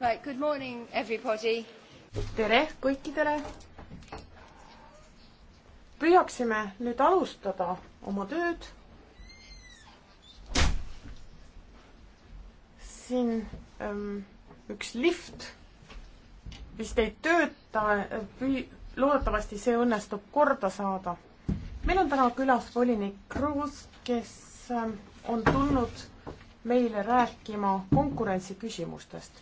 Right, good morning everybody. tere kõikidele. püüaksime nüüd alustada oma tööd. siin ähm, üks lift vist ei tööta, püü-, loodetavasti see õnnestub korda saada. meil on täna külas volinik Kruus, kes ähm, on tulnud meile rääkima konkurentsi küsimustest.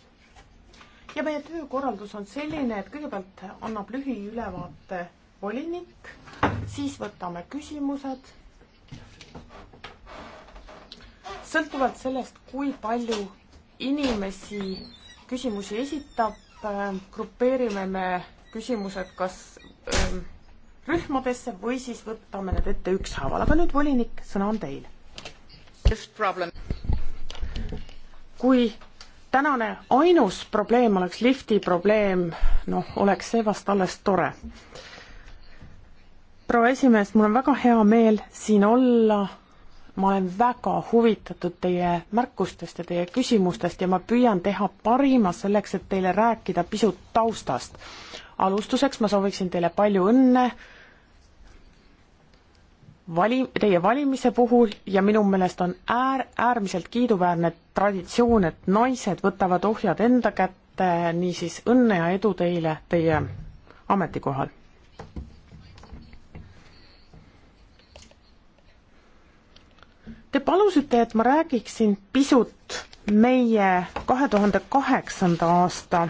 ja meie töökorraldus on selline, et kõigepealt annab lühiülevaate volinik, siis võtame küsimused. sõltuvalt sellest, kui palju inimesi küsimusi esitab, ähm, grupeerime me küsimused kas öö, ähm, rühmadesse või siis võtame need ette ükshaaval, aga nüüd volinik, sõna on teil. kui tänane ainus probleem oleks lifti probleem, noh, oleks see vast alles tore. proua esimees, mul on väga hea meel siin olla, ma olen väga huvitatud teie märkustest ja teie küsimustest ja ma püüan teha parima selleks, et teile rääkida pisut taustast alustuseks ma sooviksin teile palju õnne vali-, teie valimise puhul ja minu meelest on äär-, äärmiselt kiiduväärne traditsioon, et naised võtavad ohjad enda kätte, niisiis õnne ja edu teile teie ametikohal! Te palusite, et ma räägiksin pisut meie kahe tuhande kaheksanda aasta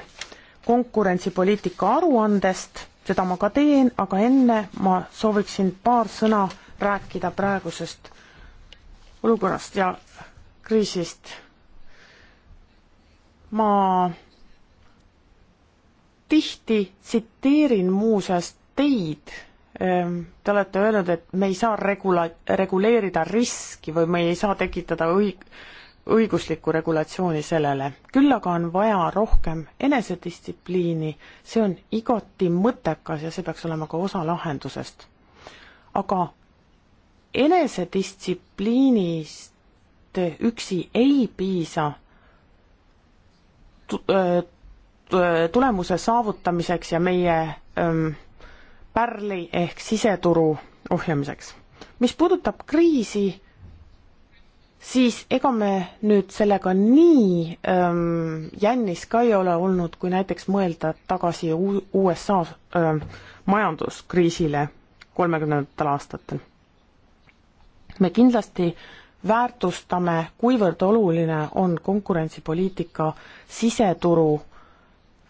konkurentsipoliitika aruandest, seda ma ka teen, aga enne ma sooviksin paar sõna rääkida praegusest olukorrast ja kriisist. ma tihti tsiteerin muuseas teid, ehm, te olete öelnud, et me ei saa regula-, reguleerida riski või me ei saa tekitada õig-, õiguslikku regulatsiooni sellele, küll aga on vaja rohkem enesedistsipliini, see on igati mõttekas ja see peaks olema ka osa lahendusest. aga enesedistsipliinist üksi ei piisa äh, äh, tulemuse saavutamiseks ja meie ähm, pärli ehk siseturu ohjamiseks. mis puudutab kriisi, siis ega me nüüd sellega nii ähm, jännis ka ei ole olnud, kui näiteks mõelda tagasi USA ähm, majanduskriisile kolmekümnendatel aastatel. me kindlasti väärtustame, kuivõrd oluline on konkurentsipoliitika siseturu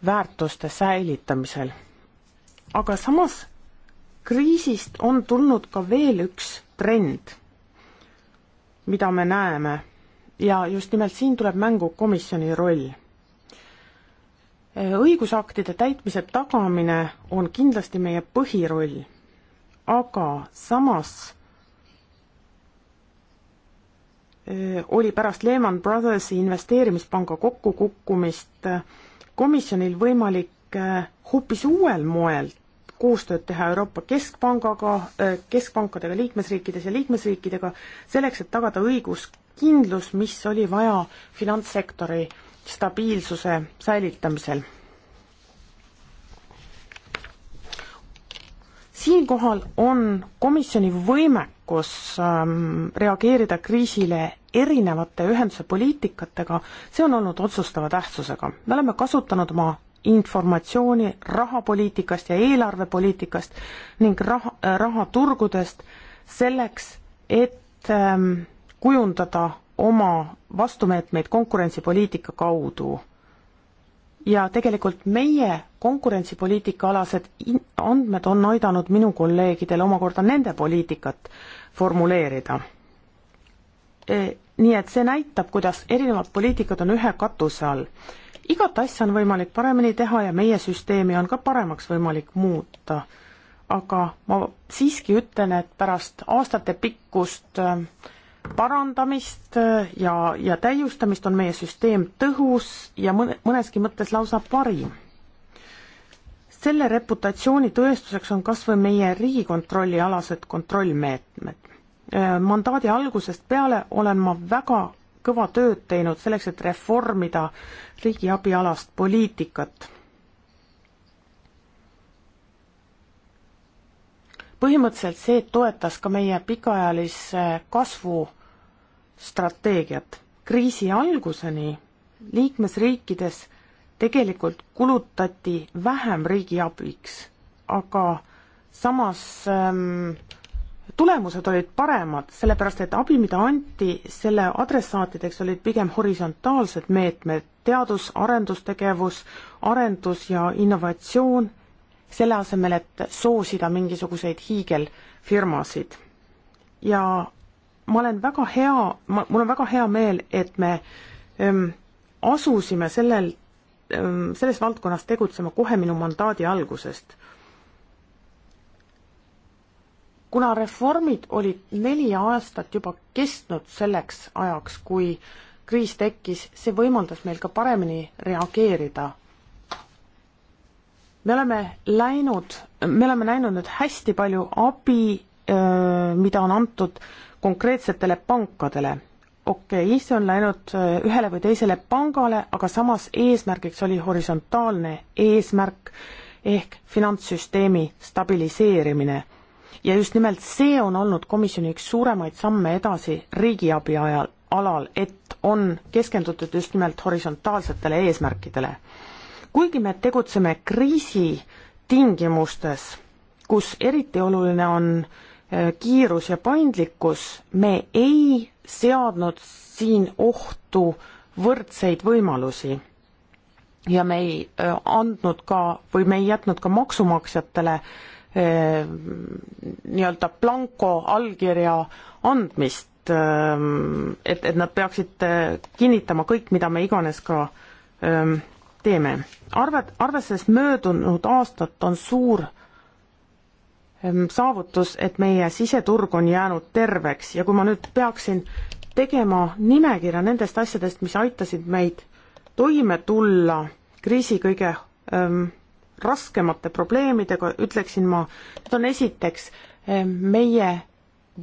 väärtuste säilitamisel. aga samas kriisist on tulnud ka veel üks trend mida me näeme. ja just nimelt siin tuleb mängu komisjoni roll. õigusaktide täitmise tagamine on kindlasti meie põhiroll, aga samas eh, oli pärast Lehman Brothersi investeerimispanga kokkukukkumist eh, komisjonil võimalik eh, hoopis uuel moel koostööd teha Euroopa Keskpangaga, äh, keskpankadega liikmesriikides ja liikmesriikidega, selleks et tagada õiguskindlus, mis oli vaja finantssektori stabiilsuse säilitamisel. siinkohal on komisjoni võimekus ähm, reageerida kriisile erinevate ühenduse poliitikatega, see on olnud otsustava tähtsusega. me oleme kasutanud oma informatsiooni rahapoliitikast ja eelarvepoliitikast ning raha, äh, rahaturgudest selleks, et ähm, kujundada oma vastumeetmeid konkurentsipoliitika kaudu. ja tegelikult meie konkurentsipoliitika-alased andmed on aidanud minu kolleegidel omakorda nende poliitikat formuleerida e nii et see näitab, kuidas erinevad poliitikad on ühe katuse all. igat asja on võimalik paremini teha ja meie süsteemi on ka paremaks võimalik muuta. aga ma siiski ütlen, et pärast aastate pikkust ähm, parandamist äh, ja, ja täiustamist on meie süsteem tõhus ja mõne, mõneski mõttes lausa parim selle reputatsiooni tõestuseks on kas või meie Riigikontrolli alased kontrollmeetmed. Äh, mandaadi algusest peale olen ma väga kõva tööd teinud selleks, et reformida riigiabialast poliitikat. põhimõtteliselt see toetas ka meie pikaajalise kasvu strateegiat. kriisi alguseni liikmesriikides tegelikult kulutati vähem riigiabiks, aga samas ähm, tulemused olid paremad, sellepärast et abi, mida anti selle adressaatideks, olid pigem horisontaalsed meetmed, teadus, arendustegevus, arendus ja innovatsioon, selle asemel, et soosida mingisuguseid hiigelfirmasid. ja ma olen väga hea, ma, mul on väga hea meel, et me öm, ehm, asusime sellel, ehm, selles valdkonnas tegutsema kohe minu mandaadi algusest kuna reformid olid neli aastat juba kestnud selleks ajaks, kui kriis tekkis, see võimaldas meil ka paremini reageerida. me oleme läinud, me oleme näinud nüüd hästi palju abi, mida on antud konkreetsetele pankadele. okei okay,, see on läinud ühele või teisele pangale, aga samas eesmärgiks oli horisontaalne eesmärk ehk finantssüsteemi stabiliseerimine ja just nimelt see on olnud komisjoni üks suuremaid samme edasi riigiabi ajal, alal, et on keskendutud just nimelt horisontaalsetele eesmärkidele. kuigi me tegutseme kriisi tingimustes, kus eriti oluline on äh, kiirus ja paindlikkus, me ei seadnud siin ohtu võrdseid võimalusi. ja me ei äh, andnud ka või me ei jätnud ka maksumaksjatele äh, Eh, nii-öelda blanko allkirja andmist, ehm, et, et nad peaksid eh, kinnitama kõik, mida me iganes ka ehm, teeme. arved, arvestades möödunud aastat on suur ehm, saavutus, et meie siseturg on jäänud terveks ja kui ma nüüd peaksin tegema nimekirja nendest asjadest, mis aitasid meid toime tulla kriisi kõige öm, raskemate probleemidega, ütleksin ma, need on esiteks eh, meie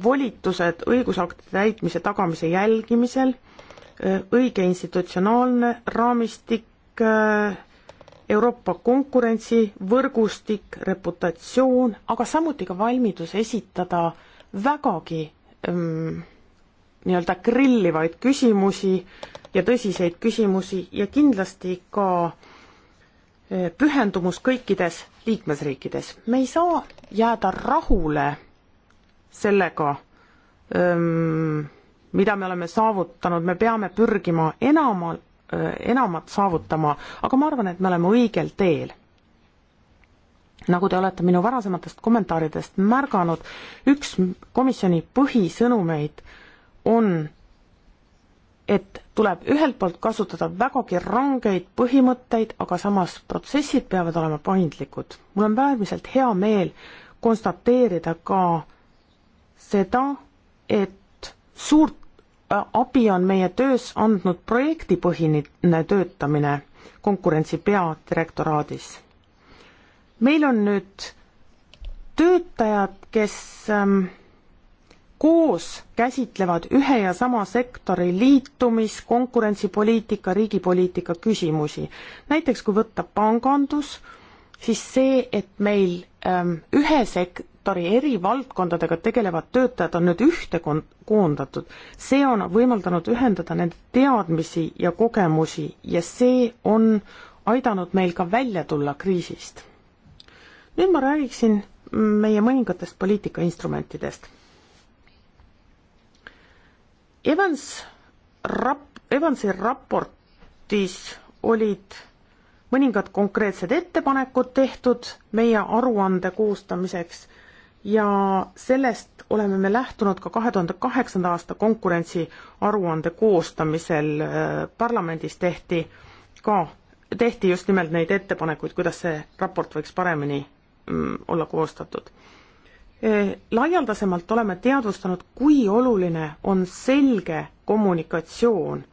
volitused õigusaktide täitmise tagamise jälgimisel, eh, õige institutsionaalne raamistik, eh, Euroopa konkurentsivõrgustik, reputatsioon, aga samuti ka valmidus esitada vägagi ähm, nii-öelda grillivaid küsimusi ja tõsiseid küsimusi ja kindlasti ka pühendumus kõikides liikmesriikides. me ei saa jääda rahule sellega, mida me oleme saavutanud, me peame pürgima enamal, enamat saavutama, aga ma arvan, et me oleme õigel teel. nagu te olete minu varasematest kommentaaridest märganud, üks komisjoni põhisõnumeid on, et tuleb ühelt poolt kasutada vägagi rangeid põhimõtteid, aga samas protsessid peavad olema paindlikud. mul on äärmiselt hea meel konstateerida ka seda, et suurt äh, abi on meie töös andnud projektipõhine töötamine konkurentsi peadirektoraadis. meil on nüüd töötajad, kes ähm, koos käsitlevad ühe ja sama sektori liitumis, konkurentsipoliitika, riigipoliitika küsimusi. näiteks kui võtta pangandus, siis see, et meil ähm, ühe sektori eri valdkondadega tegelevad töötajad on nüüd ühte koondatud, see on võimaldanud ühendada nende teadmisi ja kogemusi ja see on aidanud meil ka välja tulla kriisist. nüüd ma räägiksin meie mõningatest poliitikainstrumentidest Evans rap-, Evansi raportis olid mõningad konkreetsed ettepanekud tehtud meie aruande koostamiseks ja sellest oleme me lähtunud ka kahe tuhande kaheksanda aasta konkurentsiaruande koostamisel, parlamendis tehti ka, tehti just nimelt neid ettepanekuid, kuidas see raport võiks paremini mm, olla koostatud. Äh, laialdasemalt oleme teadvustanud, kui oluline on selge kommunikatsioon.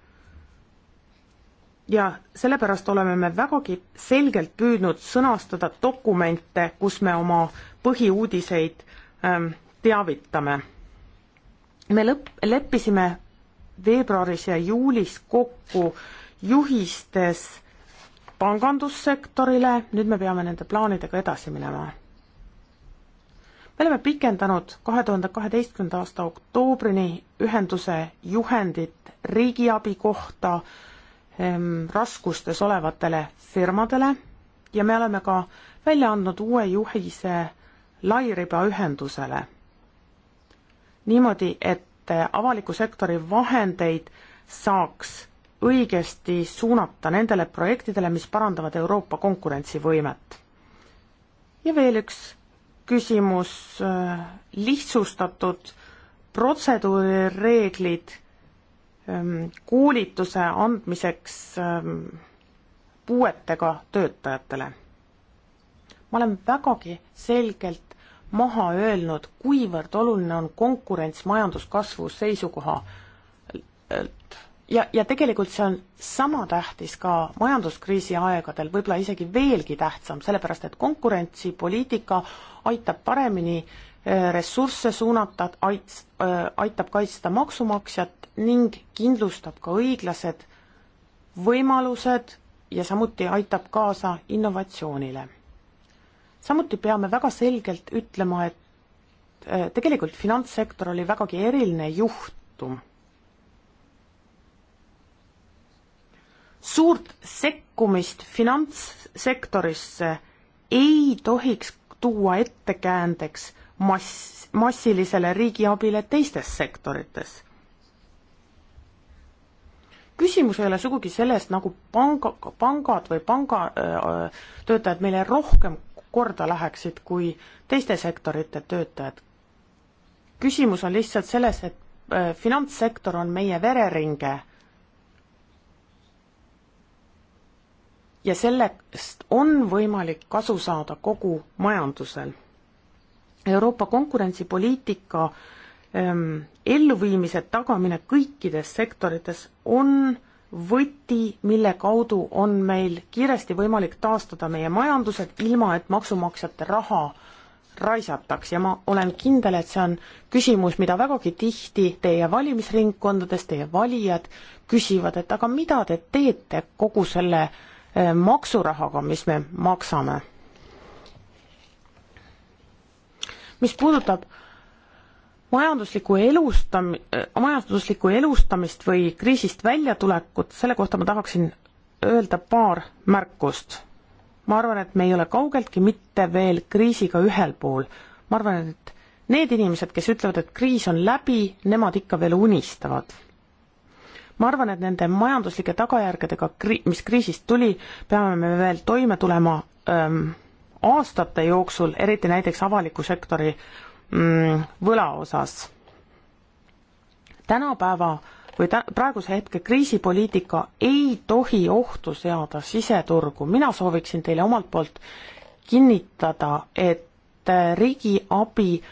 ja sellepärast oleme me vägagi selgelt püüdnud sõnastada dokumente, kus me oma põhiuudiseid ähm, teavitame. me lõpp, leppisime veebruaris ja juulis kokku juhistes pangandussektorile, nüüd me peame nende plaanidega edasi minema me oleme pikendanud kahe tuhande kaheteistkümnenda aasta oktoobrini ühenduse juhendit riigiabi kohta ähm, raskustes olevatele firmadele ja me oleme ka välja andnud uue juhise lairibaühendusele. niimoodi, et avaliku sektori vahendeid saaks õigesti suunata nendele projektidele, mis parandavad Euroopa konkurentsivõimet. ja veel üks küsimus, äh, lihtsustatud protseduurireeglid ähm, koolituse andmiseks ähm, puuetega töötajatele. ma olen vägagi selgelt maha öelnud, kuivõrd oluline on konkurents majanduskasvu seisukohalt ja, ja tegelikult see on sama tähtis ka majanduskriisi aegadel, võib-olla isegi veelgi tähtsam, sellepärast et konkurentsipoliitika aitab paremini äh, ressursse suunata, aits-, äh, aitab kaitsta maksumaksjat ning kindlustab ka õiglased võimalused ja samuti aitab kaasa innovatsioonile. samuti peame väga selgelt ütlema, et äh, tegelikult finantssektor oli vägagi eriline juhtum suurt sekkumist finantssektorisse ei tohiks tuua ettekäändeks mass, massilisele riigiabile teistes sektorites. küsimus ei ole sugugi selles, nagu panga, pangad või pangatöötajad meile rohkem korda läheksid kui teiste sektorite töötajad. küsimus on lihtsalt selles, et finantssektor on meie vereringe ja sellest on võimalik kasu saada kogu majandusel. Euroopa konkurentsipoliitika ähm, elluviimise tagamine kõikides sektorites on võti, mille kaudu on meil kiiresti võimalik taastada meie majandused, ilma et maksumaksjate raha raisataks ja ma olen kindel, et see on küsimus, mida vägagi tihti teie valimisringkondades teie valijad küsivad, et aga mida te teete kogu selle äh, Eh, maksurahaga, mis me maksame. mis puudutab majanduslikku elustam-, eh, majanduslikku elustamist või kriisist väljatulekut, selle kohta ma tahaksin öelda paar märkust. ma arvan, et me ei ole kaugeltki mitte veel kriisiga ühel pool. ma arvan, et need inimesed, kes ütlevad, et kriis on läbi, nemad ikka veel unistavad ma arvan, et nende majanduslike tagajärgedega, mis kriisist tuli, peame me veel toime tulema ähm, aastate jooksul, eriti näiteks avaliku sektori mm, võla osas. tänapäeva või tä-, praeguse hetke kriisipoliitika ei tohi ohtu seada siseturgu, mina sooviksin teile omalt poolt kinnitada, et äh, riigiabi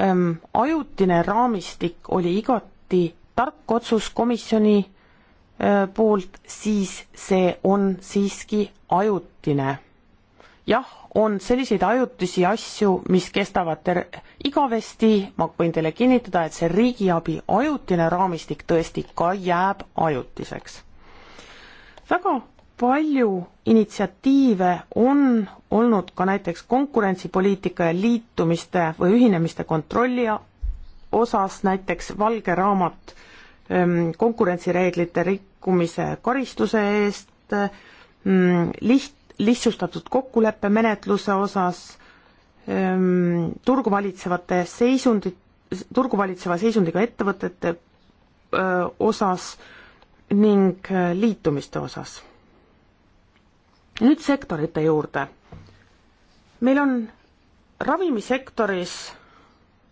ähm, ajutine raamistik oli igati tark otsus komisjoni äh, poolt, siis see on siiski ajutine. jah, on selliseid ajutisi asju, mis kestavad ter-, igavesti, ma võin teile kinnitada, et see riigiabi ajutine raamistik tõesti ka jääb ajutiseks. väga palju initsiatiive on olnud ka näiteks konkurentsipoliitika ja liitumiste või ühinemiste kontrolli osas näiteks valge raamat ähm, konkurentsireeglite rikkumise karistuse eest, mm, liht-, lihtsustatud kokkuleppemenetluse osas, ähm, turgu valitsevate seisundi, turgu valitseva seisundiga ettevõtete osas ning liitumiste osas. nüüd sektorite juurde. meil on ravimisektoris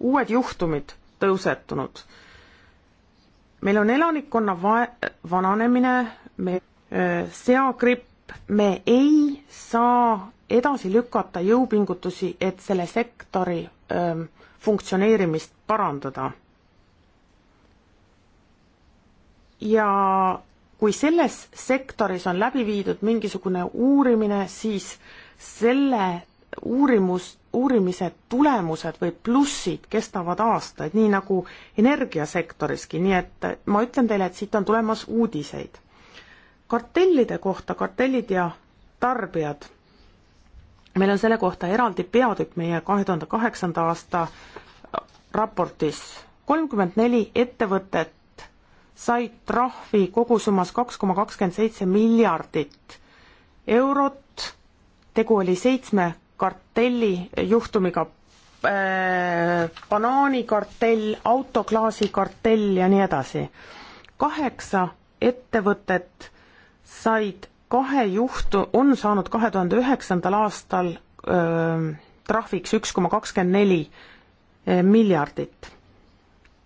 uued juhtumid tõusetunud. meil on elanikkonna va-, vananemine, me, seagripp, me ei saa edasi lükata jõupingutusi, et selle sektori öö, funktsioneerimist parandada. ja kui selles sektoris on läbi viidud mingisugune uurimine, siis selle uurimust uurimise tulemused või plussid kestavad aastaid, nii nagu energiasektoriski, nii et ma ütlen teile, et siit on tulemas uudiseid. kartellide kohta, kartellid ja tarbijad. meil on selle kohta eraldi peatükk meie kahe tuhande kaheksanda aasta raportis. kolmkümmend neli ettevõtet said trahvi kogusummas kaks koma kakskümmend seitse miljardit eurot tegu oli seitsme kartelli juhtumiga äh,, banaanikartell, autoklaasikartell ja nii edasi. kaheksa ettevõtet said kahe juhtu, on saanud kahe tuhande üheksandal aastal öö, äh, trahviks üks koma kakskümmend neli äh, miljardit.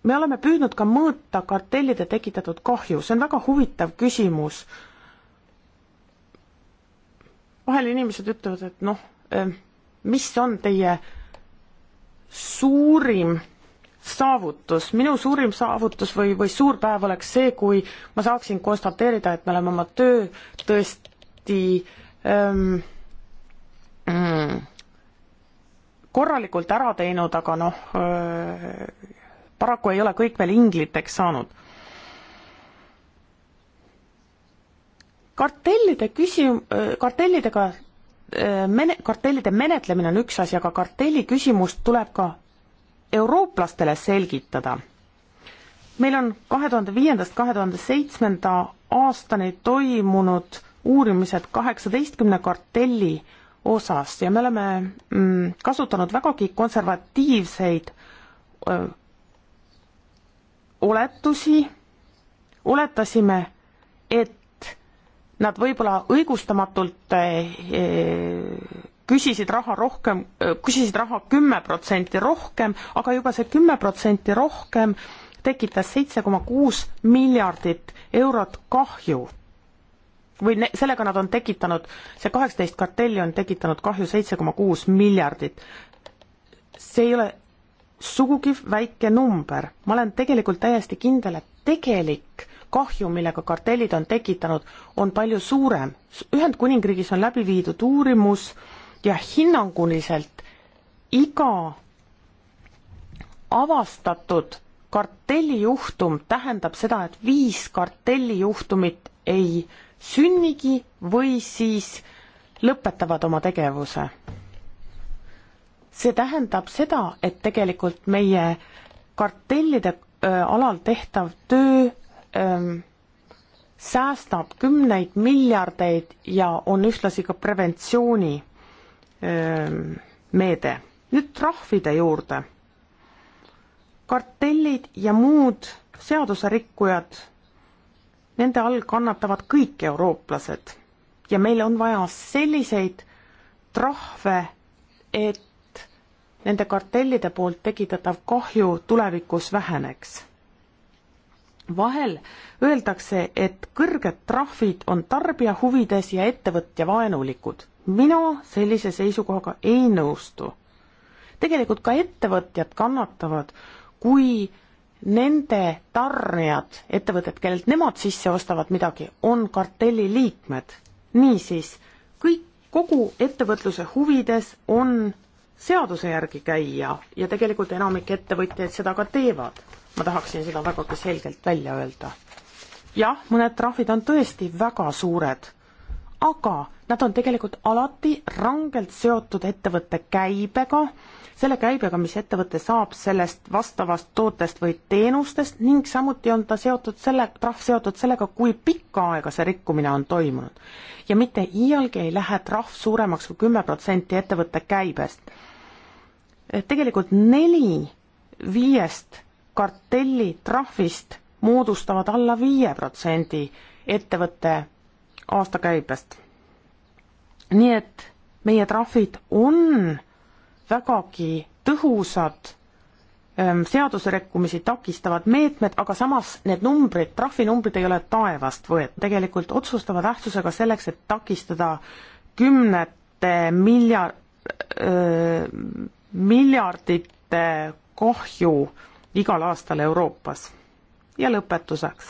me oleme püüdnud ka mõõta kartellide tekitatud kahju, see on väga huvitav küsimus. vahel inimesed ütlevad, et noh, äh, mis on teie suurim saavutus, minu suurim saavutus või, või suurpäev oleks see, kui ma saaksin konstateerida, et me oleme oma töö tõesti ähm, mm, korralikult ära teinud, aga noh äh,, paraku ei ole kõik veel ingliteks saanud. kartellide küsim-, äh, kartellidega mene-, kartellide menetlemine on üks asi, aga kartelli küsimust tuleb ka eurooplastele selgitada. meil on kahe tuhande viiendast kahe tuhande seitsmenda aastani toimunud uurimised kaheksateistkümne kartelli osas ja me oleme mm, kasutanud vägagi konservatiivseid öö, oletusi, oletasime, et nad võib-olla õigustamatult eh, eh, küsisid raha rohkem, eh, küsisid raha kümme protsenti rohkem, aga juba see kümme protsenti rohkem tekitas seitse koma kuus miljardit eurot kahju. või ne, sellega nad on tekitanud, see kaheksateist kartelli on tekitanud kahju seitse koma kuus miljardit. see ei ole sugugi väike number, ma olen tegelikult täiesti kindel, et tegelik kahju, millega kartellid on tekitanud, on palju suurem. Ühendkuningriigis on läbi viidud uurimus ja hinnanguliselt iga avastatud kartellijuhtum tähendab seda, et viis kartellijuhtumit ei sünnigi või siis lõpetavad oma tegevuse. see tähendab seda, et tegelikult meie kartellide äh, alal tehtav töö ähm, säästab kümneid miljardeid ja on ühtlasi ka preventsiooni ähm, meede. nüüd trahvide juurde. kartellid ja muud seaduserikkujad, nende all kannatavad kõik eurooplased ja meil on vaja selliseid trahve, et nende kartellide poolt tekitatav kahju tulevikus väheneks vahel öeldakse, et kõrged trahvid on tarbija huvides ja ettevõtja vaenulikud. mina sellise seisukohaga ei nõustu. tegelikult ka ettevõtjad kannatavad, kui nende tarnijad, ettevõtted, kellelt nemad sisse ostavad midagi, on kartelli liikmed. niisiis, kõik, kogu ettevõtluse huvides on seaduse järgi käia ja tegelikult enamik ettevõtjaid seda ka teevad ma tahaksin seda vägagi selgelt välja öelda. jah, mõned trahvid on tõesti väga suured, aga nad on tegelikult alati rangelt seotud ettevõtte käibega, selle käibega, mis ettevõte saab sellest vastavast tootest või teenustest ning samuti on ta seotud selle, trahv seotud sellega, kui pikka aega see rikkumine on toimunud. ja mitte iialgi ei lähe trahv suuremaks kui kümme protsenti ettevõtte käibest. tegelikult neli viiest kartellitrahvist moodustavad alla viie protsendi ettevõtte aastakäibest. nii et meie trahvid on vägagi tõhusad ähm, seaduserekkumisi takistavad meetmed, aga samas need numbrid, trahvinumbrid ei ole taevast võetud, tegelikult otsustava tähtsusega selleks, et takistada kümnete milja-, äh, miljardite kahju äh, igal aastal Euroopas. ja lõpetuseks.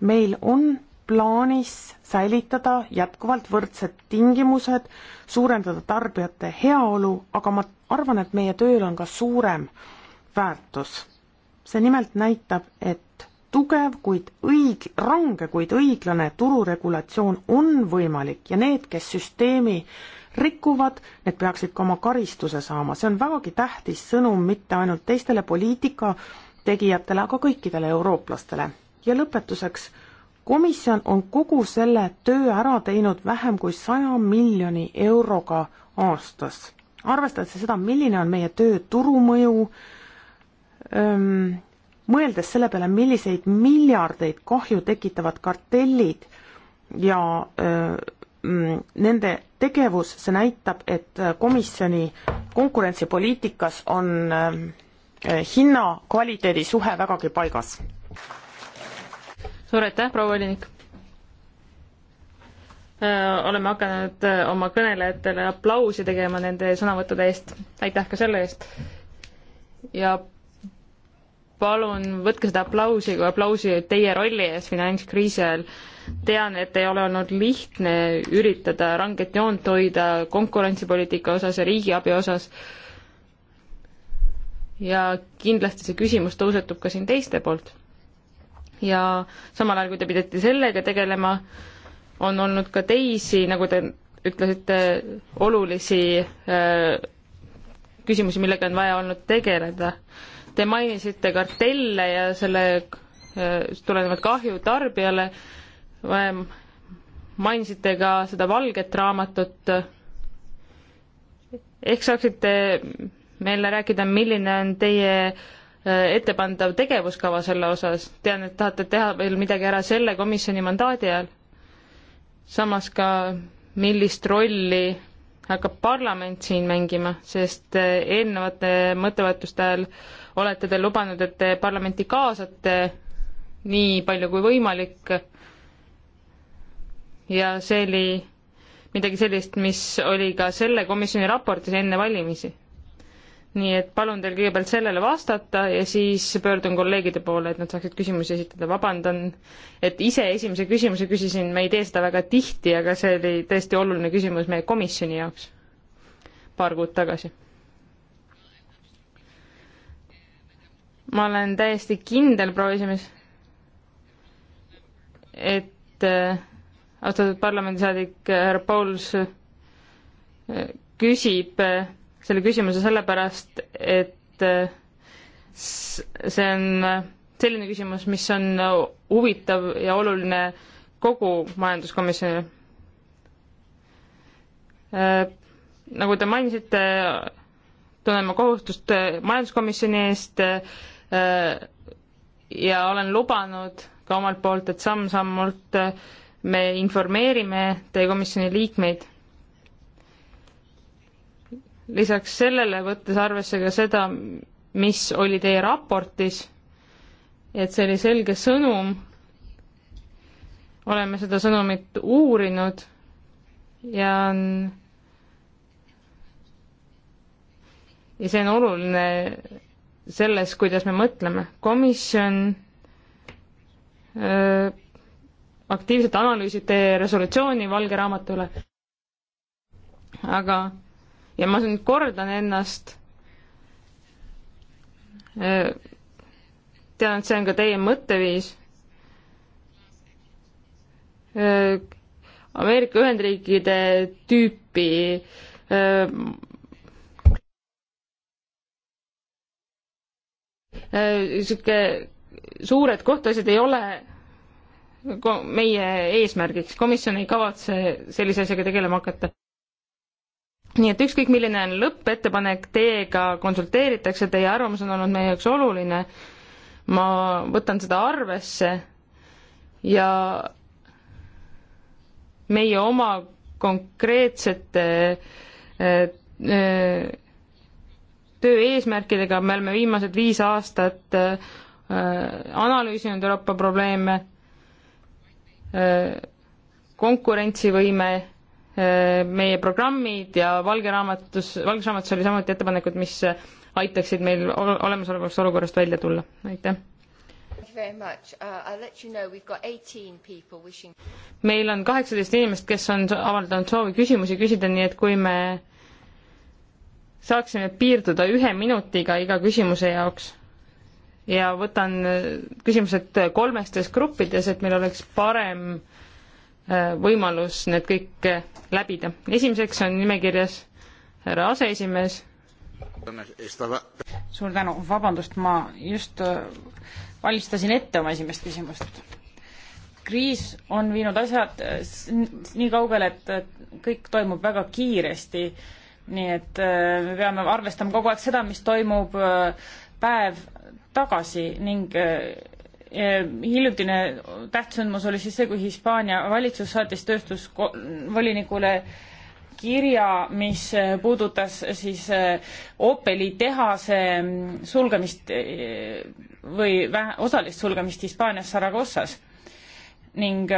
meil on plaanis säilitada jätkuvalt võrdsed tingimused, suurendada tarbijate heaolu, aga ma arvan, et meie tööl on ka suurem väärtus. see nimelt näitab, et tugev, kuid õig-, range, kuid õiglane tururegulatsioon on võimalik ja need, kes süsteemi äh, rikuvad, need peaksid ka oma karistuse saama, see on vägagi tähtis sõnum mitte ainult teistele poliitika tegijatele, aga kõikidele eurooplastele. ja lõpetuseks, komisjon on kogu selle töö ära teinud vähem kui saja miljoni euroga aastas. arvestades seda, milline on meie töö turumõju, mõeldes selle peale, milliseid miljardeid kahju tekitavad kartellid ja öö, Mm, nende tegevus, see näitab, et äh, komisjoni konkurentsipoliitikas on äh, äh, hinna-kvaliteedi suhe vägagi paigas. suur aitäh, proua volinik! oleme hakanud oma kõnelejatele aplausi tegema nende sõnavõttude eest, aitäh ka selle eest! ja palun võtke seda aplausi kui aplausi teie rolli ees finantskriisi ajal. tean, et ei ole olnud lihtne üritada ranget joont hoida konkurentsipoliitika osas ja riigiabi osas. ja kindlasti see küsimus tõusetub ka siin teiste poolt. ja samal ajal, kui te pidite sellega tegelema, on olnud ka teisi, nagu te ütlesite, olulisi öö, äh, küsimusi, millega on vaja olnud tegeleda Te mainisite kartelle ja selle äh, tulenevat kahju tarbijale. mainisite ka seda valget raamatut. ehk saaksite meile rääkida, milline on teie äh, ettepandav tegevuskava selle osas, tean, et tahate teha veel midagi ära selle komisjoni mandaadi ajal. samas ka, millist rolli hakkab parlament siin mängima, sest äh, eelnevate mõttevahetuste ajal äh, olete te lubanud, et te parlamenti kaasate nii palju kui võimalik. ja see oli midagi sellist, mis oli ka selle komisjoni raportis enne valimisi. nii et palun teil kõigepealt sellele vastata ja siis pöördun kolleegide poole, et nad saaksid küsimusi esitada. vabandan, et ise esimese küsimuse küsisin, me ei tee seda väga tihti, aga see oli tõesti oluline küsimus meie komisjoni jaoks paar kuud tagasi ma olen täiesti kindel, proua esimees, et äh, austatud parlamendisaadik äh, härra Pauls äh, küsib äh, selle küsimuse sellepärast, et äh, see on äh, selline küsimus, mis on äh, huvitav ja oluline kogu majanduskomisjonile äh,. nagu te mainisite, tunnen ma kohustust äh, majanduskomisjoni eest äh, Äh, ja olen lubanud ka omalt poolt, et samm-sammult äh, me informeerime teie komisjoni liikmeid. lisaks sellele, võttes arvesse ka seda, mis oli teie raportis, et see oli selge sõnum, oleme seda sõnumit uurinud ja on ja see on oluline selles, kuidas me mõtleme. komisjon äh, aktiivselt analüüsib teie resolutsiooni valge raamatu üle. aga, ja ma nüüd kordan ennast äh,, tean, et see on ka teie mõtteviis äh,, Ameerika Ühendriikide tüüpi niisugune suured kohtuasjad ei ole meie eesmärgiks, komisjon ei kavatse sellise asjaga tegelema hakata. nii et ükskõik, milline on lõppettepanek, teiega konsulteeritakse, teie arvamus on olnud meie jaoks oluline, ma võtan seda arvesse ja meie oma konkreetsete äh, äh, töö eesmärkidega, me oleme viimased viis aastat äh, analüüsinud Euroopa probleeme äh,, konkurentsivõime äh,, meie programmid ja valge raamatus, valges raamatus oli samuti ettepanekud, mis aitaksid meil ol olemasolevast olukorrast välja tulla, aitäh. Uh, meil on kaheksateist inimest, kes on avaldanud soovi küsimusi küsida, nii et kui me saaksime piirduda ühe minutiga iga küsimuse jaoks ja võtan äh, küsimused kolmestes gruppides, et meil oleks parem äh, võimalus need kõik äh, läbida. esimeseks on nimekirjas härra aseesimees. suur tänu, vabandust, ma just valmistasin ette oma esimest küsimust. kriis on viinud asjad nii kaugele, et kõik toimub väga kiiresti nii et äh, me peame arvestama kogu aeg seda, mis toimub äh, päev tagasi ning äh, hiljutine tähtsündmus oli siis see, kui Hispaania valitsus saatis tööstusvolinikule kirja, mis puudutas siis Opeli tehase sulgemist või vähe, osalist sulgemist Hispaanias Saragossas ning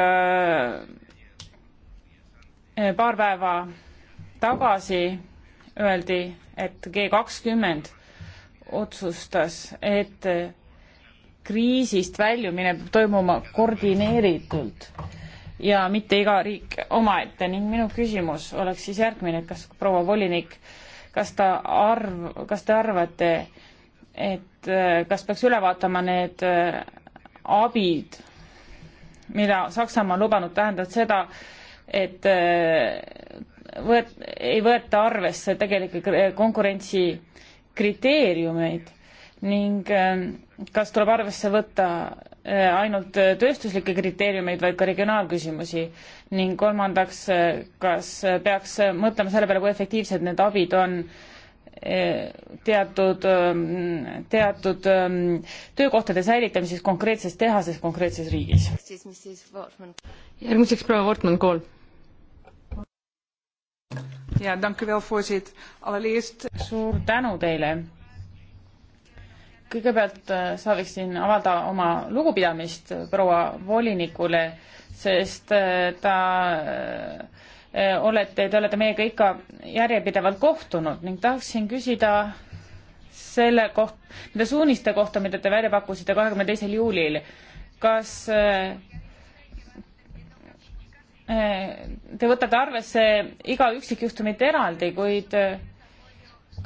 paar päeva tagasi öeldi, et G kakskümmend otsustas, et kriisist väljumine peab toimuma koordineeritult ja mitte iga riik omaette ning minu küsimus oleks siis järgmine, et kas proua volinik, kas ta arv, kas te arvate, et kas peaks üle vaatama need äh, abid, mida Saksamaa on lubanud, tähendab seda, et äh, võet-, ei võeta arvesse tegelikke konkurentsikriteeriumeid ning ähm, kas tuleb arvesse võtta äh, ainult tööstuslikke kriteeriumeid, vaid ka regionaalküsimusi ning kolmandaks, äh, kas peaks mõtlema selle peale, kui efektiivsed need abid on äh, teatud, ähm, teatud ähm, töökohtade säilitamises konkreetses tehases konkreetses riigis. järgmiseks proua Wortmann Kool ja dank u wel, voorzitter. Allereerst. Eh, suur tänu teile. kõigepealt eh, sooviksin avada oma lugupidamist eh, proua volinikule, sest ta olete, te olete meiega ikka järjepidevalt kohtunud ning tahaksin küsida selle koht-, nende suuniste kohta, mida te välja pakkusite kahekümne teisel juulil. kas äh, Äh, te võtate arvesse iga üksikjuhtumit eraldi, kuid äh,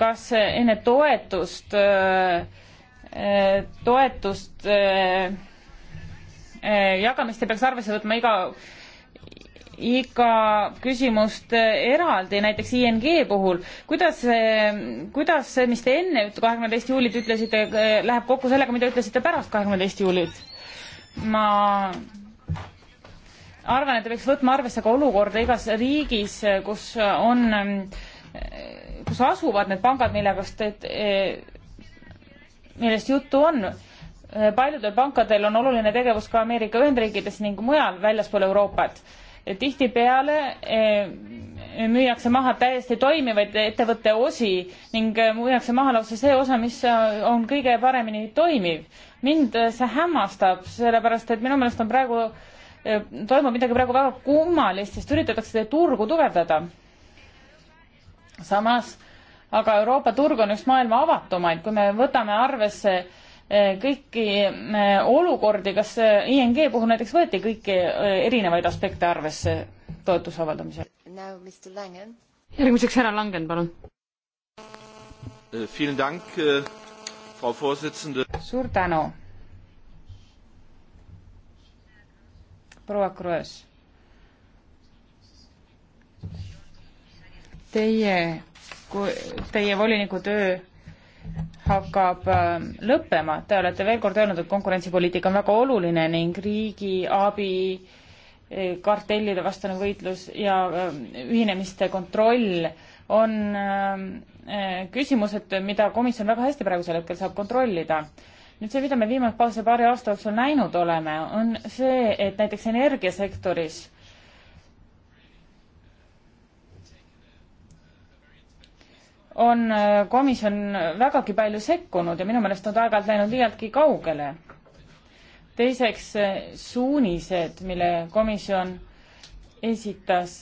kas enne toetust, äh, toetust jagamist ei peaks arvesse võtma iga, iga küsimust eraldi, näiteks ING puhul. kuidas, kuidas see, mis te enne kahekümne teist juulit ütlesite, läheb kokku sellega, mida ütlesite pärast kahekümne teist juulit? ma arvan, et peaks võtma arvesse ka olukorda igas riigis, kus on, kus asuvad need pangad, millegast, millest juttu on. paljudel pankadel on oluline tegevus ka Ameerika Ühendriikides ning mujal väljaspool Euroopat. tihtipeale eh, müüakse maha täiesti toimivaid ettevõtte osi ning müüakse maha lausa see osa, mis on kõige paremini toimiv. mind see hämmastab, sellepärast et minu meelest on praegu äh, Äh, toimub midagi praegu väga kummalist, sest üritatakse turgu tugevdada. samas aga Euroopa turg on üks maailma avatumaid, kui me võtame arvesse äh, kõiki äh, olukordi, kas ING puhul näiteks võeti kõiki erinevaid aspekte arvesse toetuse avaldamisel? järgmiseks härra Langen, palun. suur tänu proua Kroes. Teie, teie voliniku töö hakkab ähm, lõppema, te olete veel kord öelnud, et konkurentsipoliitika on väga oluline ning riigiabi, äh, kartellide vastane võitlus ja ähm, ühinemiste kontroll on ähm, äh, küsimused, mida komisjon väga hästi praegusel hetkel saab kontrollida nüüd see, mida me viimase paari aasta jooksul näinud oleme, on see, et näiteks energiasektoris on äh, komisjon vägagi palju sekkunud ja minu meelest on ta aeg-ajalt läinud liialtki kaugele. teiseks äh, suunised, mille komisjon esitas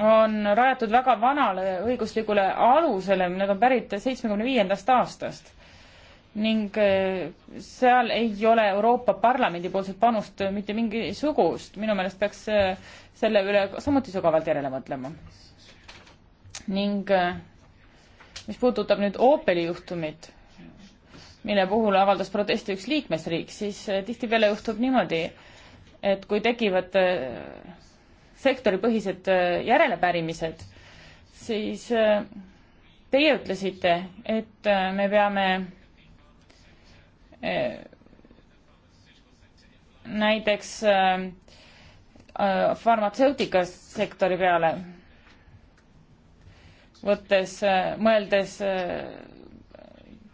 on rajatud väga vanale õiguslikule alusele, need on pärit seitsmekümne viiendast aastast. ning eh, seal ei ole Euroopa Parlamendi poolset panust mitte mingisugust, minu meelest peaks eh, selle üle samuti sügavalt järele mõtlema. ning eh, mis puudutab nüüd Opeli juhtumit, mille puhul avaldas protesti üks liikmesriik, siis tihtipeale juhtub niimoodi, et kui tekivad sektoripõhised äh, järelepärimised, siis äh, teie ütlesite, et äh, me peame näiteks farmatseutikasektori peale võttes, mõeldes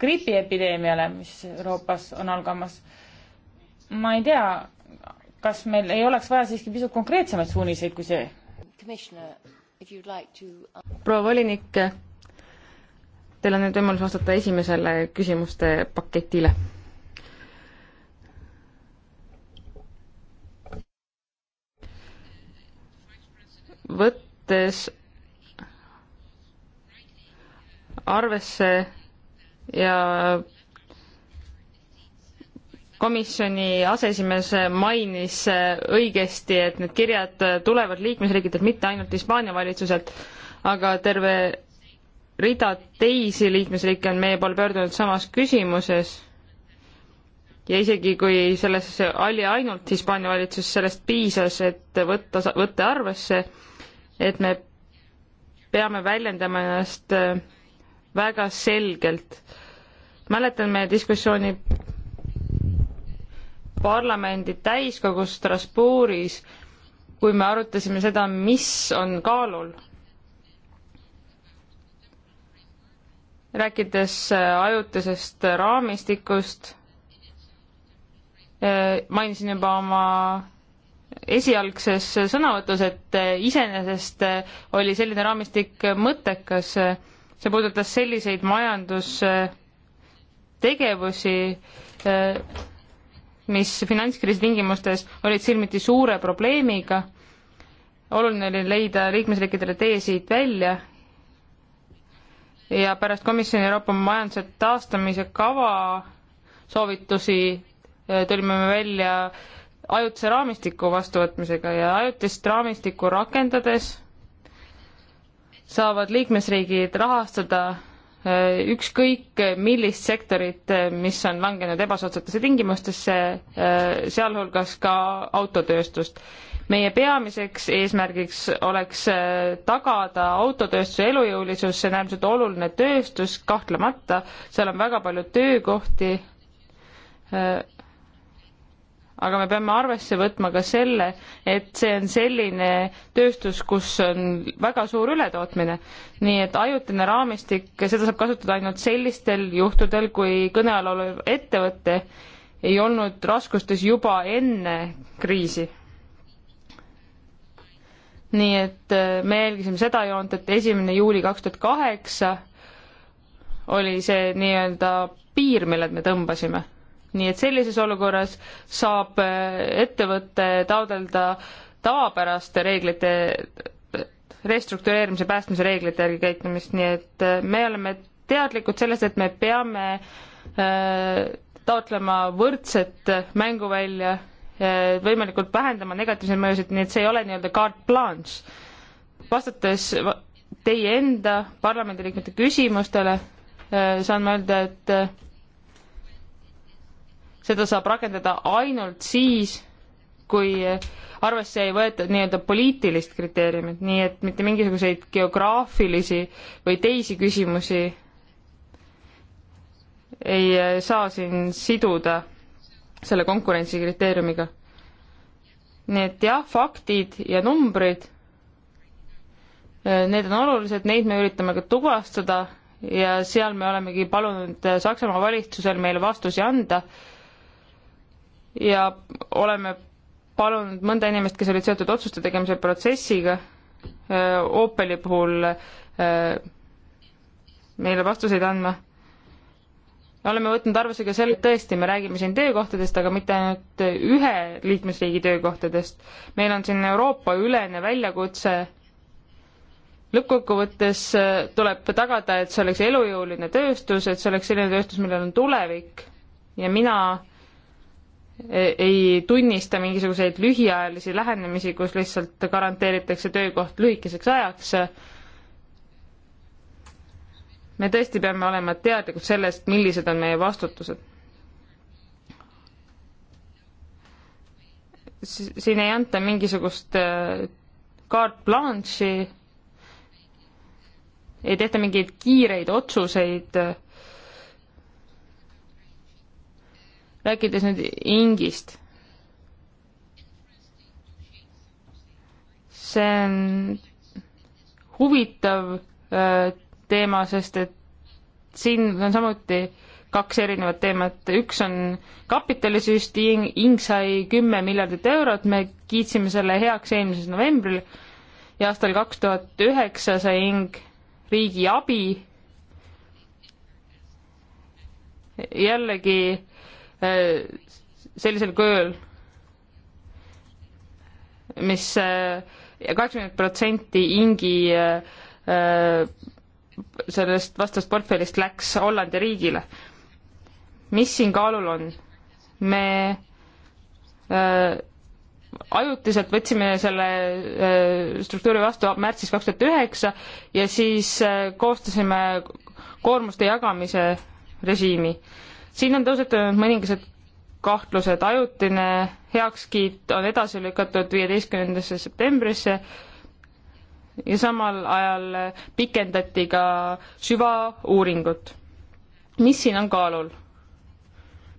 gripiepideemiale, mis Euroopas on algamas. ma ei tea, kas meil ei oleks vaja siiski pisut konkreetsemaid suuniseid kui see? Uh, proua volinik, teil on nüüd võimalus vastata esimesele küsimuste paketile võttes arvesse ja komisjoni aseesimees mainis õigesti, et need kirjad tulevad liikmesriikidelt, mitte ainult Hispaania valitsuselt, aga terve rida teisi liikmesriike on meie poole pöördunud samas küsimuses. ja isegi kui selles oli ainult Hispaania valitsus, sellest piisas, et võtta, võtta arvesse, et me peame väljendama ennast väga selgelt. mäletan meie diskussiooni parlamendi täiskogus Strasbourgis, kui me arutasime seda, mis on kaalul. rääkides äh, ajutisest raamistikust, äh, mainisin juba oma esialgses sõnavõtus, et äh, iseenesest oli selline raamistik mõttekas, see puudutas selliseid majandustegevusi, mis finantskriisi tingimustes olid silmiti suure probleemiga. oluline oli leida liikmesriikidele tee siit välja ja pärast komisjoni Euroopa majanduse taastamise kava soovitusi eh, tulime me välja ajutise raamistiku vastuvõtmisega ja ajutist raamistikku rakendades saavad liikmesriigid rahastada Äh, ükskõik äh, millist sektorit, äh, mis on langenud ebasoodsatesse tingimustesse, sealhulgas ka autotööstust. meie peamiseks eesmärgiks oleks tagada autotööstuse elujõulisus, see on äärmiselt oluline tööstus, kahtlemata, seal on väga palju töökohti, aga me peame arvesse võtma ka selle, et see on selline tööstus, kus on väga suur ületootmine. nii et ajutine raamistik, seda saab kasutada ainult sellistel juhtudel, kui kõne all olev ettevõte ei olnud raskustes juba enne kriisi. nii et äh, me jälgisime seda joont, et esimene juuli kaks tuhat kaheksa oli see nii-öelda piir, mille me tõmbasime nii et sellises olukorras saab äh, ettevõte taodelda tavapäraste reeglite restruktureerimise, päästmise reeglite järgi käitumist, nii et äh, me oleme teadlikud sellest, et me peame äh, taotlema võrdset mänguvälja, võimalikult vähendama negatiivseid mõjusid, nii et see ei ole nii-öelda carte blanche. vastates teie enda parlamendiliikmete küsimustele saan ma öelda, et seda saab rakendada ainult siis, kui arvesse ei võeta nii-öelda poliitilist kriteeriumit, nii et mitte mingisuguseid geograafilisi või teisi küsimusi ei eh, saa siin siduda selle konkurentsikriteeriumiga. nii et jah, faktid ja numbrid, eh, need on olulised, neid me üritame ka tuvastada ja seal me olemegi palunud eh, Saksamaa valitsusel meile vastusi anda ja oleme palunud mõnda inimest, kes olid seotud otsuste tegemise protsessiga, äh, Opeli puhul äh, meile vastuseid andma. oleme võtnud arvesse ka selle, et tõesti, me räägime siin töökohtadest, aga mitte ainult ühe liikmesriigi töökohtadest. meil on siin Euroopa-ülene väljakutse. lõppkokkuvõttes äh, tuleb tagada, et see oleks elujõuline tööstus, et see oleks selline tööstus, millel on tulevik ja mina ei tunnista mingisuguseid lühiajalisi lähenemisi, kus lihtsalt garanteeritakse töökoht lühikeseks ajaks. me tõesti peame olema teadlikud sellest, millised on meie vastutused. siin ei anta mingisugust äh, carte blanche'i, ei tehta mingeid kiireid otsuseid rääkides nüüd ingist. see on huvitav äh, teema, sest et siin on samuti kaks erinevat teemat, üks on kapitalisüst, ing sai kümme miljardit eurot, me kiitsime selle heaks eelmises novembril ja aastal kaks tuhat üheksa sai ing riigi abi. jällegi Äh, sellisel kujul mis, mis äh, kaheksakümmend protsenti Ingi äh, sellest vastavast portfellist läks Hollandi riigile. mis siin kaalul on? me äh, ajutiselt võtsime selle äh, struktuuri vastu märtsis kaks tuhat üheksa ja siis äh, koostasime koormuste jagamise režiimi äh, siin on tõusetunud mõningased kahtlused, ajutine heakskiit on edasi lükatud viieteistkümnendasse septembrisse ja samal ajal pikendati ka süvauuringut. mis siin on kaalul?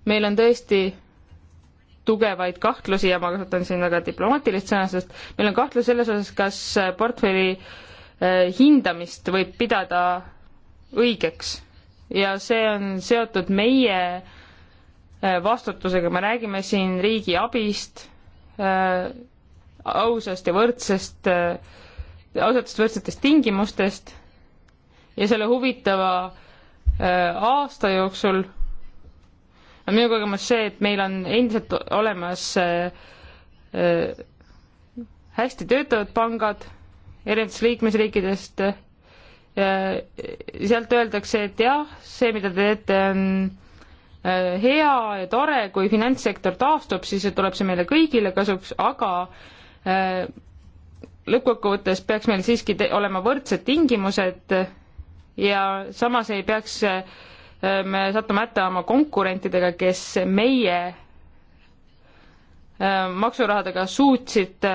meil on tõesti tugevaid kahtlusi ja ma kasutan siin väga diplomaatilist sõna, sest meil on kahtlus selles osas, kas portfelli äh, hindamist võib pidada õigeks ja see on seotud meie äh, vastutusega, me räägime siin riigi abist, äh, ausast ja võrdsest, äh, ausatest võrdsetest tingimustest ja selle huvitava aasta jooksul on minu kogemus see, et meil on endiselt olemas hästi töötavad pangad erinevatest liikmesriikidest Äh, sealt öeldakse, et jah, see, mida te teete, on äh, hea ja tore, kui finantssektor taastub, siis tuleb see meile kõigile kasuks, aga äh, lõppkokkuvõttes peaks meil siiski olema võrdsed tingimused ja samas ei peaks me sattuma hätta oma konkurentidega, kes meie maksurahadega suutsid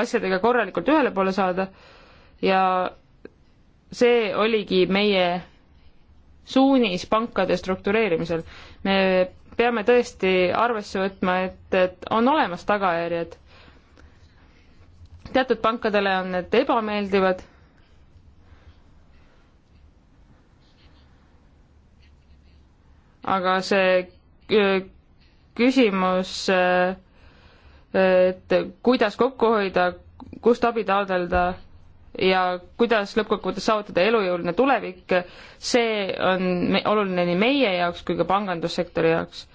asjadega korralikult ühele poole saada ja see oligi meie suunis pankade struktureerimisel. me peame tõesti arvesse võtma, et, et on olemas tagajärjed. teatud pankadele on need ebameeldivad. aga see küsimus, äh, et kuidas kokku hoida, kust abi taotleda ja kuidas lõppkokkuvõttes saavutada elujõuline tulevik, see on oluline nii meie jaoks kui ka pangandussektori jaoks.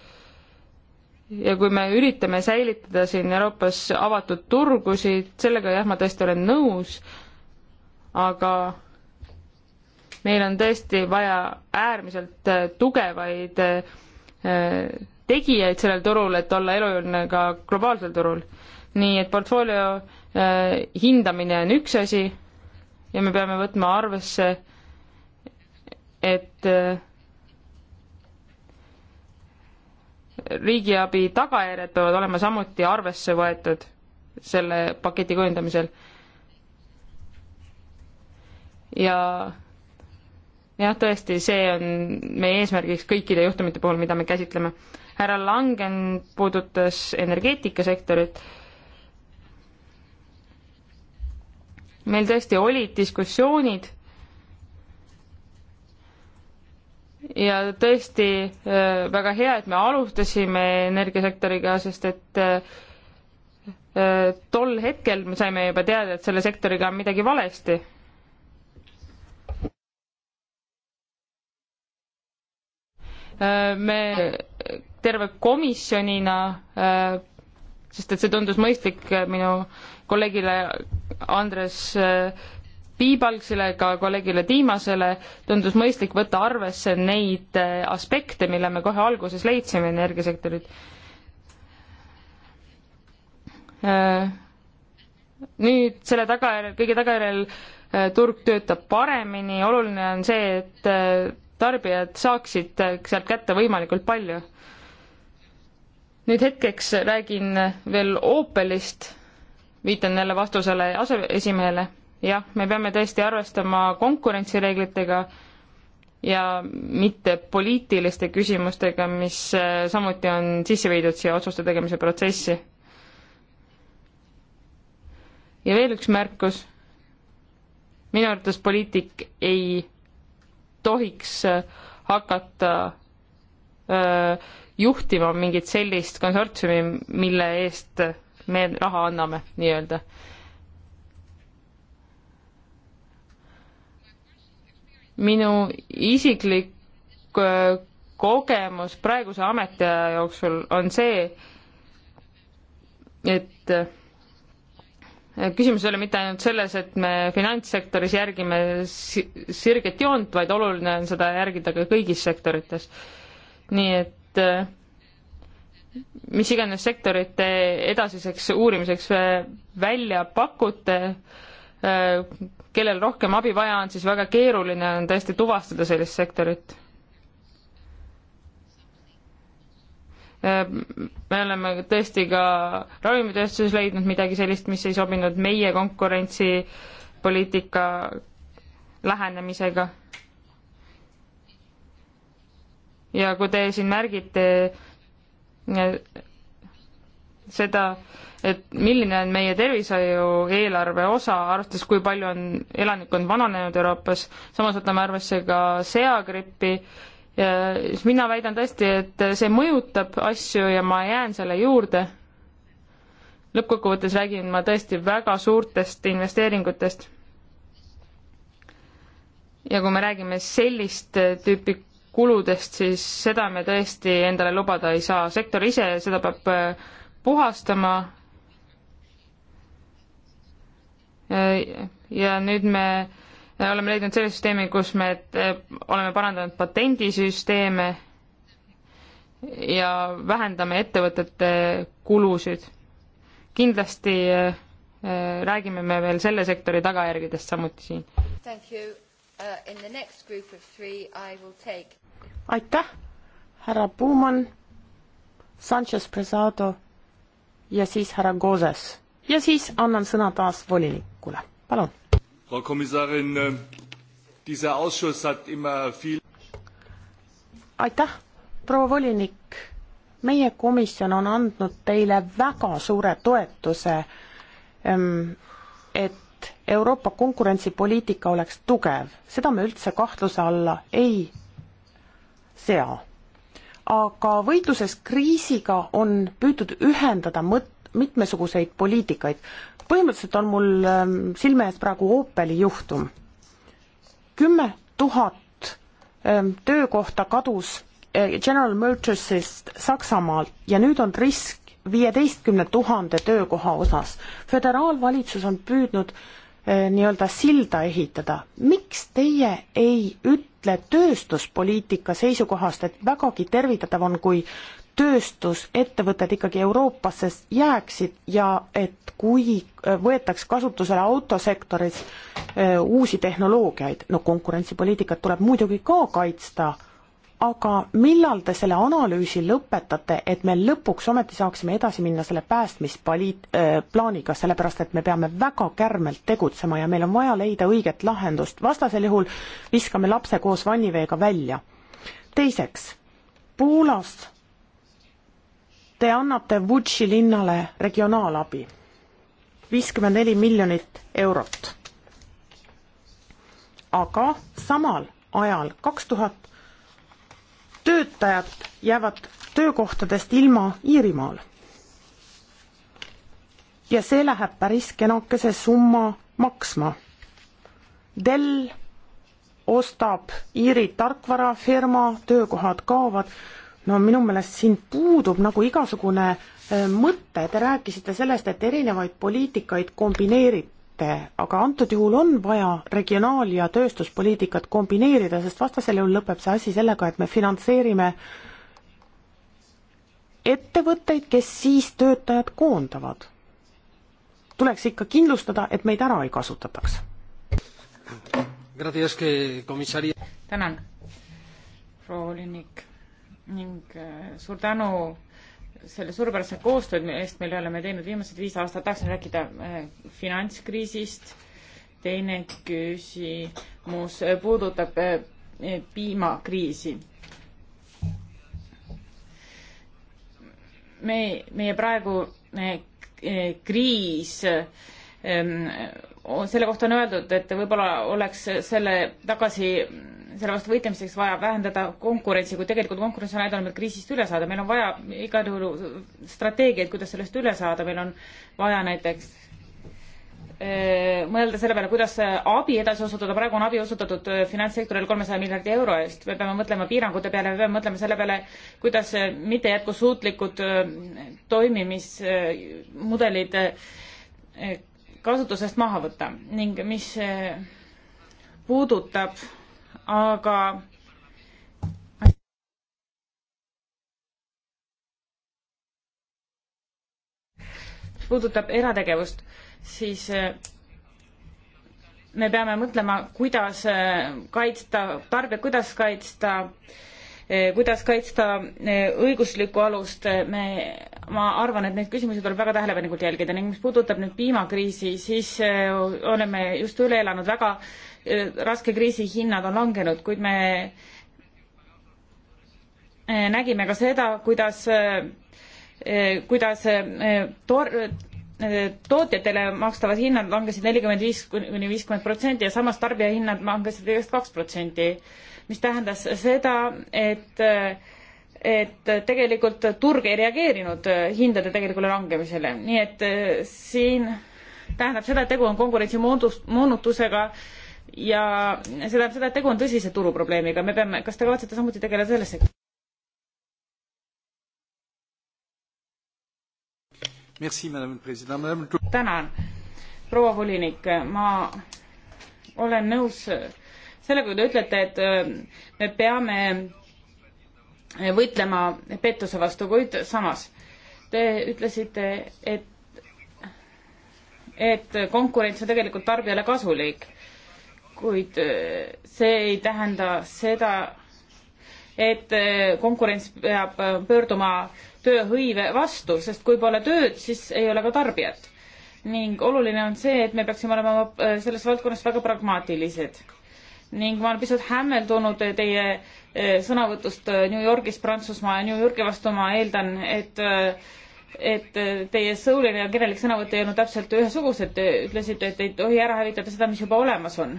ja kui me üritame säilitada siin Euroopas avatud turgusid, sellega jah, ma tõesti olen nõus, aga meil on tõesti vaja äärmiselt äh, tugevaid äh, tegijaid sellel turul, et olla elujõuline ka globaalsel turul. nii et portfoolio äh, hindamine on üks asi, ja me peame võtma arvesse, et äh, riigiabi tagajärjed peavad olema samuti arvesse võetud selle paketi kujundamisel. ja jah, tõesti, see on meie eesmärgiks kõikide juhtumite puhul, mida me käsitleme. härra Langen puudutas energeetikasektorit meil tõesti olid diskussioonid ja tõesti äh, väga hea, et me alustasime energiasektoriga, sest et äh, äh, tol hetkel me saime juba teada, et selle sektoriga on midagi valesti me terve komisjonina sest et see tundus mõistlik äh, minu kolleegile Andres äh, Piibalgsile, ka kolleegile Tiimasele, tundus mõistlik võtta arvesse neid äh, aspekte, mille me kohe alguses leidsime energiasektorit. nüüd selle tagajärjel, kõige tagajärjel turg töötab paremini, oluline on see, et tarbijad saaksid sealt kätte võimalikult palju nüüd hetkeks räägin veel Opelist, viitan jälle vastusele aseesimehele. jah, me peame tõesti arvestama konkurentsireeglitega ja mitte poliitiliste küsimustega, mis äh, samuti on sisse viidud siia otsuste tegemise protsessi. ja veel üks märkus. minu arvates poliitik ei tohiks äh, hakata juhtima mingit sellist konsortsiumi, mille eest me raha anname nii-öelda. minu isiklik kogemus praeguse ametiaja jooksul on see, et küsimus ei ole mitte ainult selles, et me finantssektoris järgime sirget joont, vaid oluline on seda järgida ka kõigis sektorites nii et eh, mis iganes sektorite edasiseks uurimiseks välja pakute, eh, kellel rohkem abi vaja on, siis väga keeruline on tõesti tuvastada sellist sektorit. Eh, me oleme tõesti ka ravimitööstuses leidnud midagi sellist, mis ei sobinud meie konkurentsipoliitika lähenemisega ja kui te siin märgite äh, seda, et milline on meie tervishoiu eelarve osa, arvestades kui palju on elanikkond vananenud Euroopas, samas võtame arvesse ka seagrippi, siis mina väidan tõesti, et see mõjutab asju ja ma jään selle juurde. lõppkokkuvõttes räägin ma tõesti väga suurtest investeeringutest. ja kui me räägime sellist tüüpi kuludest, siis seda me tõesti endale lubada ei saa. sektor ise seda peab äh, puhastama. Äh, ja nüüd me äh, oleme leidnud selle süsteemi, kus me oleme parandanud patendisüsteeme ja vähendame ettevõtete kulusid. kindlasti räägime me veel selle sektori tagajärgedest samuti siin. Thank you. Uh, in the next group of three, I will take aitäh, härra Puumann, Sanchez Presado ja siis härra Gozes ja siis annan sõna taas volinikule, palun. Frau Kommissarin, dieser Ausschuss hat immer viel aitäh, proua volinik, meie komisjon on andnud teile väga suure toetuse, ehm, et Euroopa konkurentsipoliitika oleks tugev, seda me üldse kahtluse alla ei sea. aga võitluses kriisiga on püütud ühendada mõt-, mitmesuguseid poliitikaid. põhimõtteliselt on mul ähm, silme ees praegu Opeli juhtum. kümme tuhat ähm, töökohta kadus äh, General Motorsist Saksamaalt ja nüüd on risk viieteistkümne tuhande töökoha osas. föderaalvalitsus on püüdnud äh, nii-öelda silda ehitada. miks teie ei üt-, tööstuspoliitika seisukohast, et vägagi tervitatav on, kui tööstusettevõtted ikkagi Euroopasse jääksid ja et kui äh, võetaks kasutusele autosektoris äh, uusi tehnoloogiaid, no konkurentsipoliitikat tuleb muidugi ka kaitsta aga millal te selle analüüsi lõpetate, et me lõpuks ometi saaksime edasi minna selle päästmisplaaniga äh,, sellepärast et me peame väga kärmelt tegutsema ja meil on vaja leida õiget lahendust, vastasel juhul viskame lapse koos vanniveega välja. teiseks, Poolas te annate Vutši linnale regionaalabi, viiskümmend neli miljonit eurot. aga samal ajal kaks tuhat töötajat jäävad töökohtadest ilma Iirimaal. ja see läheb päris kenakese summa maksma. Dell ostab Iiri tarkvarafirma, töökohad kaovad, no minu meelest siin puudub nagu igasugune äh, mõte, te rääkisite sellest, et erinevaid poliitikaid kombineerib ette, aga antud juhul on vaja regionaal- ja tööstuspoliitikat kombineerida, sest vastasel juhul lõpeb see asi sellega, et me finantseerime ettevõtteid, kes siis töötajad koondavad. tuleks ikka kindlustada, et meid ära ei kasutataks. tänan, proua volinik ning äh, suur tänu selle suurepärase koostööd, millest me oleme teinud viimased viis aastat, tahaksin rääkida äh, finantskriisist. teine küsimus äh, puudutab äh, piimakriisi. me, meie praegu kriis, ähm, selle kohta on öeldud, et võib-olla oleks selle tagasi selle vastu võitlemiseks vaja vähendada konkurentsi, kui tegelikult konkurents on aidanud meil kriisist üle saada, meil on vaja igal juhul strateegiaid, kuidas sellest üle saada, meil on vaja näiteks eh, mõelda selle peale, kuidas abi edasi osutada, praegu on abi osutatud eh, finantssektorile kolmesaja miljardi euro eest, me peame mõtlema piirangute peale, me peame mõtlema selle peale, kuidas eh, mitte jätkusuutlikud toimimismudelid kasutusest maha võtta ning mis puudutab aga mis puudutab erategevust, siis eh, me peame mõtlema, kuidas eh, kaitsta tarbijat, kuidas kaitsta, eh, kuidas kaitsta õiguslikku alust, me, ma arvan, et neid küsimusi tuleb väga tähelepanelikult jälgida ning mis puudutab nüüd piimakriisi, siis oleme just üle elanud väga Äh, raske kriisi hinnad on langenud, kuid me äh, nägime ka seda, kuidas, äh, kuidas tor-, tootjatele makstavad hinnad langesid nelikümmend viis kuni viiskümmend protsenti ja samas tarbijahinnad langesid kõigest kaks protsenti, mis tähendas seda, et et tegelikult turg ei reageerinud hindade tegelikule langemisele, nii et siin tähendab seda, et tegu on konkurentsi moodust-, moonutusega äh, ja see tähendab seda, et tegu on tõsise turuprobleemiga, me peame, kas te kavatsete samuti tegeleda sellesse? tänan, proua volinik, ma olen nõus sellega, kui te ütlete, et äh, me peame võitlema pettuse vastu, kuid samas te ütlesite, et, et konkurents on tegelikult tarbijale kasulik kuid äh, see ei tähenda seda, et äh, konkurents peab äh, pöörduma tööhõive vastu, sest kui pole tööd, siis ei ole ka tarbijat. ning oluline on see, et me peaksime olema selles valdkonnas väga pragmaatilised. ning ma olen pisut hämmeldunud teie sõnavõtust New Yorgis Prantsusmaa ja New Yorgi vastu, ma eeldan, et et teie sõuline ja kirjalik sõnavõtt ei olnud täpselt ühesugused, te ütlesite, et ei tohi ära hävitada seda, mis juba olemas on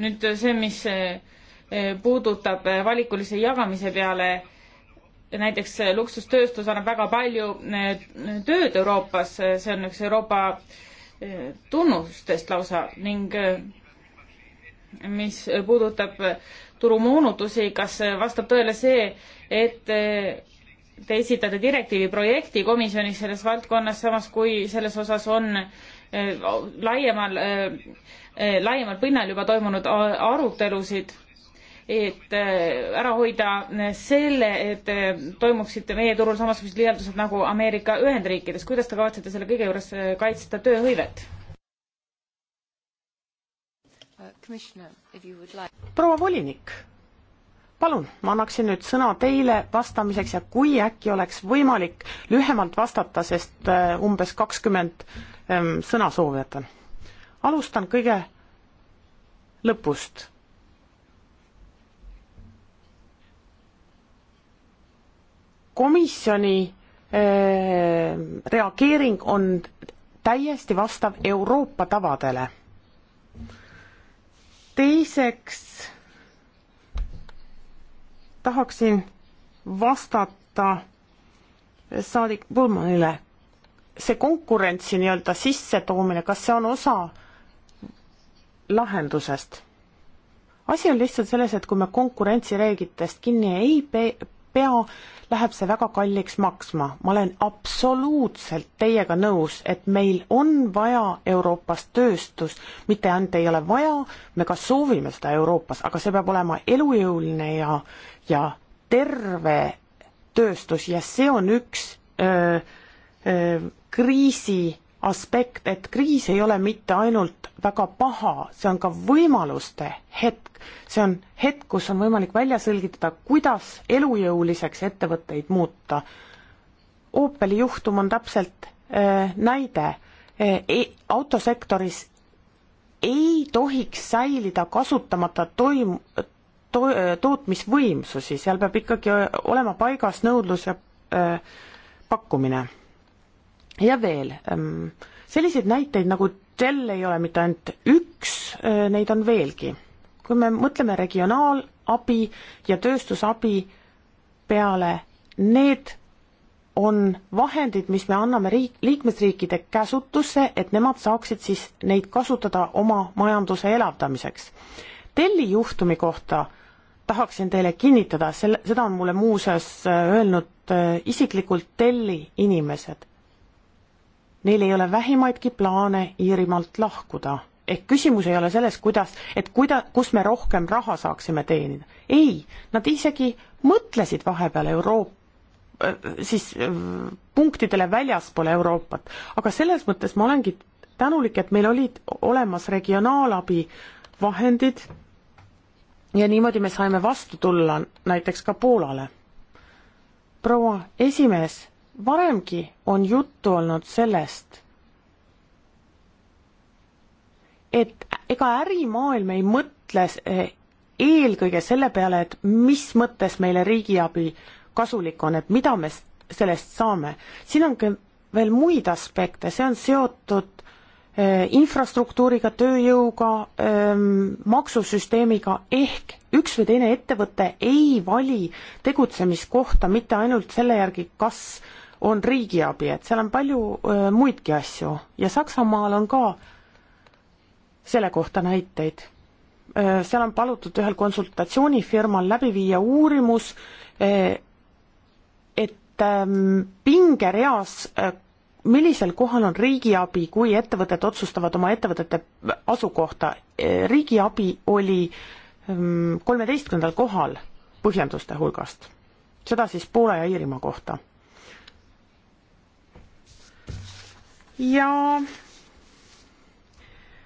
nüüd see, mis eh, puudutab eh, valikulise jagamise peale, näiteks eh, luksustööstus annab väga palju tööd Euroopas, see on üks Euroopa tunnustest lausa ning mis puudutab turumoonutusi, kas vastab tõele see, et te esitate direktiivi projekti komisjonis selles valdkonnas, samas kui selles osas on laiemal Eh, laiemal pinnal juba toimunud arutelusid, et eh, ära hoida eh, selle, et toimuksid meie turul samasugused liialdused nagu Ameerika Ühendriikides. kuidas te kavatsete selle kõige juures kaitsta tööhõivet? Uh, proua volinik, palun, ma annaksin nüüd sõna teile vastamiseks ja kui äkki oleks võimalik lühemalt vastata, sest umbes kakskümmend ehm, sõnasoovijat on alustan kõige lõpust. komisjoni äh, reageering on täiesti vastav Euroopa tavadele. teiseks tahaksin vastata saadik Pulmanile. see konkurentsi nii-öelda sissetoomine, kas see on osa lahendusest. asi on lihtsalt selles, et kui me konkurentsireeglitest kinni ei pe-, pea, läheb see väga kalliks maksma. ma olen absoluutselt teiega nõus, et meil on vaja Euroopas tööstus, mitte ainult ei ole vaja, me ka soovime seda Euroopas, aga see peab olema elujõuline ja, ja terve tööstus ja see on üks öö, öö, kriisi aspekt, et kriis ei ole mitte ainult väga paha, see on ka võimaluste hetk. see on hetk, kus on võimalik välja selgitada, kuidas elujõuliseks ettevõtteid muuta. Opeli juhtum on täpselt äh, näide äh, e. autosektoris ei tohiks säilida kasutamata toim-, to-, äh, tootmisvõimsusi, seal peab ikkagi olema paigas nõudlus ja äh, pakkumine ja veel, ähm, selliseid näiteid nagu Dell ei ole mitte ainult üks, äh, neid on veelgi. kui me mõtleme regionaalabi ja tööstusabi peale, need on vahendid, mis me anname riik, liikmesriikide käsutusse, et nemad saaksid siis neid kasutada oma majanduse elavdamiseks. Delli juhtumi kohta tahaksin teile kinnitada, selle, seda on mulle muuseas äh, öelnud äh, isiklikult Delli inimesed neil ei ole vähimaidki plaane Iirimaalt lahkuda. ehk küsimus ei ole selles, kuidas, et kuida-, kus me rohkem raha saaksime teenida. ei, nad isegi mõtlesid vahepeal Euroopa äh, siis äh, punktidele väljaspool Euroopat, aga selles mõttes ma olengi tänulik, et meil olid olemas regionaalabi vahendid ja niimoodi me saime vastu tulla näiteks ka Poolale. proua esimees varemgi on juttu olnud sellest, et ega ärimaailm ei mõtle eelkõige selle peale, et mis mõttes meile riigiabi kasulik on, et mida me sellest saame. siin on ka veel muid aspekte, see on seotud eh, infrastruktuuriga, tööjõuga, ehm, maksusüsteemiga, ehk üks või teine ettevõte ei vali tegutsemiskohta mitte ainult selle järgi, kas äh, on riigiabi, et seal on palju öö, muidki asju ja Saksamaal on ka selle kohta näiteid. seal on palutud ühel konsultatsioonifirmal läbi viia uurimus, et pingereas millisel kohal on riigiabi, kui ettevõtted otsustavad oma ettevõtete asukohta, riigiabi oli kolmeteistkümnendal kohal põhjenduste hulgast. seda siis Poola ja Iirimaa kohta ja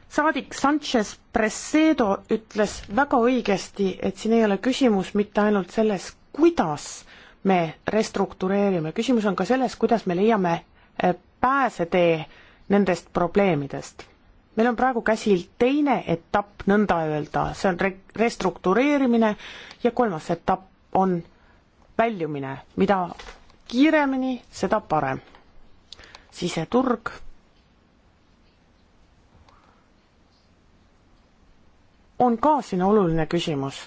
saadik Sanchez Presedo ütles väga õigesti, et siin ei ole küsimus mitte ainult selles, kuidas me restruktureerime, küsimus on ka selles, kuidas me leiame äh, pääsetee nendest probleemidest. meil on praegu käsil teine etapp nõnda öelda, see on re-, restruktureerimine ja kolmas etapp on väljumine, mida kiiremini, seda parem siseturg. on ka siin oluline küsimus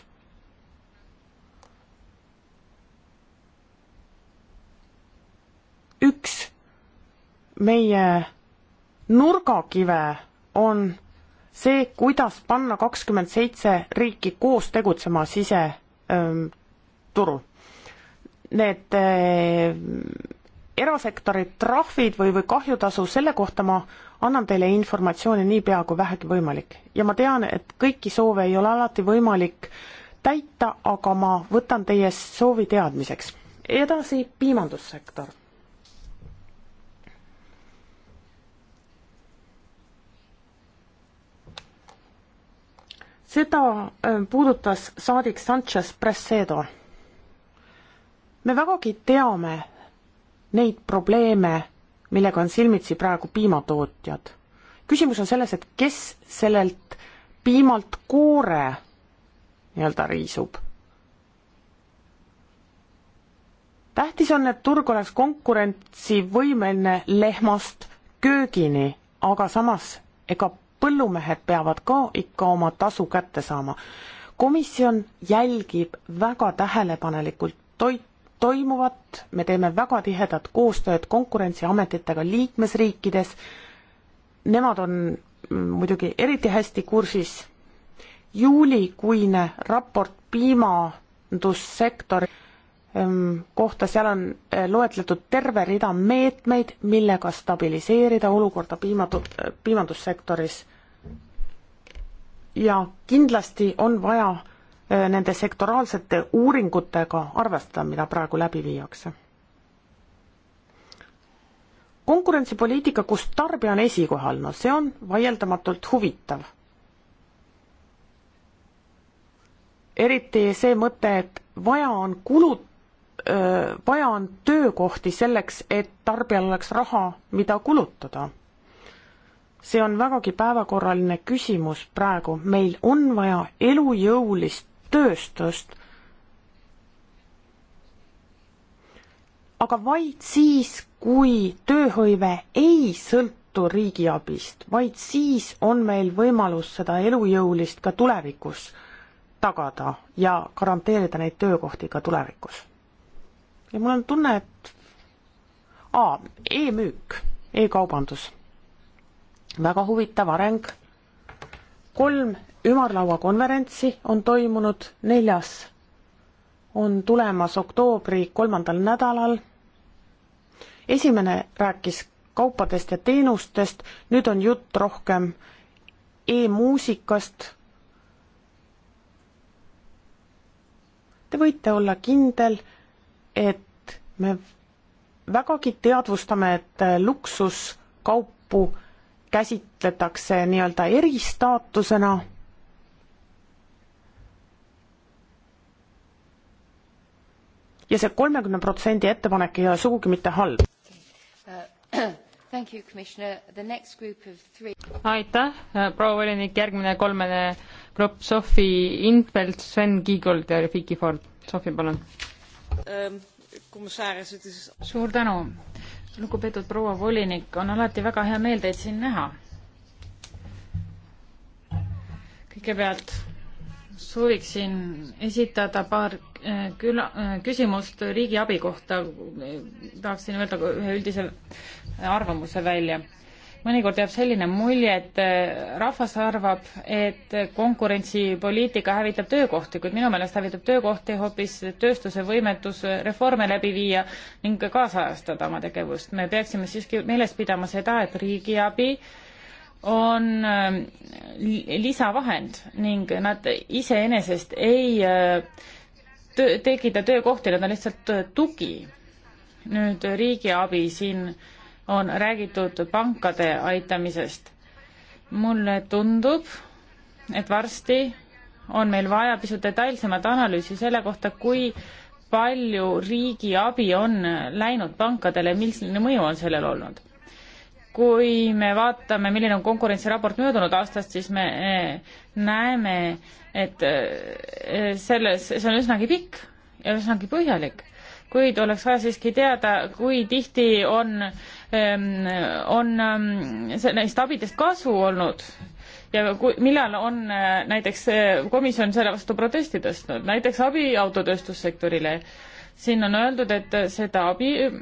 üks meie nurgakive on see, kuidas panna kakskümmend seitse riiki koos tegutsema siseturul. Need öö, erasektori trahvid või, või kahjutasu, selle kohta ma annan teile informatsiooni niipea kui vähegi võimalik. ja ma tean, et kõiki soove ei ole alati võimalik täita, aga ma võtan teie soovi teadmiseks. edasi piimandussektor. seda äh, puudutas saadik Sanchez Presedo. me vägagi teame neid probleeme, millega on silmitsi praegu piimatootjad. küsimus on selles, et kes sellelt piimalt koore nii-öelda riisub. tähtis on, et turg oleks konkurentsivõimeline lehmast köögini, aga samas ega põllumehed peavad ka ikka oma tasu kätte saama. komisjon jälgib väga tähelepanelikult toit toimuvat, me teeme väga tihedat koostööd konkurentsiametitega liikmesriikides, nemad on muidugi eriti hästi kursis, juulikuine raport piimandussektori ehm, kohta, seal on eh, loetletud terve rida meetmeid, millega stabiliseerida olukorda piimatu-, piimandussektoris. ja kindlasti on vaja Äh, nende sektoraalsete uuringutega arvestada, mida praegu läbi viiakse. konkurentsipoliitika, kus tarbija on esikohal, no see on vaieldamatult huvitav. eriti see mõte, et vaja on kulut-, äh, vaja on töökohti selleks, et tarbijal oleks raha, mida kulutada see on vägagi päevakorraline küsimus praegu, meil on vaja elujõulist tööstust. aga vaid siis, kui tööhõive ei sõltu riigiabist, vaid siis on meil võimalus seda elujõulist ka tulevikus tagada ja garanteerida neid töökohti ka tulevikus. ja mul on tunne, et aa, e-müük e, e-kaubandus, väga huvitav areng, kolm ümarlauakonverentsi on toimunud neljas, on tulemas oktoobri kolmandal nädalal. esimene rääkis kaupadest ja teenustest, nüüd on jutt rohkem e-muusikast. Te võite olla kindel, et me vägagi teadvustame, et luksuskaupu käsitletakse nii-öelda eristaatusena ja see kolmekümne protsendi ettepanek ei ole sugugi mitte halb. aitäh, proua volinik, järgmine kolmene grupp, Sofi Intveld, Sven Kiigold ja Refiki Ford. Sofi, palun um,. Is... suur tänu, lugupeetud proua volinik, on alati väga hea meel teid siin näha. kõigepealt sooviksin esitada paar eh, küla, eh, küsimust riigiabi kohta. tahaksin öelda ühe üldise arvamuse välja. mõnikord jääb selline mulje, et eh, rahvas arvab, et konkurentsipoliitika hävitab töökohti, kuid minu meelest hävitab töökohti hoopis tööstuse võimetus reforme läbi viia ning kaasajastada oma tegevust. me peaksime siiski meeles pidama seda, et riigiabi äh, on ähm, lisavahend ning nad iseenesest ei äh, töö, tekita töökohti, nad on lihtsalt äh, tugi. nüüd riigiabi, siin on räägitud pankade aitamisest. mulle tundub, et varsti on meil vaja pisut detailsemat analüüsi selle kohta, kui palju riigi abi on läinud pankadele, milline mõju on sellel olnud kui me vaatame, milline on konkurentsiraport möödunud aastast, siis me eh, näeme, et eh, selles, see on üsnagi pikk ja üsnagi põhjalik, kuid oleks vaja siiski teada, kui tihti on, ehm, on ehm, neist abidest kasu olnud ja kui, millal on eh, näiteks komisjon selle vastu protesti tõstnud, näiteks abi autotööstussektorile. siin on öeldud, et seda abi ehm,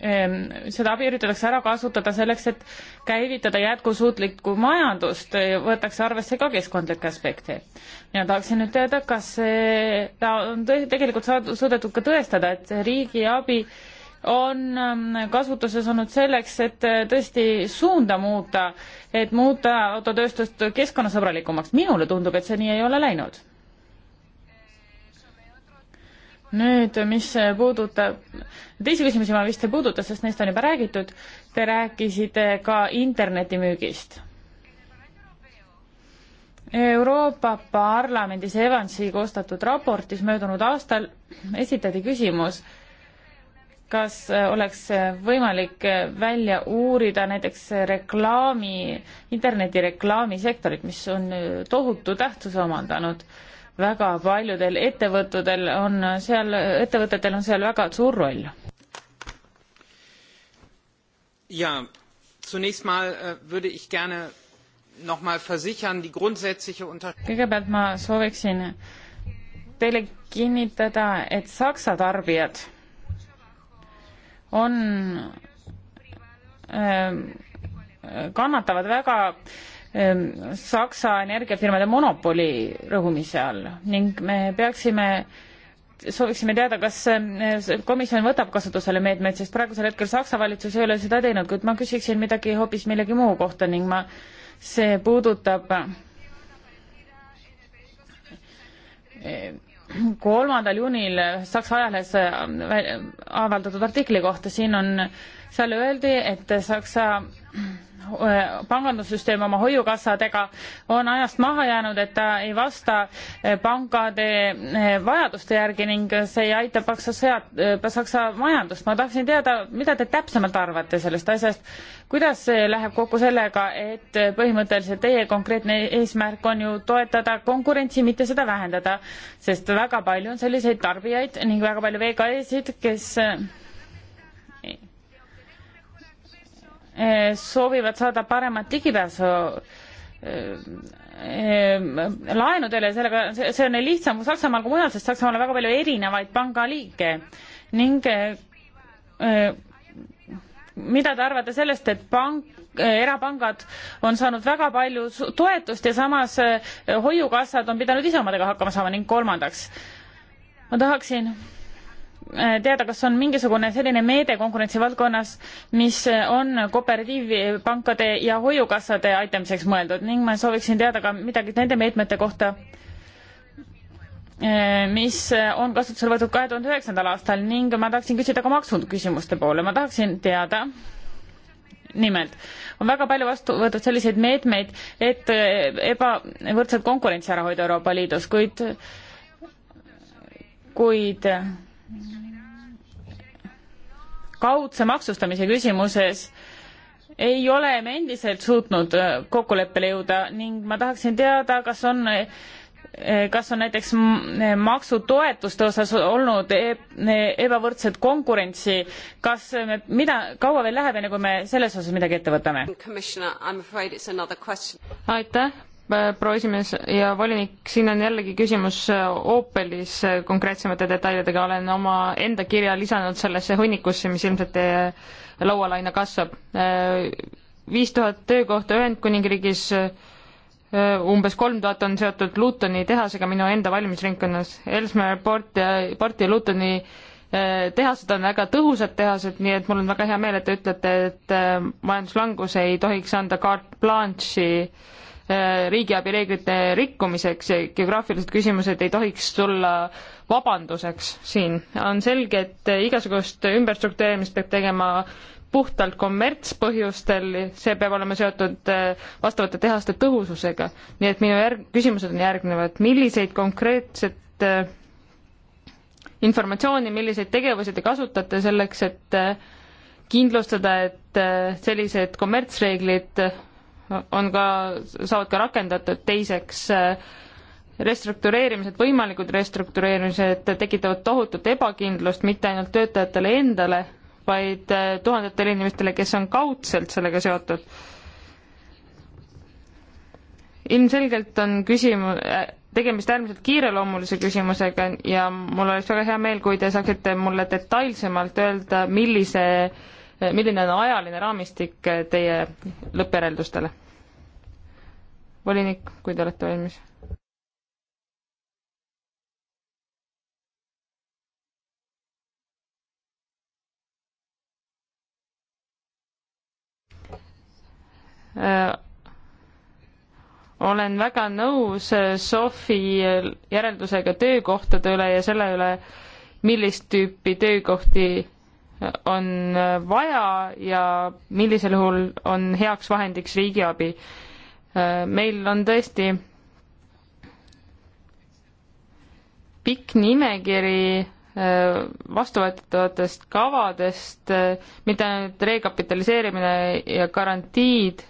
Ehm, seda abi üritatakse ära kasutada selleks, et käivitada jätkusuutlikku majandust, võetakse arvesse ka keskkondlikke aspekte. ja tahaksin nüüd teada, kas see, ta on tõ-, tegelikult saadud, suudetud ka tõestada, et riigi abi on ähm, kasutuses olnud selleks, et äh, tõesti suunda muuta, et muuta autotööstust keskkonnasõbralikumaks. minule tundub, et see nii ei ole läinud nüüd, mis puudutab, teisi küsimusi ma vist ei puuduta, sest neist on juba räägitud. Te rääkisite ka internetimüügist. Euroopa Parlamendis Evansi koostatud raportis möödunud aastal esitati küsimus, kas oleks võimalik välja uurida näiteks reklaami, internetireklaami sektorit, mis on tohutu tähtsuse omandanud äh, väga paljudel ettevõtudel on seal, ettevõtetel on seal väga suur roll. ja, zunächst mal äh, würde ich gerne noch mal versichern die grundsätzliche unter-. kõigepealt ma sooviksin teile kinnitada, et Saksa tarbijad on äh,, kannatavad väga äh, Ehm, Saksa energiafirmade monopoli rõhumise all ning me peaksime sooviksime teada, kas ehm, komisjon võtab kasutusele meetmeid, sest praegusel hetkel Saksa valitsus ei ole seda teinud, kuid ma küsiksin midagi hoopis millegi muu kohta ning ma, see puudutab ehm, kolmandal juunil Saksa ajalehes avaldatud artikli kohta, siin on, seal öeldi, et Saksa pangandussüsteem oma hoiukassadega on ajast maha jäänud, et ta ei vasta eh, pankade eh, vajaduste järgi ning see ei aita Saksa sõjad, eh, Saksa majandust. ma tahtsin teada, mida te täpsemalt arvate sellest asjast, kuidas see läheb kokku sellega, et põhimõtteliselt teie konkreetne eesmärk on ju toetada konkurentsi, mitte seda vähendada, sest väga palju on selliseid tarbijaid ning väga palju VKE-sid, kes Eh, soovivad saada paremat ligipääsu eh, eh, laenudele, sellega, see on lihtsam kui Saksamaal kui mujal, sest Saksamaal on väga palju erinevaid pangaliike ning mida te arvate sellest, et pank, erapangad on saanud väga palju toetust ja samas hoiukassad on pidanud ise omadega hakkama saama ning kolmandaks ma tahaksin Äh, teada, kas on mingisugune selline meede konkurentsivaldkonnas, mis äh, on kooperatiivpankade ja hoiukassade aitamiseks mõeldud ning ma sooviksin teada ka midagi nende meetmete kohta, äh, mis on kasutusele võetud kahe tuhande üheksandal aastal ning ma tahaksin küsida ka maksuküsimuste poole, ma tahaksin teada, nimelt on väga palju vastu võetud selliseid meetmeid, et ebavõrdset konkurentsi ära hoida Euroopa Liidus, kuid kuid kaudse maksustamise küsimuses ei ole me endiselt suutnud äh, kokkuleppele jõuda ning ma tahaksin teada, kas on, äh, kas on näiteks äh, maksutoetuste osas olnud e-, e ebavõrdset konkurentsi, kas me, mida, kaua veel läheb, enne kui me selles osas midagi ette võtame? aitäh, Äh, proua esimees ja volinik, siin on jällegi küsimus äh, Opelis äh, konkreetsemate detailidega, olen oma enda kirja lisanud sellesse hunnikusse, mis ilmselt teie laual aina kasvab. viis tuhat töökohta Ühendkuningriigis, umbes kolm tuhat on seotud Lutoni tehasega minu enda valimisringkonnas, Elsmere port ja, port ja Lutoni tehased on väga tõhusad tehased, nii et mul on väga hea meel, et te ütlete, et majanduslangus ei tohiks anda carte blanche'i Äh, riigiabi reeglite rikkumiseks ja geograafilised küsimused ei tohiks tulla vabanduseks siin. on selge, et igasugust ümberstruktureerimist peab tegema puhtalt kommertspõhjustel, see peab olema seotud äh, vastavate tehaste tõhususega. nii et minu järg-, küsimused on järgnevad, milliseid konkreetset äh, informatsiooni, milliseid tegevusi te kasutate selleks, et äh, kindlustada, et äh, sellised kommertsreeglid on ka, saavad ka rakendatud, teiseks äh, restruktureerimised, võimalikud restruktureerimised tekitavad tohutut ebakindlust mitte ainult töötajatele endale, vaid äh, tuhandetele inimestele, kes on kaudselt sellega seotud. ilmselgelt on küsimus, äh, tegemist äärmiselt kiireloomulise küsimusega ja mul oleks väga hea meel, kui te saaksite mulle detailsemalt öelda, millise äh, milline on ajaline raamistik eh, teie lõppjäreldustele? volinik, kui te olete valmis. Äh, olen väga nõus äh, Sofi äh, järeldusega töökohtade üle ja selle üle, millist tüüpi töökohti on vaja ja millisel juhul on heaks vahendiks riigiabi. meil on tõesti pikk nimekiri äh, vastuvõetavatest kavadest, äh, mitte ainult rekapitaliseerimine ja garantiid,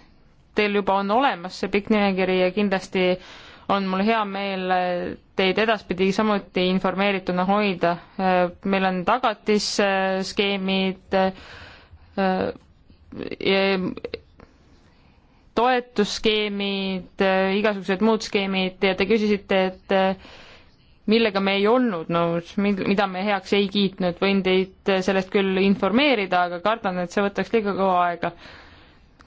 teil juba on olemas see pikk nimekiri ja kindlasti äh, on mul hea meel teid edaspidi samuti informeerituna hoida. meil on tagatisskeemid, e, e, toetusskeemid, igasugused muud skeemid ja te küsisite, et e, millega me ei olnud nõus no,, mida me heaks ei kiitnud, võin teid sellest küll informeerida, aga kardan, et see võtaks liiga kaua aega,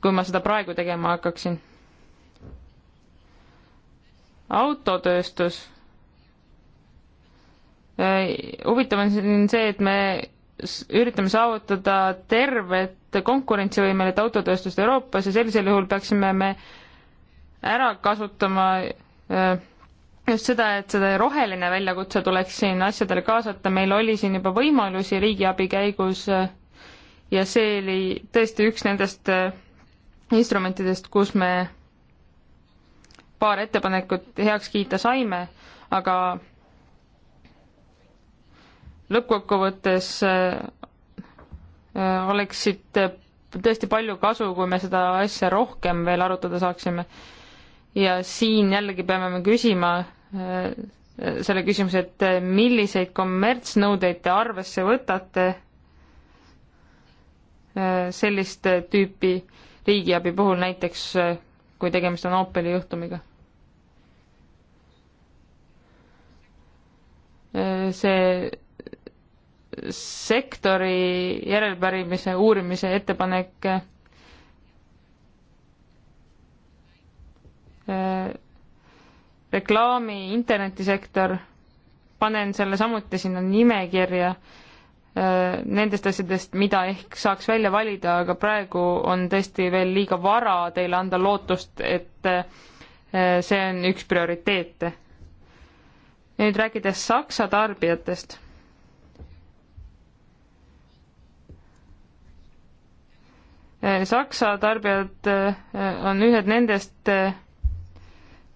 kui ma seda praegu tegema hakkaksin autotööstus. huvitav on siin see, et me üritame saavutada tervet konkurentsivõimelit autotööstust Euroopas ja sellisel juhul peaksime me ära kasutama äh, just seda, et seda roheline väljakutse tuleks siin asjadele kaasata, meil oli siin juba võimalusi riigiabi käigus äh, ja see oli tõesti üks nendest äh, instrumentidest, kus me paar ettepanekut heaks kiita saime, aga lõppkokkuvõttes äh, äh, oleksid äh, tõesti palju kasu, kui me seda asja rohkem veel arutada saaksime. ja siin jällegi peame me küsima selle küsimuse, et milliseid kommertsnõudeid te arvesse võtate sellist tüüpi riigiabi puhul, näiteks kui tegemist on Opeli juhtumiga see sektori järelpärimise uurimise ettepanek äh, reklaami internetisektor, panen selle samuti sinna nimekirja äh, nendest asjadest, mida ehk saaks välja valida, aga praegu on tõesti veel liiga vara teile anda lootust, et äh, see on üks prioriteete ja nüüd rääkides Saksa tarbijatest. Äh, Saksa tarbijad äh, on ühed nendest, äh,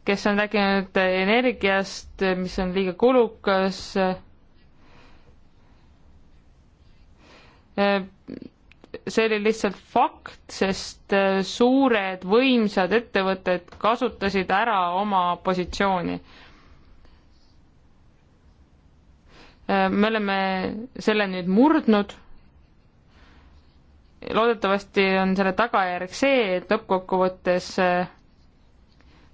kes on rääkinud energiast, mis on liiga kulukas. see oli lihtsalt fakt, sest suured võimsad ettevõtted kasutasid ära oma positsiooni Äh, me oleme selle nüüd murdnud. loodetavasti on selle tagajärg see, et lõppkokkuvõttes äh,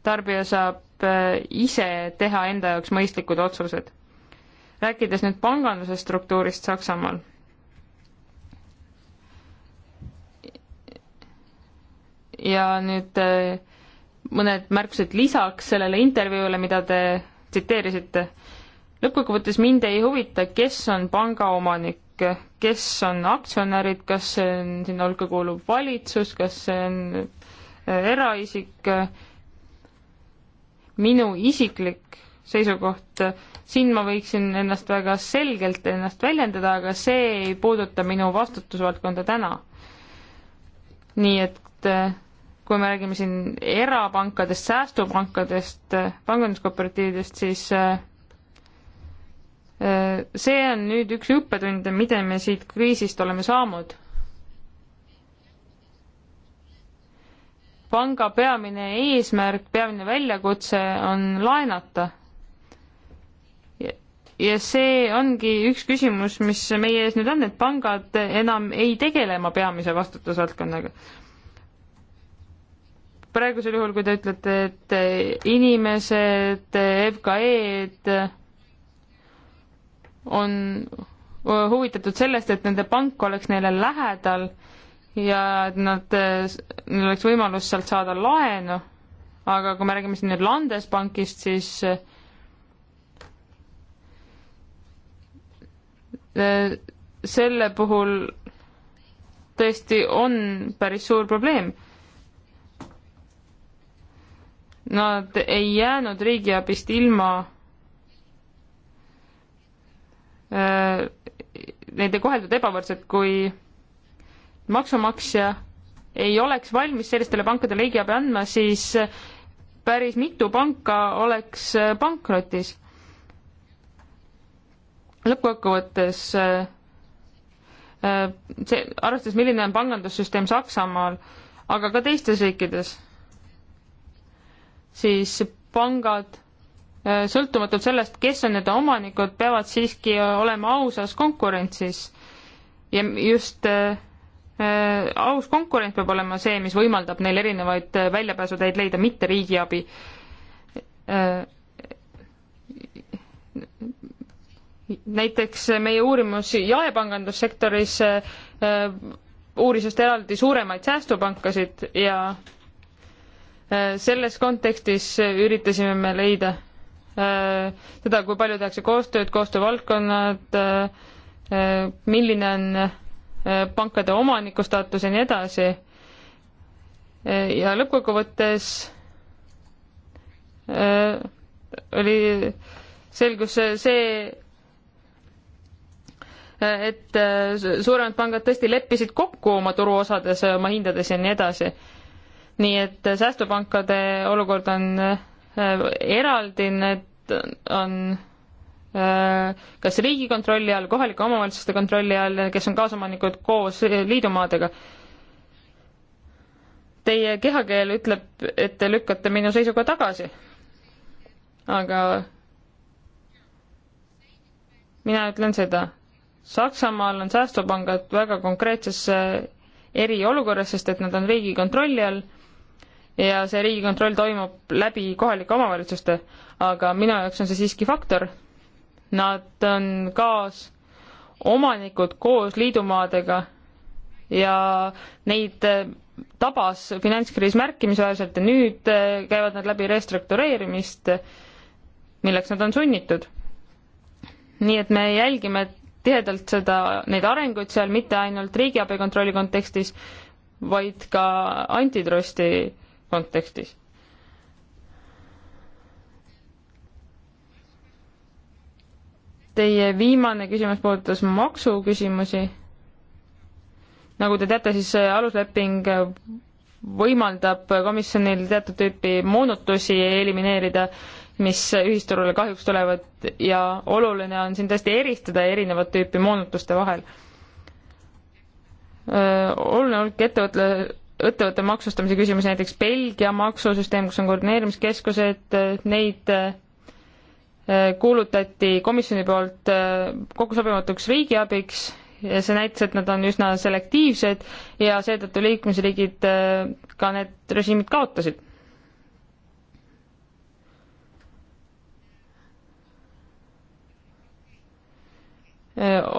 tarbija saab äh, ise teha enda jaoks mõistlikud otsused. rääkides nüüd panganduse struktuurist Saksamaal. ja nüüd mõned märkused lisaks sellele intervjuule, mida te tsiteerisite lõppkokkuvõttes mind ei huvita, kes on pangaomanik, kes on aktsionärid, kas see on, sinna hulka kuulub valitsus, kas see on äh, eraisik, minu isiklik seisukoht, siin ma võiksin ennast väga selgelt ennast väljendada, aga see ei puuduta minu vastutusvaldkonda täna. nii et äh, kui me räägime siin erapankadest, säästupankadest, äh, panganduskooperatiividest, siis see on nüüd üks õppetunde, mida me siit kriisist oleme saanud. panga peamine eesmärk, peamine väljakutse on laenata. ja see ongi üks küsimus, mis meie ees nüüd on, et pangad enam ei tegele oma peamise vastutusvaldkonnaga praegusel juhul, kui te ütlete, et inimesed, FKE-d on huvitatud sellest, et nende pank oleks neile lähedal ja et nad, neil oleks võimalus sealt saada laenu, aga kui me räägime siin nüüd Landesbankist, siis eh, selle puhul tõesti on päris suur probleem. Nad ei jäänud riigiabist ilma Äh, neid ei koheldud ebavõrdselt, kui maksumaksja ei oleks valmis sellistele pankadele riigiabi andma, siis päris mitu panka oleks äh, pankrotis. lõppkokkuvõttes äh, see, arvestades, milline on pangandussüsteem Saksamaal, aga ka teistes riikides, siis pangad Äh, sõltumatult sellest, kes on nende omanikud, peavad siiski olema ausas konkurentsis. ja just äh, äh, aus konkurent peab olema see, mis võimaldab neil erinevaid väljapääsuteid leida, mitte riigiabi. näiteks meie uurimus jaepangandussektoris uuris just eraldi suuremaid säästupankasid ja selles kontekstis üritasime me leida Äh, seda, kui palju tehakse koostööd, koostöövaldkonnad, äh, äh, milline on pankade omaniku staatus ja nii edasi. ja lõppkokkuvõttes oli, selgus see, et suuremad pangad tõesti leppisid kokku oma turuosades, oma hindades ja nii edasi. nii et säästupankade olukord on Äh, eraldi need on äh, kas riigikontrolli all, kohalike omavalitsuste kontrolli all, kes on kaasomanikud koos äh, liidumaadega. Teie kehakeel ütleb, et te lükkate minu seisuga tagasi. aga mina ütlen seda. Saksamaal on säästupangad väga konkreetses eriolukorras, sest et nad on riigi kontrolli all ja see riigikontroll toimub läbi kohalike omavalitsuste, aga minu jaoks on see siiski faktor. Nad on kaasomanikud koos liidumaadega ja neid eh, tabas finantskriis märkimisväärselt ja nüüd eh, käivad nad läbi restruktureerimist, milleks nad on sunnitud. nii et me jälgime tihedalt seda, neid arenguid seal mitte ainult riigiabi kontrolli kontekstis, vaid ka antitrusti kontekstis. Teie viimane küsimus puudutas maksuküsimusi. nagu te teate, siis alusleping võimaldab komisjonil teatud tüüpi moonutusi elimineerida, mis ühisturule kahjuks tulevad ja oluline on siin tõesti eristada erinevat tüüpi moonutuste vahel. oluline hulk ettevõtle-, ettevõtte maksustamise küsimus, näiteks Belgia maksusüsteem, kus on koordineerimiskeskused, neid äh, kuulutati komisjoni poolt äh, kokkusobimatuks riigiabiks ja see näitas, et nad on üsna selektiivsed ja seetõttu liikmesriigid äh, ka need režiimid kaotasid.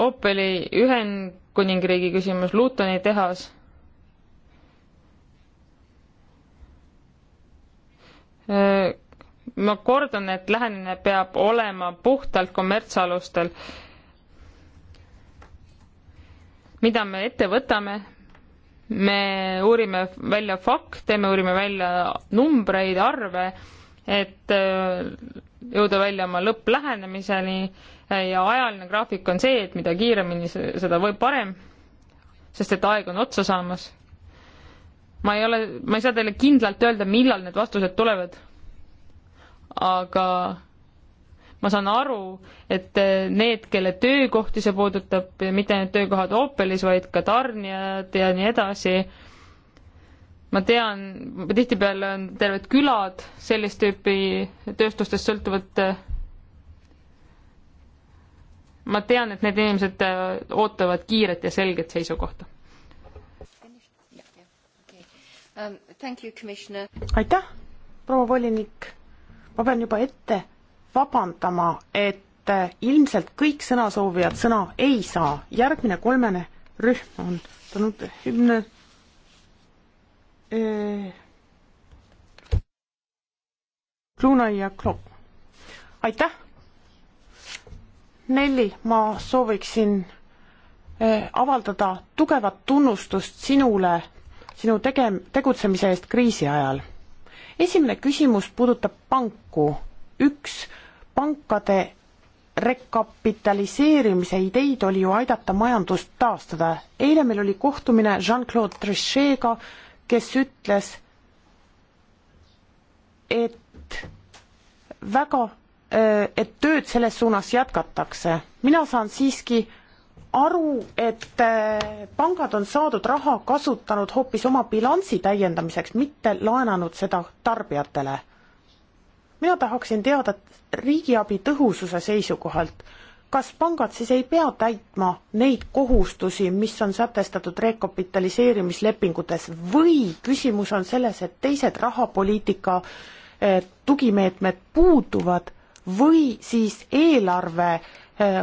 Opeli Ühendkuningriigi küsimus, Lutoni tehas Äh, ma kordan, et lähenemine peab olema puhtalt kommertsalustel. mida me ette võtame? me uurime välja fakte, me uurime välja numbreid, arve, et äh, jõuda välja oma lõpplähenemiseni äh, ja ajaline graafik on see, et mida kiiremini, seda või parem, sest et aeg on otsa saamas ma ei ole, ma ei saa teile kindlalt öelda, millal need vastused tulevad. aga ma saan aru, et need, kelle töökohti see puudutab, mitte ainult töökohad Opelis, vaid ka tarnijad ja nii edasi, ma tean, tihtipeale on terved külad sellist tüüpi tööstustest sõltuvad. ma tean, et need inimesed ootavad kiiret ja selget seisukohta. um,. aitäh, proua volinik. ma pean juba ette vabandama, et äh, ilmselt kõik sõnasoovijad sõna ei saa. järgmine kolmene rühm on tulnud hümne äh,. Luna ja Klopp. aitäh. Nelli, ma sooviksin äh, avaldada tugevat tunnustust sinule sinu tege-, tegutsemise eest kriisi ajal. esimene küsimus puudutab panku. üks pankade rekapitaliseerimise ideid oli ju aidata majandust taastada. eile meil oli kohtumine Jean-Claude Trichet'ga, kes ütles, et väga, et tööd selles suunas jätkatakse. mina saan siiski aru, et äh, pangad on saadud raha kasutanud hoopis oma bilansi täiendamiseks, mitte laenanud seda tarbijatele. mina tahaksin teada riigiabi tõhususe seisukohalt, kas pangad siis ei pea täitma neid kohustusi, mis on sätestatud rekapitaliseerimislepingutes või küsimus on selles, et teised rahapoliitika äh, tugimeetmed puuduvad või siis eelarve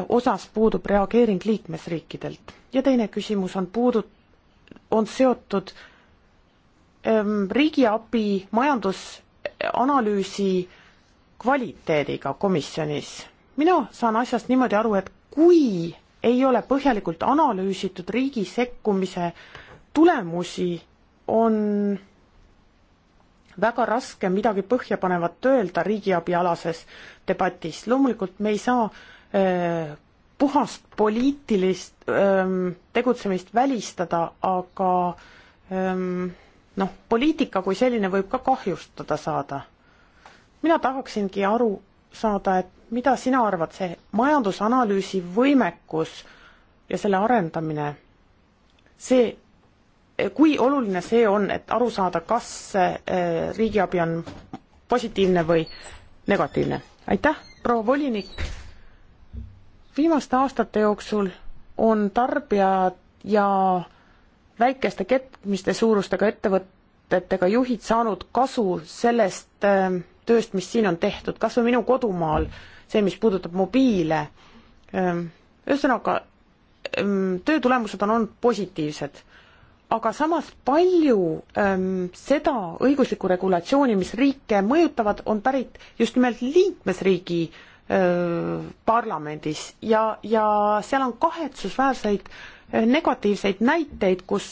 osas puudub reageering liikmesriikidelt. ja teine küsimus on puudu-, on seotud riigiabi majandusanalüüsi kvaliteediga komisjonis. mina saan asjast niimoodi aru, et kui ei ole põhjalikult analüüsitud riigi sekkumise tulemusi, on väga raske midagi põhjapanevat öelda riigiabialases debatis. loomulikult me ei saa äh, Äh, puhast poliitilist ähm, tegutsemist välistada, aga ähm, noh, poliitika kui selline võib ka kahjustada saada. mina tahaksingi aru saada, et mida sina arvad, see majandusanalüüsi võimekus ja selle arendamine, see, kui oluline see on, et aru saada, kas äh, riigiabi on positiivne või negatiivne? aitäh, proua volinik viimaste aastate jooksul on tarbijad ja väikeste keskmiste suurustega ettevõtetega juhid saanud kasu sellest ähm, tööst, mis siin on tehtud, kas või minu kodumaal, see, mis puudutab mobiile, ähm, ühesõnaga, ähm, töö tulemused on olnud positiivsed aga samas palju ähm, seda õiguslikku regulatsiooni, mis riike mõjutavad, on pärit just nimelt liikmesriigi parlamendis ja, ja seal on kahetsusväärseid negatiivseid näiteid, kus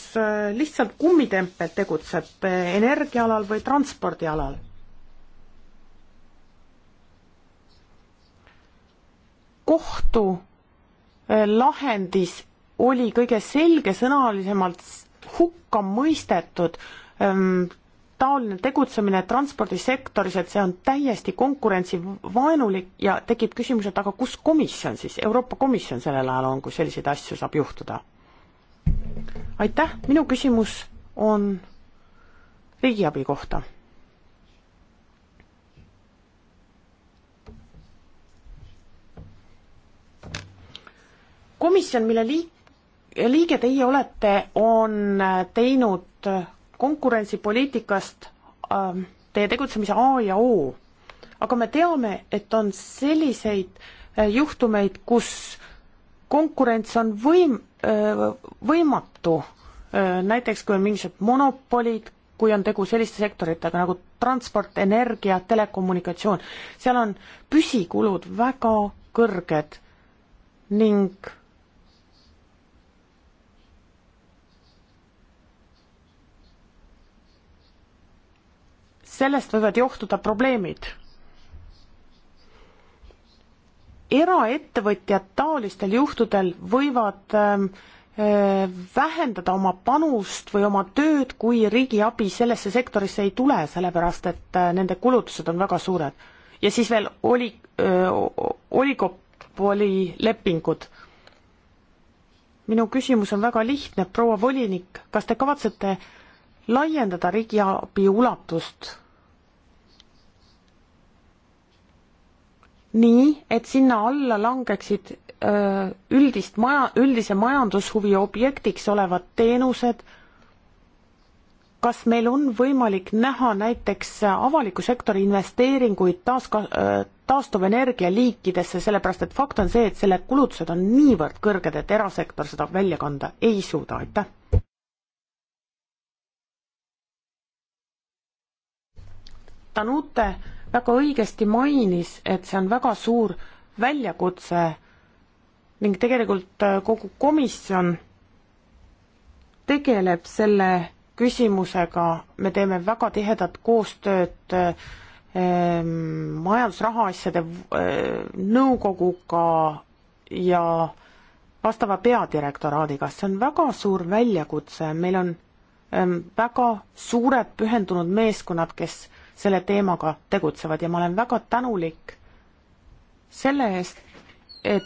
lihtsalt kummitempel tegutseb energiaalal või transpordialal. kohtu lahendis oli kõige selgesõnalisemalt hukka mõistetud taoline tegutsemine transpordisektoris, et see on täiesti konkurentsivaenulik ja tekib küsimus, et aga kus komisjon siis, Euroopa Komisjon sellel ajal on, kui selliseid asju saab juhtuda? aitäh, minu küsimus on riigiabi kohta. komisjon, mille liik-, liige teie olete, on teinud konkurentsipoliitikast ähm, teie tegutsemise A ja O. aga me teame, et on selliseid äh, juhtumeid, kus konkurents on võim-, äh, võimatu, äh, näiteks kui on mingisugused monopolid, kui on tegu selliste sektoritega nagu transport, energia, telekommunikatsioon, seal on püsikulud väga kõrged ning sellest võivad johtuda probleemid. eraettevõtjad taolistel juhtudel võivad ähm, äh, vähendada oma panust või oma tööd, kui riigi abi sellesse sektorisse ei tule, sellepärast et äh, nende kulutused on väga suured. ja siis veel oli, äh, oligopoli lepingud. minu küsimus on väga lihtne, proua volinik, kas te kavatsete laiendada riigiabi ulatust nii, et sinna alla langeksid öö, üldist maja, üldise majandushuvi objektiks olevad teenused, kas meil on võimalik näha näiteks avaliku sektori investeeringuid taaska-, taastuvenergia liikidesse, sellepärast et fakt on see, et selle kulutused on niivõrd kõrged, et erasektor seda välja kanda ei suuda, aitäh! Danute väga õigesti mainis, et see on väga suur väljakutse ning tegelikult äh, kogu komisjon tegeleb selle küsimusega, me teeme väga tihedat koostööd ähm, majandusrahaasjade äh, nõukoguga ja vastava peadirektoraadiga, see on väga suur väljakutse, meil on ähm, väga suured pühendunud meeskonnad, kes selle teemaga tegutsevad ja ma olen väga tänulik selle eest, et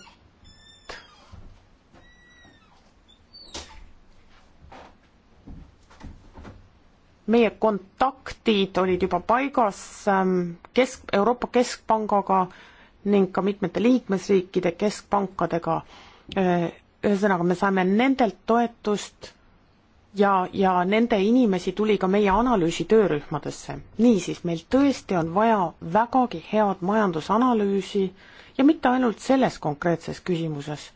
meie kontaktid olid juba paigas ähm, kesk, Euroopa Keskpangaga ning ka mitmete liikmesriikide keskpankadega. Äh, ühesõnaga, me saime nendelt toetust ja, ja nende inimesi tuli ka meie analüüsi töörühmadesse. niisiis, meil tõesti on vaja vägagi head majandusanalüüsi ja mitte ainult selles konkreetses küsimuses.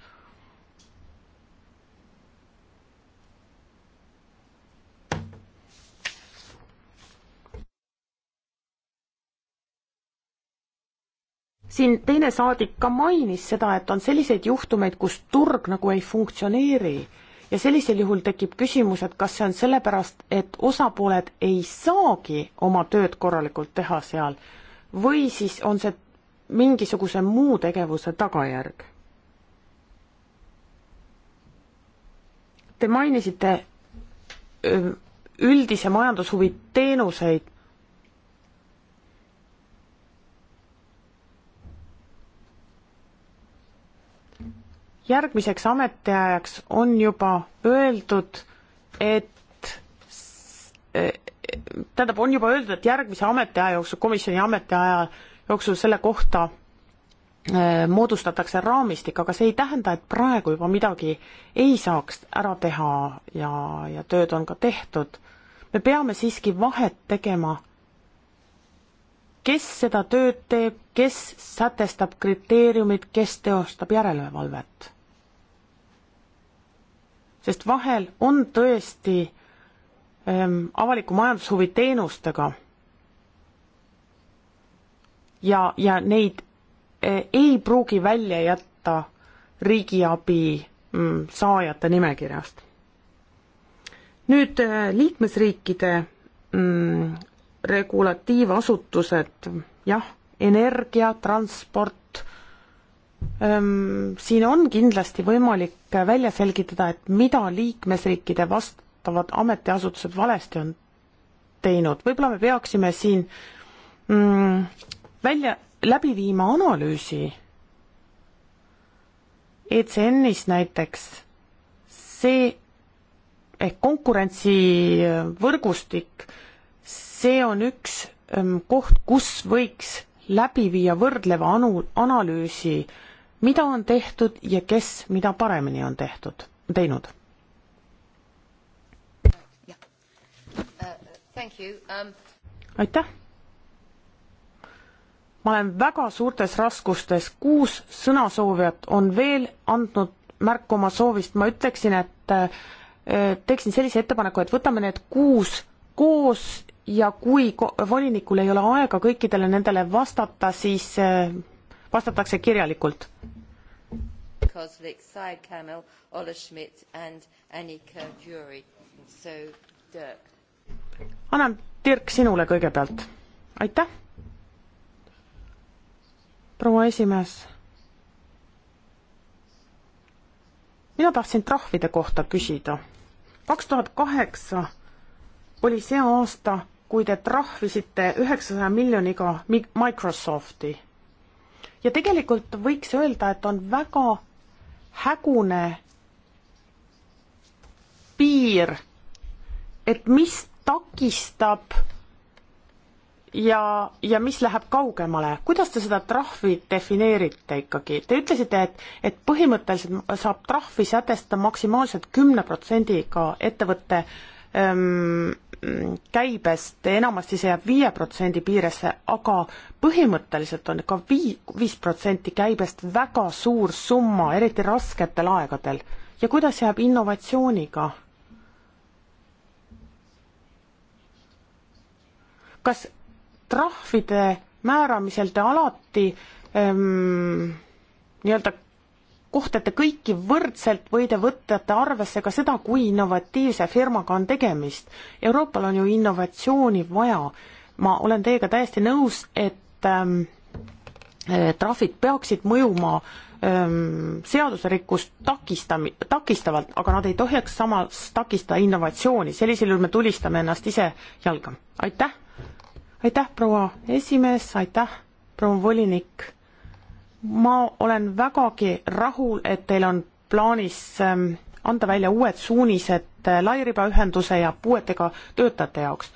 siin teine saadik ka mainis seda, et on selliseid juhtumeid, kus turg nagu ei funktsioneeri ja sellisel juhul tekib küsimus, et kas see on sellepärast, et osapooled ei saagi oma tööd korralikult teha seal või siis on see mingisuguse muu tegevuse tagajärg? Te mainisite üldise majandushuvi teenuseid järgmiseks ametiajaks on juba öeldud, et tähendab, on juba öeldud, et järgmise ametiaja jooksul, komisjoni ametiaja jooksul selle kohta äh, moodustatakse raamistik, aga see ei tähenda, et praegu juba midagi ei saaks ära teha ja, ja tööd on ka tehtud. me peame siiski vahet tegema, kes seda tööd teeb, kes sätestab kriteeriumid, kes teostab järelevalvet sest vahel on tõesti ähm, avaliku majandushuvi teenustega ja, ja neid äh, ei pruugi välja jätta riigiabi m, mm, saajate nimekirjast. nüüd äh, liikmesriikide m, mm, regulatiivasutused, jah, energia, transport ähm,, siin on kindlasti võimalik võimalik välja selgitada, et mida liikmesriikide vastavad ametiasutused valesti on teinud, võib-olla me peaksime siin mm, välja, läbi viima analüüsi ECN-is näiteks, see ehk konkurentsivõrgustik, see on üks mm, koht, kus võiks läbi viia võrdleva anu-, analüüsi äh, mida on tehtud ja kes mida paremini on tehtud, teinud? aitäh! ma olen väga suurtes raskustes, kuus sõnasoovijat on veel andnud märku oma soovist, ma ütleksin, et äh, teeksin sellise ettepaneku, et võtame need kuus koos ja kui ko volinikul ei ole aega kõikidele nendele vastata, siis äh, vastatakse kirjalikult. Kozlik, Syed Kamel, Ola Schmidt and Annika Jury. So Dirk. annan, Dirk, sinule kõigepealt. aitäh, proua esimees. mina tahtsin trahvide kohta küsida. kaks tuhat kaheksa oli see aasta, kui te trahvisite üheksasaja miljoniga Microsofti. ja tegelikult võiks öelda, et on väga hägune piir, et mis takistab ja, ja mis läheb kaugemale, kuidas te seda trahvi defineerite ikkagi? Te ütlesite, et, et põhimõtteliselt saab trahvi sätestada maksimaalselt kümne protsendiga ettevõtte öm, ähm, käibest enamasti see jääb viie protsendi piiresse, aga põhimõtteliselt on ka vii-, viis protsenti käibest väga suur summa, eriti rasketel aegadel. ja kuidas jääb innovatsiooniga? kas trahvide määramisel te alati ähm, nii-öelda kohtlete kõiki võrdselt või te võtate arvesse ka seda, kui innovatiivse firmaga on tegemist. Euroopal on ju innovatsiooni vaja. ma olen teiega täiesti nõus, et ähm, äh, trahvid peaksid mõjuma ähm, seaduserikkust takistami-, takistavalt, aga nad ei tohiks samas takistada innovatsiooni, sellisel juhul me tulistame ennast ise jalga. aitäh! aitäh, proua esimees, aitäh, proua volinik ma olen vägagi rahul, et teil on plaanis ähm, anda välja uued suunised äh, lairibaühenduse ja puuetega töötajate jaoks.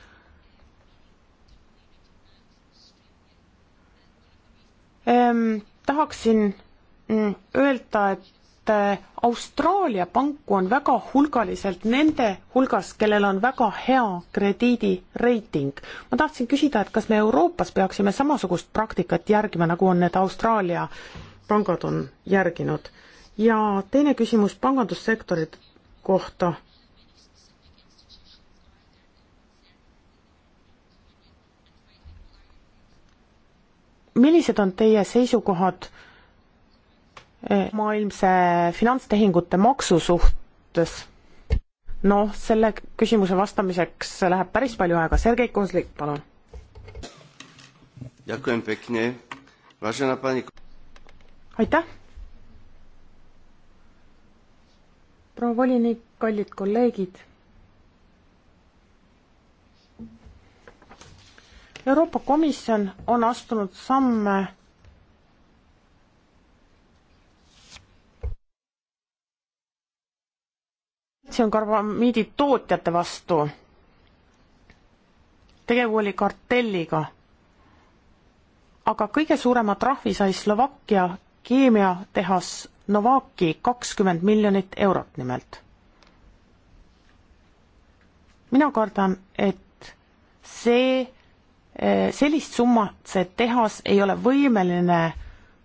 Ähm, tahaksin mm, öelda, et et äh, Austraalia panku on väga hulgaliselt nende hulgas, kellel on väga hea krediidireiting. ma tahtsin küsida, et kas me Euroopas peaksime samasugust praktikat järgima, nagu on need Austraalia pangad on järginud. ja teine küsimus pangandussektori kohta. millised on teie seisukohad maailmse finantstehingute maksu suhtes? noh, selle küsimuse vastamiseks läheb päris palju aega, Sergei Kozlik, palun. aitäh. proua volinik, kallid kolleegid. Euroopa Komisjon on astunud samme sanktsioon karbamiidi tootjate vastu. tegu oli kartelliga. aga kõige suurema trahvi sai Slovakkia keemiatehas Novaki kakskümmend miljonit eurot nimelt. mina kardan, et see, eh, sellist summat see tehas ei ole võimeline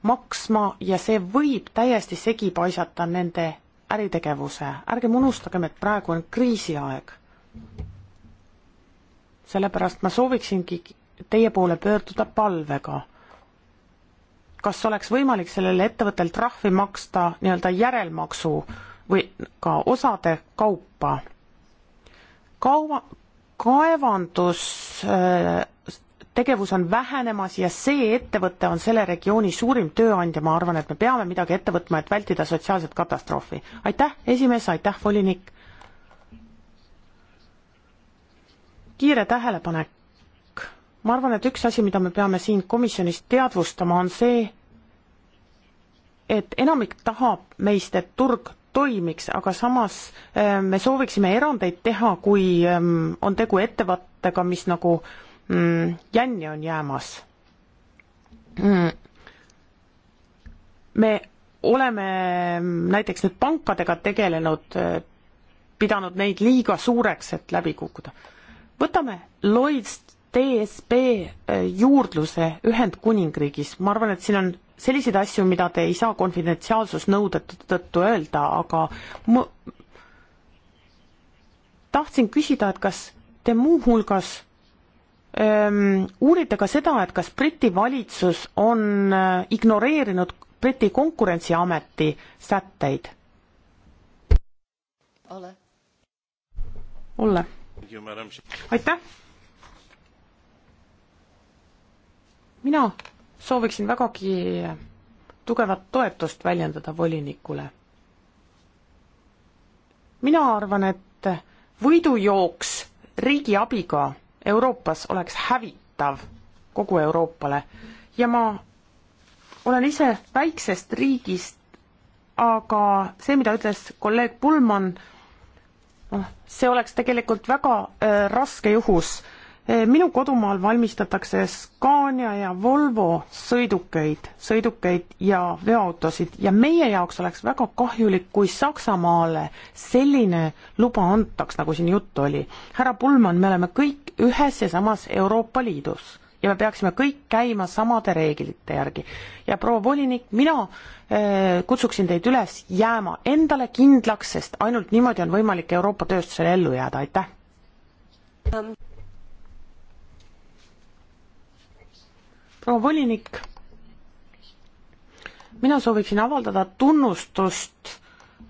maksma ja see võib täiesti segi paisata nende äritegevuse, ärgem unustagem, et praegu on kriisiaeg. sellepärast ma sooviksingi teie poole pöörduda palvega. kas oleks võimalik sellele ettevõttel trahvi maksta nii-öelda järelmaksu või ka osade kaupa? kaua, kaevandus äh, tegevus on vähenemas ja see ettevõte on selle regiooni suurim tööandja, ma arvan, et me peame midagi ette võtma, et vältida sotsiaalset katastroofi. aitäh, esimees, aitäh, volinik. kiire tähelepanek. ma arvan, et üks asi, mida me peame siin komisjonis teadvustama, on see, et enamik tahab meist, et turg toimiks, aga samas äh, me sooviksime erandeid teha, kui ähm, on tegu ettevõttega, mis nagu äh, mm, jänni on jäämas mm.. me oleme näiteks nüüd pankadega tegelenud, pidanud neid liiga suureks, et läbi kukkuda. võtame Lloyds DSB äh, juurdluse Ühendkuningriigis, ma arvan, et siin on selliseid asju, mida te ei saa konfidentsiaalsusnõudete tõttu öelda, aga mu tahtsin küsida, et kas te muuhulgas uurida ka seda, et kas Briti valitsus on äh, ignoreerinud Briti konkurentsiameti sätteid? Ole. Olle. aitäh. mina sooviksin vägagi tugevat toetust väljendada volinikule. mina arvan, et võidujooks riigi abiga Euroopas oleks hävitav kogu Euroopale ja ma olen ise väiksest riigist, aga see, mida ütles kolleeg Pullmann, noh, see oleks tegelikult väga äh, raske juhus äh, Eh, minu kodumaal valmistatakse Scania ja Volvo sõidukeid, sõidukeid ja veoautosid ja meie jaoks oleks väga kahjulik, kui Saksamaale selline luba antaks, nagu siin juttu oli. härra Pullmann, me oleme kõik ühes ja samas Euroopa Liidus ja me peaksime kõik käima samade reeglite järgi. ja proua volinik, mina eh, kutsuksin teid üles jääma endale kindlaks, sest ainult niimoodi on võimalik Euroopa tööstusele ellu jääda, aitäh um.! proua volinik, mina sooviksin avaldada tunnustust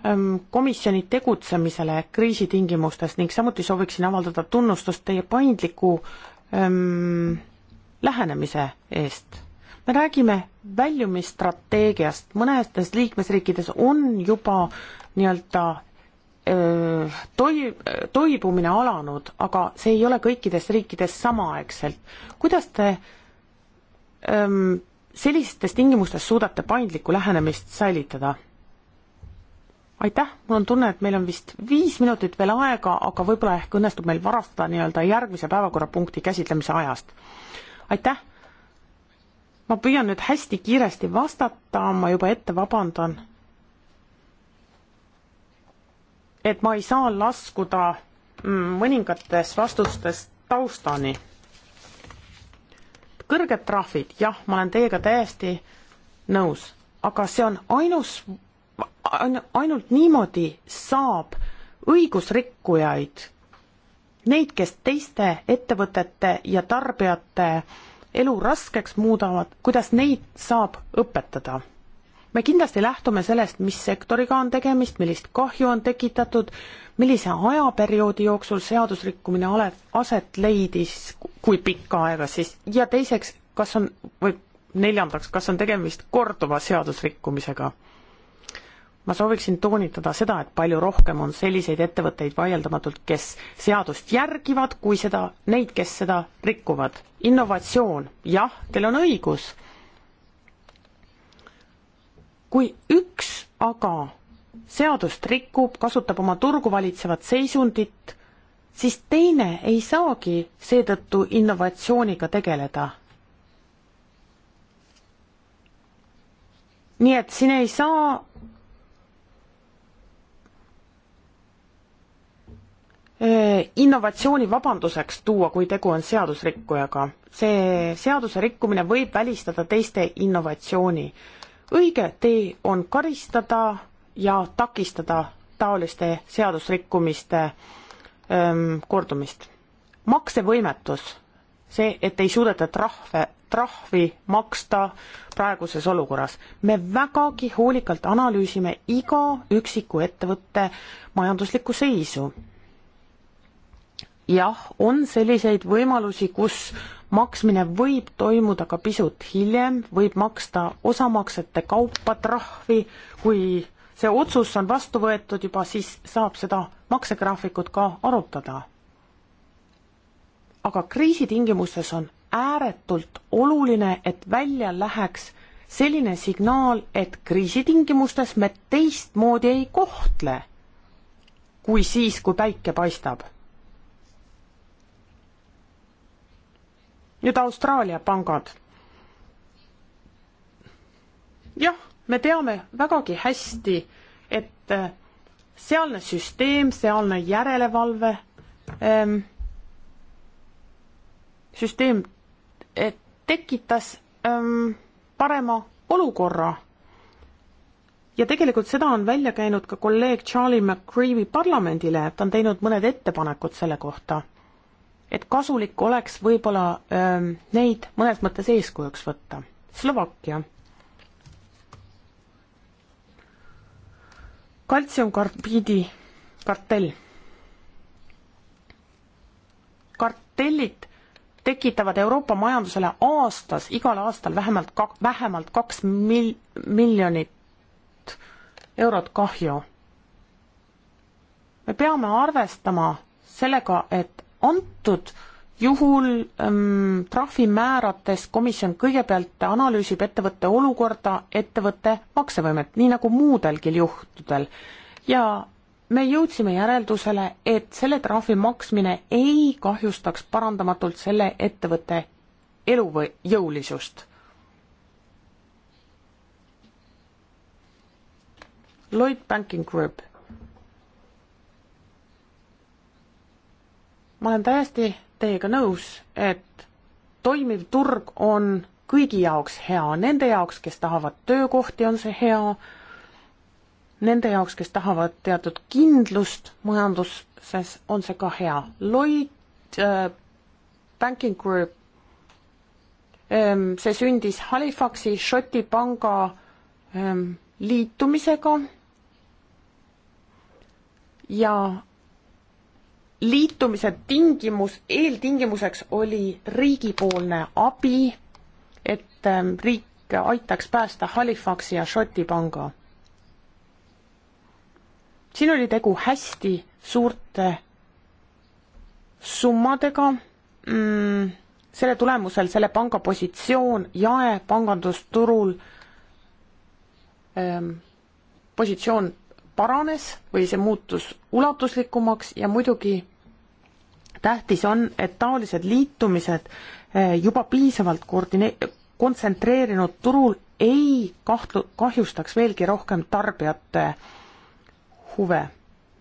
ähm, komisjoni tegutsemisele kriisitingimustes ning samuti sooviksin avaldada tunnustust teie paindliku ähm, lähenemise eest. me räägime väljumisstrateegiast, mõnedes liikmesriikides on juba nii-öelda äh, toi-, toibumine alanud, aga see ei ole kõikides riikides samaaegselt. kuidas te äh, sellistes tingimustes suudate paindlikku lähenemist säilitada? aitäh, mul on tunne, et meil on vist viis minutit veel aega, aga võib-olla ehk õnnestub meil varastada nii-öelda järgmise päevakorrapunkti käsitlemise ajast. aitäh! ma püüan nüüd hästi kiiresti vastata, ma juba ette vabandan. et ma ei saa laskuda mm, mõningates vastustes taustani kõrged trahvid, jah, ma olen teiega täiesti nõus, aga see on ainus, ainult niimoodi saab õigusrikkujaid, neid, kes teiste ettevõtete ja tarbijate elu raskeks muudavad, kuidas neid saab õpetada me kindlasti lähtume sellest, mis sektoriga on tegemist, millist kahju on tekitatud, millise ajaperioodi jooksul seadusrikkumine ale-, aset leidis, kui pikka aega siis, ja teiseks, kas on, või neljandaks, kas on tegemist korduva seadusrikkumisega? ma sooviksin toonitada seda, et palju rohkem on selliseid ettevõtteid vaieldamatult, kes seadust järgivad, kui seda, neid, kes seda rikuvad. innovatsioon, jah, teil on õigus kui üks aga seadust rikub, kasutab oma turgu valitsevat seisundit, siis teine ei saagi seetõttu innovatsiooniga tegeleda. nii et siin ei saa innovatsiooni vabanduseks tuua, kui tegu on seadusrikkujaga. see seaduse rikkumine võib välistada teiste innovatsiooni õige tee on karistada ja takistada taoliste seadusrikkumiste öö, ähm, kordumist. maksevõimetus, see, et ei suudeta trahve, trahvi maksta praeguses olukorras. me vägagi hoolikalt analüüsime iga üksiku ettevõtte majanduslikku seisu jah, on selliseid võimalusi, kus maksmine võib toimuda ka pisut hiljem, võib maksta osamaksete kaupa trahvi, kui see otsus on vastu võetud juba, siis saab seda maksegraafikut ka arutada. aga kriisitingimustes on ääretult oluline, et välja läheks selline signaal, et kriisitingimustes me teistmoodi ei kohtle kui siis, kui päike paistab nüüd Austraalia pangad. jah, me teame vägagi hästi, et äh, sealne süsteem, sealne järelevalve ähm, süsteem äh, tekitas ähm, parema olukorra. ja tegelikult seda on välja käinud ka kolleeg Charlie McCreevy parlamendile, ta on teinud mõned ettepanekud selle kohta et kasulik oleks võib-olla ähm, neid mõnes mõttes eeskujuks võtta. Slovakkia. kaltsiumkarbiidi kartell. kartellid tekitavad Euroopa majandusele aastas, igal aastal vähemalt kak-, vähemalt kaks mil-, miljonit eurot kahju. me peame arvestama sellega, et antud juhul ähm, trahvi määrates komisjon kõigepealt analüüsib ettevõtte olukorda, ettevõtte maksevõimet, nii nagu muudelgi juhtudel. ja me jõudsime järeldusele, et selle trahvi maksmine ei kahjustaks parandamatult selle ettevõtte elujõulisust. Lloyd Banking Group ma olen täiesti teiega nõus, et toimiv turg on kõigi jaoks hea, nende jaoks, kes tahavad töökohti, on see hea, nende jaoks, kes tahavad teatud kindlust majanduses, on see ka hea. Lloyd äh, Banking Group ähm,, see sündis Halifaxi Šoti panga ähm, liitumisega ja liitumise tingimus, eeltingimuseks oli riigipoolne abi, et ähm, riik aitaks päästa Halifaxi ja Šoti panga. siin oli tegu hästi suurte summadega mm,, selle tulemusel selle panga positsioon jaepangandusturul ähm, positsioon paranes või see muutus ulatuslikumaks ja muidugi tähtis on, et taolised liitumised eh, juba piisavalt koordine-, kontsentreerinud turul ei kahtlu-, kahjustaks veelgi rohkem tarbijate huve.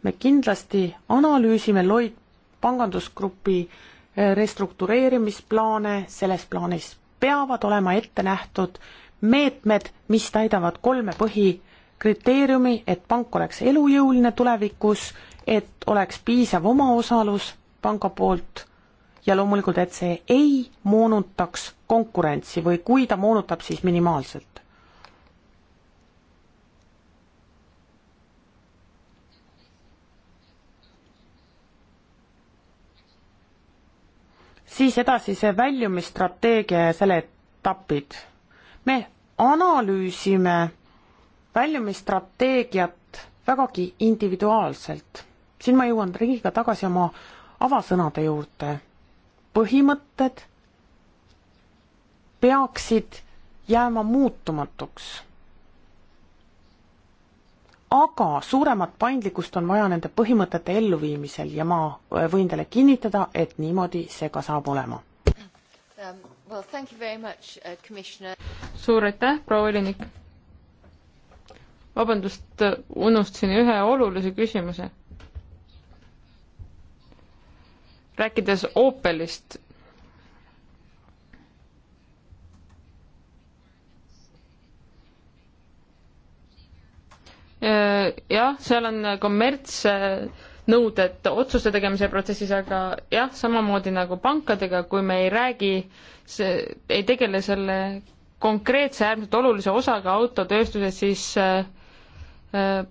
me kindlasti analüüsime Lloyd pangandusgrupi eh, restruktureerimisplaane, selles plaanis peavad olema ette nähtud meetmed, mis täidavad kolme põhikriteeriumi, et pank oleks elujõuline tulevikus, et oleks piisav omaosalus panga poolt ja loomulikult, et see ei moonutaks konkurentsi või kui ta moonutab, siis minimaalselt. siis edasi see väljumisstrateegia ja selle etapid. me analüüsime väljumisstrateegiat vägagi individuaalselt. siin ma jõuan ringiga tagasi oma avasõnade juurde. põhimõtted peaksid jääma muutumatuks. aga suuremat paindlikkust on vaja nende põhimõtete elluviimisel ja ma äh, võin teile kinnitada, et niimoodi see ka saab olema um,. Well, much, uh, suur aitäh, proua volinik. vabandust, äh, unustasin ühe olulise küsimuse rääkides Opelist, äh, jah, seal on kommertsnõuded otsuste tegemise protsessis, aga jah, samamoodi nagu pankadega, kui me ei räägi, ei tegele selle konkreetse äärmiselt olulise osaga autotööstuses, siis äh, äh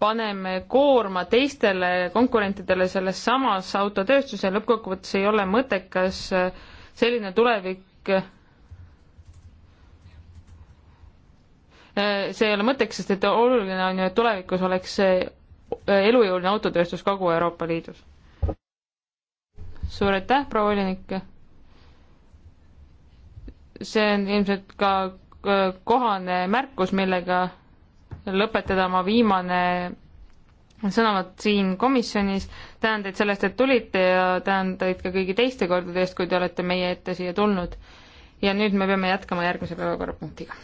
paneme koorma teistele konkurentidele selles samas autotööstuses ja lõppkokkuvõttes ei ole mõttekas äh, selline tulevik äh, see ei ole mõtteks, sest et oluline on ju, et tulevikus oleks äh, elujõuline autotööstus kogu Euroopa Liidus. suur aitäh, proua volinik. see on ilmselt ka kohane märkus, millega lõpetada oma viimane sõnavõtt siin komisjonis. tänan teid sellest, et tulite ja tänan teid ka kõigi teiste kordade eest, kui te olete meie ette siia tulnud. ja nüüd me peame jätkama järgmise päevakorrapunktiga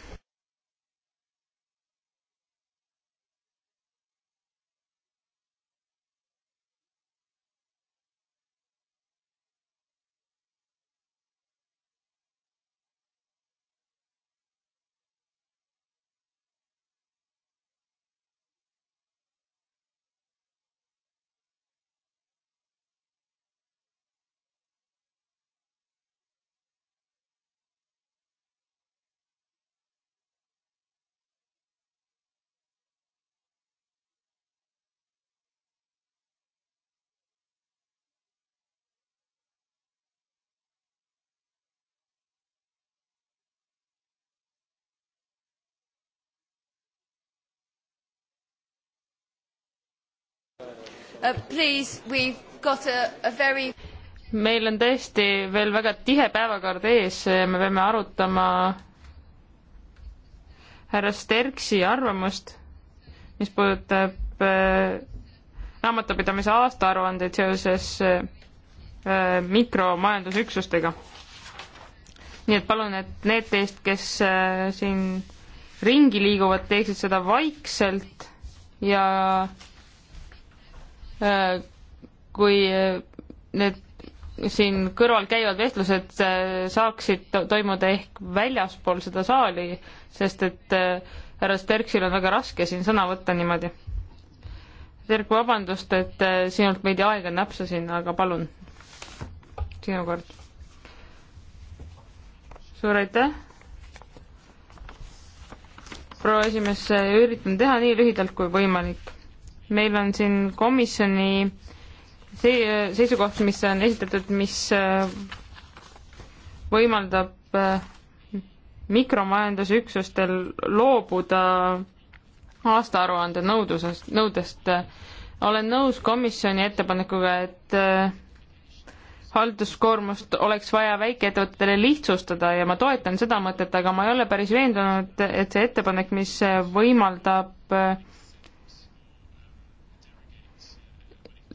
uh,. Please, we've got a, a very meil on tõesti veel väga tihe päevakord ees, me peame arutama härra Sterksi arvamust, mis puudutab äh, raamatupidamise aastaaruandeid seoses äh, mikromajandusüksustega. nii et palun, et need teist, kes äh, siin ringi liiguvad, teeksid seda vaikselt ja äh, Äh, kui äh, need siin kõrval käivad vestlused äh, saaksid toimuda ehk väljaspool seda saali, sest et härra Sterksil on väga raske siin sõna võtta niimoodi. Sterk, vabandust, et sinult veidi aega näpsasin, aga palun, sinu kord. suur aitäh. proua esimees, üritan teha nii lühidalt kui võimalik meil on siin komisjoni see äh, seisukoht, mis on esitatud, mis äh, võimaldab äh, mikromajandusüksustel loobuda aastaaruande nõudusest, nõudest. olen nõus komisjoni ettepanekuga, et halduskoormust oleks vaja väikeettevõtetele lihtsustada ja ma toetan seda mõtet, aga ma ei ole päris veendunud, et see ettepanek, mis võimaldab äh,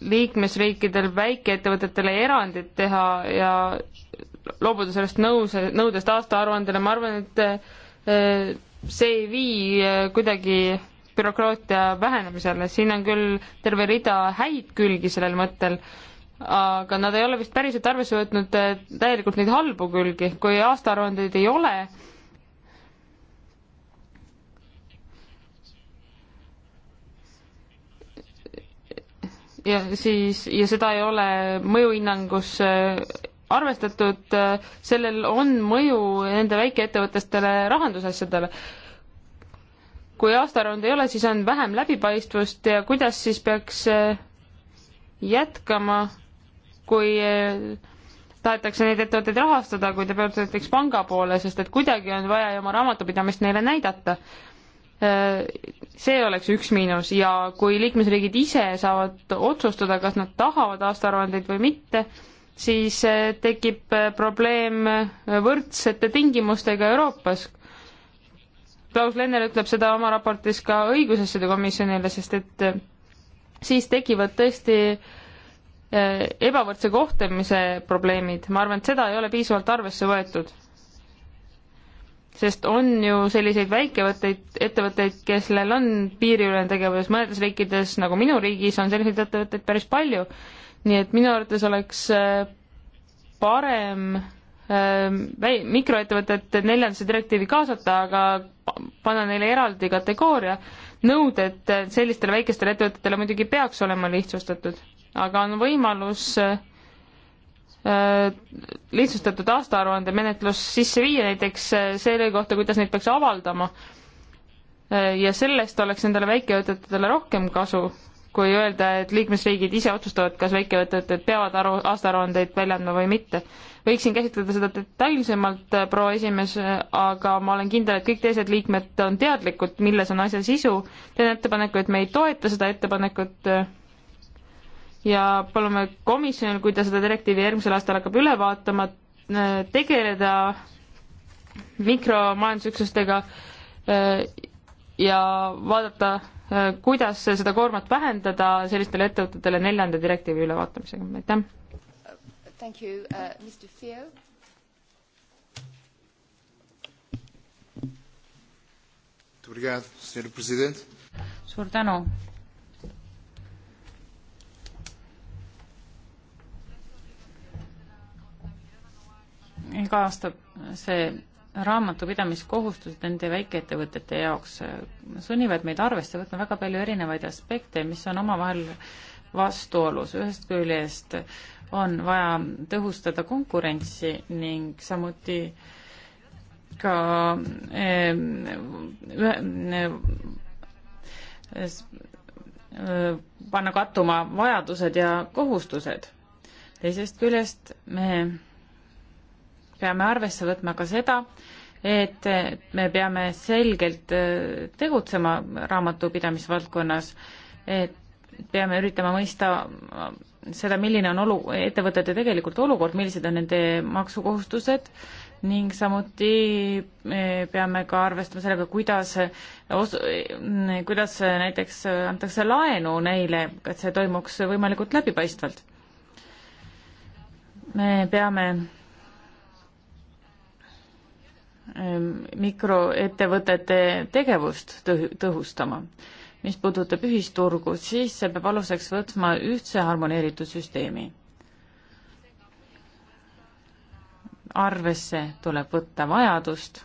liikmesriikidel väikeettevõtetele erandid teha ja loobuda sellest nõus, nõudest aastaaruandele, ma arvan, et eh, see ei vii eh, kuidagi bürokraatia vähenemisele, siin on küll terve rida häid külgi sellel mõttel, aga nad ei ole vist päriselt arvesse võtnud eh, täielikult neid halbu külgi, kui aastaaruandeid ei ole, ja siis, ja seda ei ole mõjuhinnangus äh, arvestatud, sellel on mõju nende väikeettevõtetele rahandusasjadele. kui aastaaruand ei ole, siis on vähem läbipaistvust ja kuidas siis peaks äh, jätkama, kui äh, tahetakse neid ettevõtteid rahastada, kui te pöördute näiteks panga poole, sest et kuidagi on vaja ju oma raamatupidamist neile näidata see oleks üks miinus ja kui liikmesriigid ise saavad otsustada, kas nad tahavad aastaaruandeid või mitte, siis eh, tekib eh, probleem eh, võrdsete tingimustega Euroopas. Klaus Lenner ütleb seda oma raportis ka õigusasjade komisjonile, sest et siis tekivad tõesti ebavõrdse kohtlemise probleemid, ma arvan, et seda ei ole piisavalt arvesse võetud sest on ju selliseid väikevõtteid, ettevõtteid, kellel on piiriülene tegevus, mõnedes riikides, nagu minu riigis, on selliseid ettevõtteid päris palju. nii et minu arvates oleks äh, parem äh, väi-, mikroettevõtet neljandasse direktiivi kaasata, aga panna neile eraldi kategooria. nõuded sellistele väikestele ettevõtetele muidugi peaks olema lihtsustatud, aga on võimalus äh, Äh, lihtsustatud aastaaruande menetlus sisse viia, näiteks äh, selle kohta, kuidas neid peaks avaldama. Äh, ja sellest oleks nendele väikeettevõtetele rohkem kasu, kui öelda, et liikmesriigid ise otsustavad, kas väikeettevõtted peavad aru, aastaaruandeid välja andma või mitte. võiksin käsitleda seda detailsemalt, proua esimees, aga ma olen kindel, et kõik teised liikmed on teadlikud, milles on asja sisu. teen ettepaneku, et me ei toeta seda ettepanekut et ja palume komisjonil, kui ta seda direktiivi järgmisel aastal hakkab üle vaatama, äh, tegeleda mikromajandusüksustega äh, ja vaadata, äh, kuidas seda koormat vähendada sellistele ettevõtetele neljanda direktiivi ülevaatamisega, aitäh. Thank you uh,, Mr Fio. suur tänu. iga aasta see raamatupidamiskohustused nende väikeettevõtete jaoks äh, sunnivad meid arvesse võtma väga palju erinevaid aspekte, mis on omavahel vastuolus, ühest küljest on vaja tõhustada konkurentsi ning samuti ka ähm, ühe äh, äh, panna kattuma vajadused ja kohustused. teisest küljest me peame arvesse võtma ka seda, et me peame selgelt eh, tegutsema raamatupidamisvaldkonnas, et peame üritama mõista eh, seda, milline on olu, ettevõtete tegelikult olukord, millised on nende maksukohustused ning samuti eh, peame ka arvestama sellega, kuidas os-, kuidas näiteks antakse laenu neile, et see toimuks võimalikult läbipaistvalt. me peame Ähm, mikroettevõtete tegevust tõhustama. mis puudutab ühisturgu, siis see peab aluseks võtma ühtse harmoneeritud süsteemi. arvesse tuleb võtta vajadust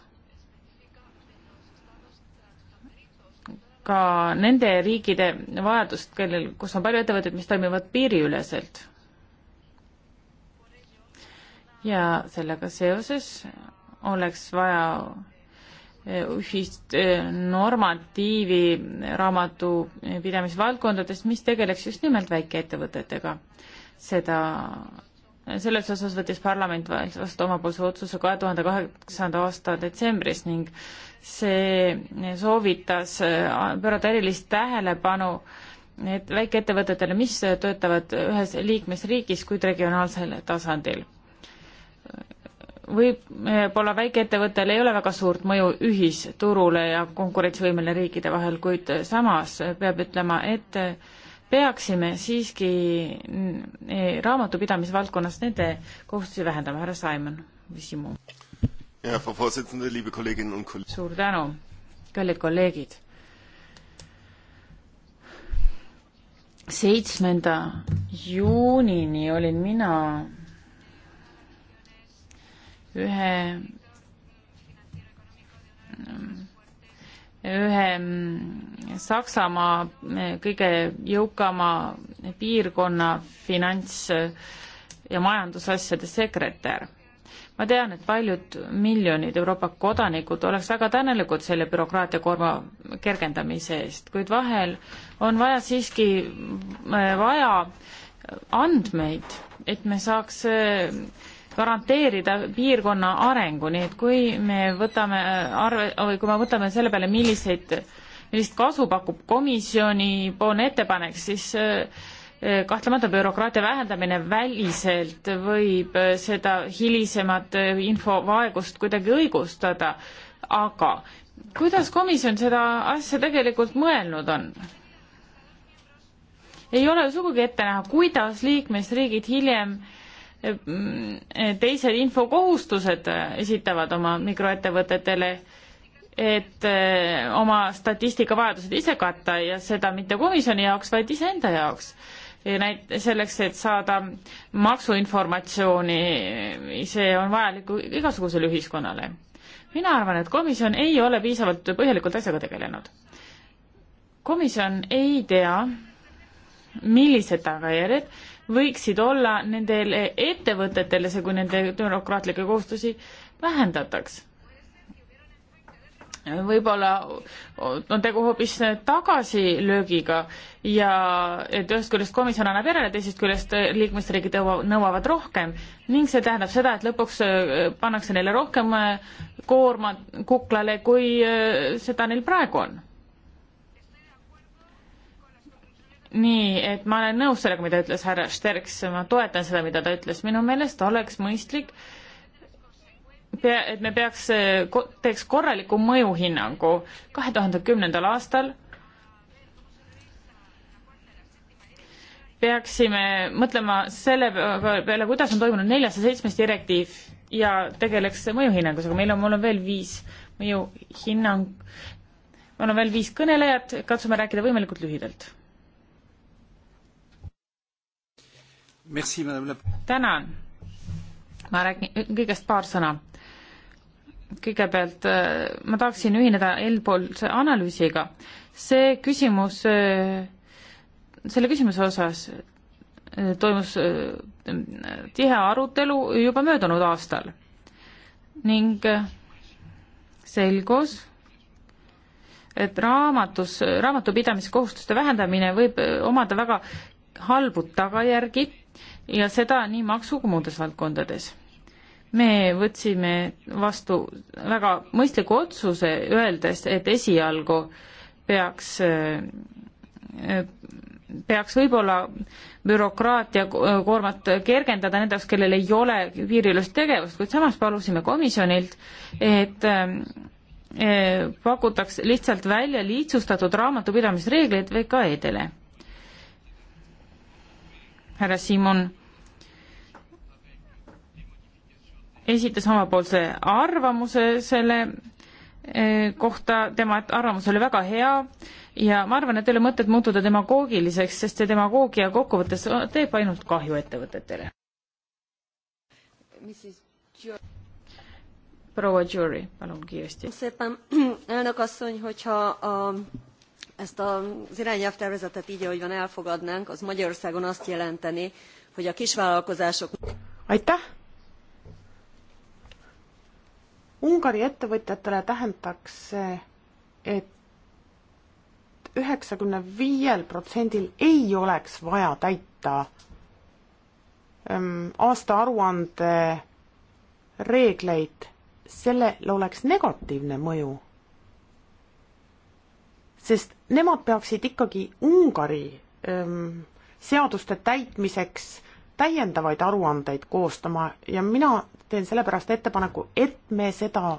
ka nende riikide vajadust, kellel, kus on palju ettevõtteid, mis toimivad piiriüleselt. ja sellega seoses oleks vaja eh, ühist eh, normatiivi raamatupidamisvaldkondadest, mis tegeleks just nimelt väikeettevõtetega. seda, selles osas võttis parlament vastu omapoolse otsuse kahe tuhande kaheksanda aasta detsembris ning see soovitas eh, pöörata erilist tähelepanu et väikeettevõtetele, mis töötavad ühes liikmesriigis, kuid regionaalsel tasandil võib-olla eh, väikeettevõttel ei ole väga suurt mõju ühisturule ja konkurentsivõimele riikide vahel, kuid samas peab ütlema, et peaksime siiski eh, raamatupidamisvaldkonnas nende kohustusi vähendama, härra Simon, küsimu. suur tänu, kallid kolleegid. seitsmenda juunini olin mina ühe ühe Saksamaa kõige jõukama piirkonna finants- ja majandusasjade sekretär. ma tean, et paljud miljonid Euroopa kodanikud oleks väga tänulikud selle bürokraatiakoorma kergendamise eest, kuid vahel on vaja siiski, äh, vaja andmeid, et me saaks äh, garanteerida piirkonna arengu, nii et kui me võtame äh, arve, või kui me võtame selle peale, milliseid, millist kasu pakub komisjonipoolne ettepanek, siis äh, äh, kahtlemata bürokraatia vähendamine väliselt võib seda hilisemat infovaegust kuidagi õigustada, aga kuidas komisjon seda asja tegelikult mõelnud on? ei ole sugugi ette näha, kuidas liikmesriigid hiljem äh, Mm, teised infokohustused äh, esitavad oma mikroettevõtetele, et äh, oma statistikavajadused ise katta ja seda mitte komisjoni jaoks, vaid iseenda jaoks. näit-, selleks, et saada maksuinformatsiooni, see on vajalik igasugusele ühiskonnale. mina arvan, et komisjon ei ole piisavalt põhjalikult asjaga tegelenud. komisjon ei tea, millised tagajärjed võiksid olla nendel ettevõtetel, see kui nende bürokraatlikke kohustusi vähendataks. võib-olla on tegu hoopis tagasilöögiga ja et ühest küljest komisjon annab järele, teisest küljest liikmesriigid nõuavad rohkem ning see tähendab seda, et lõpuks äh, pannakse neile rohkem äh, koorma kuklale, kui äh, seda neil praegu on nii, et ma olen nõus sellega, mida ütles härra Sterks, ma toetan seda, mida ta ütles, minu meelest oleks mõistlik, pea, et me peaks, teeks korraliku mõjuhinnangu. kahe tuhande kümnendal aastal peaksime mõtlema selle peale, kuidas on toimunud neljasaja seitsmes direktiiv ja tegeleks mõjuhinnangusega, meil on, mul on veel viis mõjuhinnang, mul on veel viis kõnelejat, katsume rääkida võimalikult lühidalt tänan. ma räägin kõigest paar sõna. kõigepealt äh, ma tahaksin ühineda eelpoolse analüüsiga. see küsimus, äh, selle küsimuse osas äh, toimus tihe arutelu juba möödunud aastal ning selgus, et raamatus, raamatupidamiskohustuste vähendamine võib omada väga halbu tagajärgi ja seda nii maksu kui muudes valdkondades. me võtsime vastu väga mõistliku otsuse, öeldes, et esialgu peaks, äh, peaks võib-olla bürokraatia koormat kergendada nende jaoks, kellel ei ole piiriülest tegevust, kuid samas palusime komisjonilt, et äh, pakutaks lihtsalt välja lihtsustatud raamatupidamisreegleid VKE-dele härra Simon esitas omapoolse arvamuse selle eh, kohta, tema arvamus oli väga hea ja ma arvan, et ei ole mõtet muutuda demagoogiliseks, sest see demagoogia kokkuvõttes teeb ainult kahju ettevõtetele. proua Jury, palun kiiresti ezt az irányelvtervezetet így, ahogy van elfogadnánk, az Magyarországon azt jelenteni, hogy a kisvállalkozások... aitäh! Ungari ettevõtjatele tähendaks see, et üheksakümne viiel protsendil ei oleks vaja täita ähm, aastaaruande reegleid, sellel oleks negatiivne mõju sest nemad peaksid ikkagi Ungari ähm, seaduste täitmiseks täiendavaid aruandeid koostama ja mina teen sellepärast ettepaneku, et me seda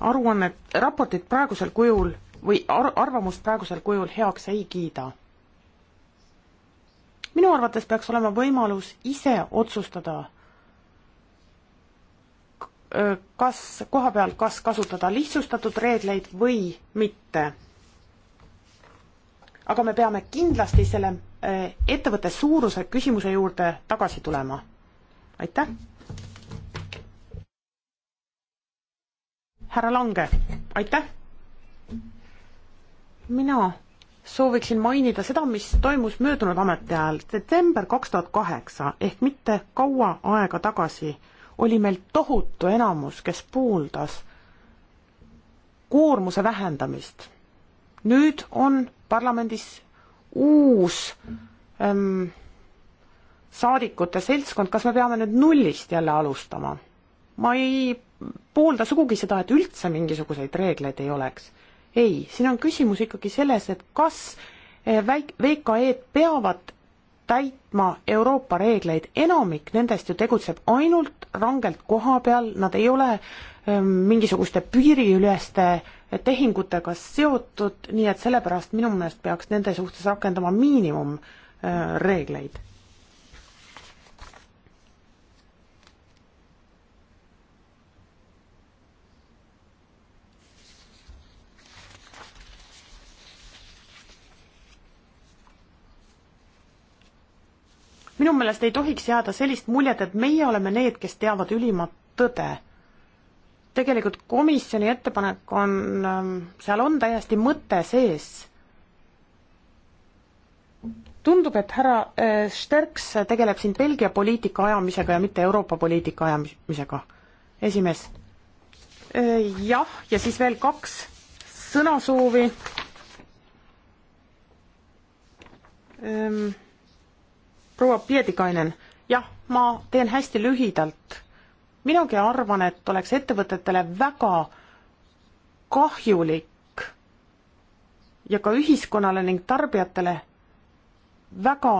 aruannet, raportit praegusel kujul või ar arvamust praegusel kujul heaks ei kiida. minu arvates peaks olema võimalus ise otsustada, kas koha peal, kas kasutada lihtsustatud reegleid või mitte aga me peame kindlasti selle eh, ettevõtte suuruse küsimuse juurde tagasi tulema. aitäh! härra Lange, aitäh! mina sooviksin mainida seda, mis toimus möödunud ametiajal, detsember kaks tuhat kaheksa ehk mitte kaua aega tagasi oli meil tohutu enamus, kes pooldas koormuse vähendamist. nüüd on parlamendis uus ähm, saadikute seltskond, kas me peame nüüd nullist jälle alustama? ma ei poolda sugugi seda, et üldse mingisuguseid reegleid ei oleks. ei, siin on küsimus ikkagi selles, et kas äh, väik-, VKE-d peavad täitma Euroopa reegleid, enamik nendest ju tegutseb ainult rangelt koha peal, nad ei ole öö, ähm, mingisuguste piiriüleste öö, tehingutega seotud, nii et sellepärast minu meelest peaks nende suhtes rakendama miinimumreegleid. Äh, minu meelest ei tohiks jääda sellist muljet, et meie oleme need, kes teavad ülimat tõde tegelikult komisjoni ettepanek on, ähm, seal on täiesti mõte sees. tundub, et härra äh, Sterks tegeleb siin Belgia poliitika ajamisega ja mitte Euroopa poliitika ajamisega. esimees. Äh, jah, ja siis veel kaks sõnasoovi. Ähm, proua Piedikainen, jah, ma teen hästi lühidalt minagi arvan, et oleks ettevõtetele väga kahjulik ja ka ühiskonnale ning tarbijatele väga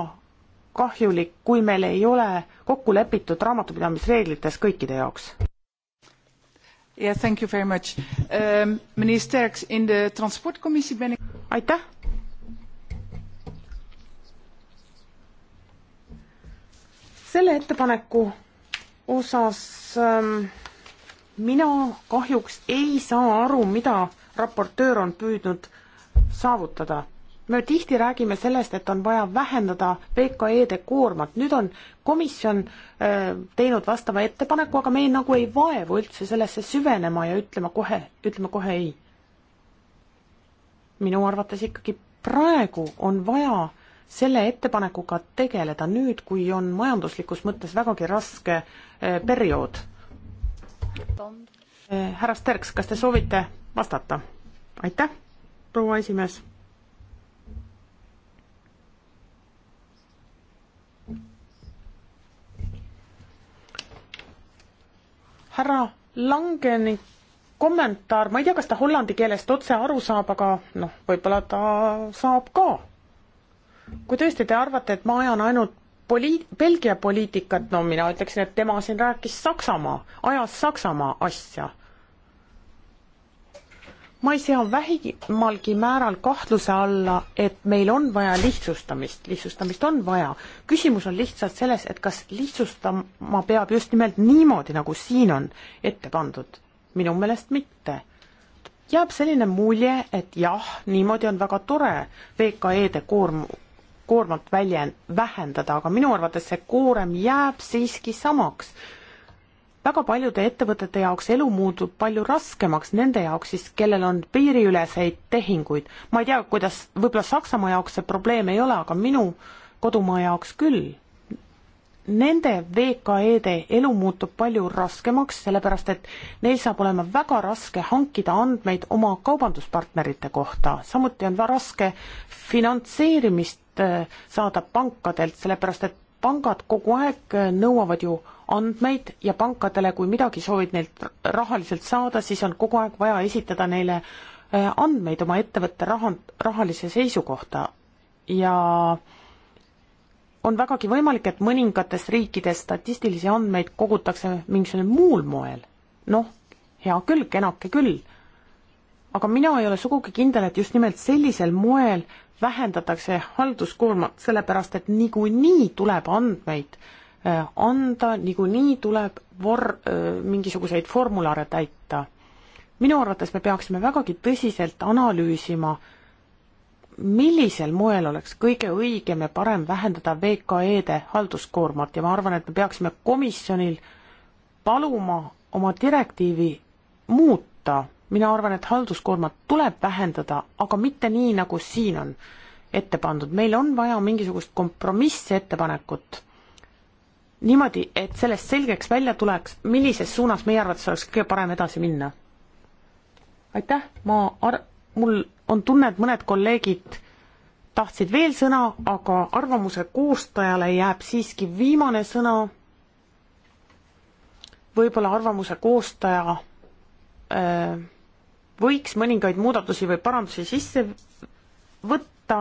kahjulik, kui meil ei ole kokku lepitud raamatupidamisreeglites kõikide jaoks. Yeah, thank you very much um,. Meneer Sterks, in de transportcommissie ben ik. aitäh. selle ettepaneku osas ähm, mina kahjuks ei saa aru, mida raportöör on püüdnud saavutada. me tihti räägime sellest, et on vaja vähendada VKE-de koormat, nüüd on komisjon äh, teinud vastava ettepaneku, aga me ei, nagu ei vaevu üldse sellesse süvenema ja ütlema kohe, ütleme kohe ei. minu arvates ikkagi praegu on vaja äh, selle ettepanekuga tegeleda nüüd, kui on majanduslikus mõttes vägagi raske eh, periood? Eh, härra Sterks, kas te soovite vastata? aitäh, proua esimees. härra Langeni kommentaar, ma ei tea, kas ta hollandi keelest otse aru saab, aga noh, võib-olla ta saab ka kui tõesti te arvate, et ma ajan ainult poli-, Belgia poliitikat, no mina ütleksin, et tema siin rääkis Saksamaa, ajas Saksamaa asja. ma ei sea vähimalgi määral kahtluse alla, et meil on vaja lihtsustamist, lihtsustamist on vaja. küsimus on lihtsalt selles, et kas lihtsustama peab just nimelt niimoodi, nagu siin on ette pandud. minu meelest mitte jääb selline mulje, et jah, niimoodi on väga tore VKE-de koorm-, koormat välja vähendada, aga minu arvates see koorem jääb siiski samaks. väga paljude ettevõtete jaoks elu muutub palju raskemaks, nende jaoks siis, kellel on piiriüleseid tehinguid. ma ei tea, kuidas, võib-olla Saksamaa jaoks see probleem ei ole, aga minu kodumaa jaoks küll nende VKE-de elu muutub palju raskemaks, sellepärast et neil saab olema väga raske hankida andmeid oma kaubanduspartnerite kohta, samuti on raske finantseerimist Eh, saada pankadelt, sellepärast et pangad kogu aeg eh, nõuavad ju andmeid ja pankadele, kui midagi soovid neilt rahaliselt saada, siis on kogu aeg vaja esitada neile eh, andmeid oma ettevõtte raha, rahalise seisu kohta ja on vägagi võimalik, et mõningates riikides statistilisi andmeid kogutakse mingisugusel muul moel. noh, hea küll, kenake küll, aga mina ei ole sugugi kindel, et just nimelt sellisel moel vähendatakse halduskoormat, sellepärast et niikuinii tuleb andmeid äh, anda, niikuinii tuleb vor-, äh, mingisuguseid formulare täita. minu arvates me peaksime vägagi tõsiselt analüüsima, millisel moel oleks kõige õigem ja parem vähendada VKE-de halduskoormat ja ma arvan, et me peaksime komisjonil paluma oma direktiivi muuta mina arvan, et halduskoormat tuleb vähendada, aga mitte nii, nagu siin on ette pandud, meil on vaja mingisugust kompromissettepanekut. niimoodi, et sellest selgeks välja tuleks, millises suunas meie arvates oleks kõige parem edasi minna. aitäh, ma ar-, mul on tunne, et mõned kolleegid tahtsid veel sõna, aga arvamuse koostajale jääb siiski viimane sõna. võib-olla arvamuse koostaja öö, äh, võiks mõningaid muudatusi või parandusi sisse võtta.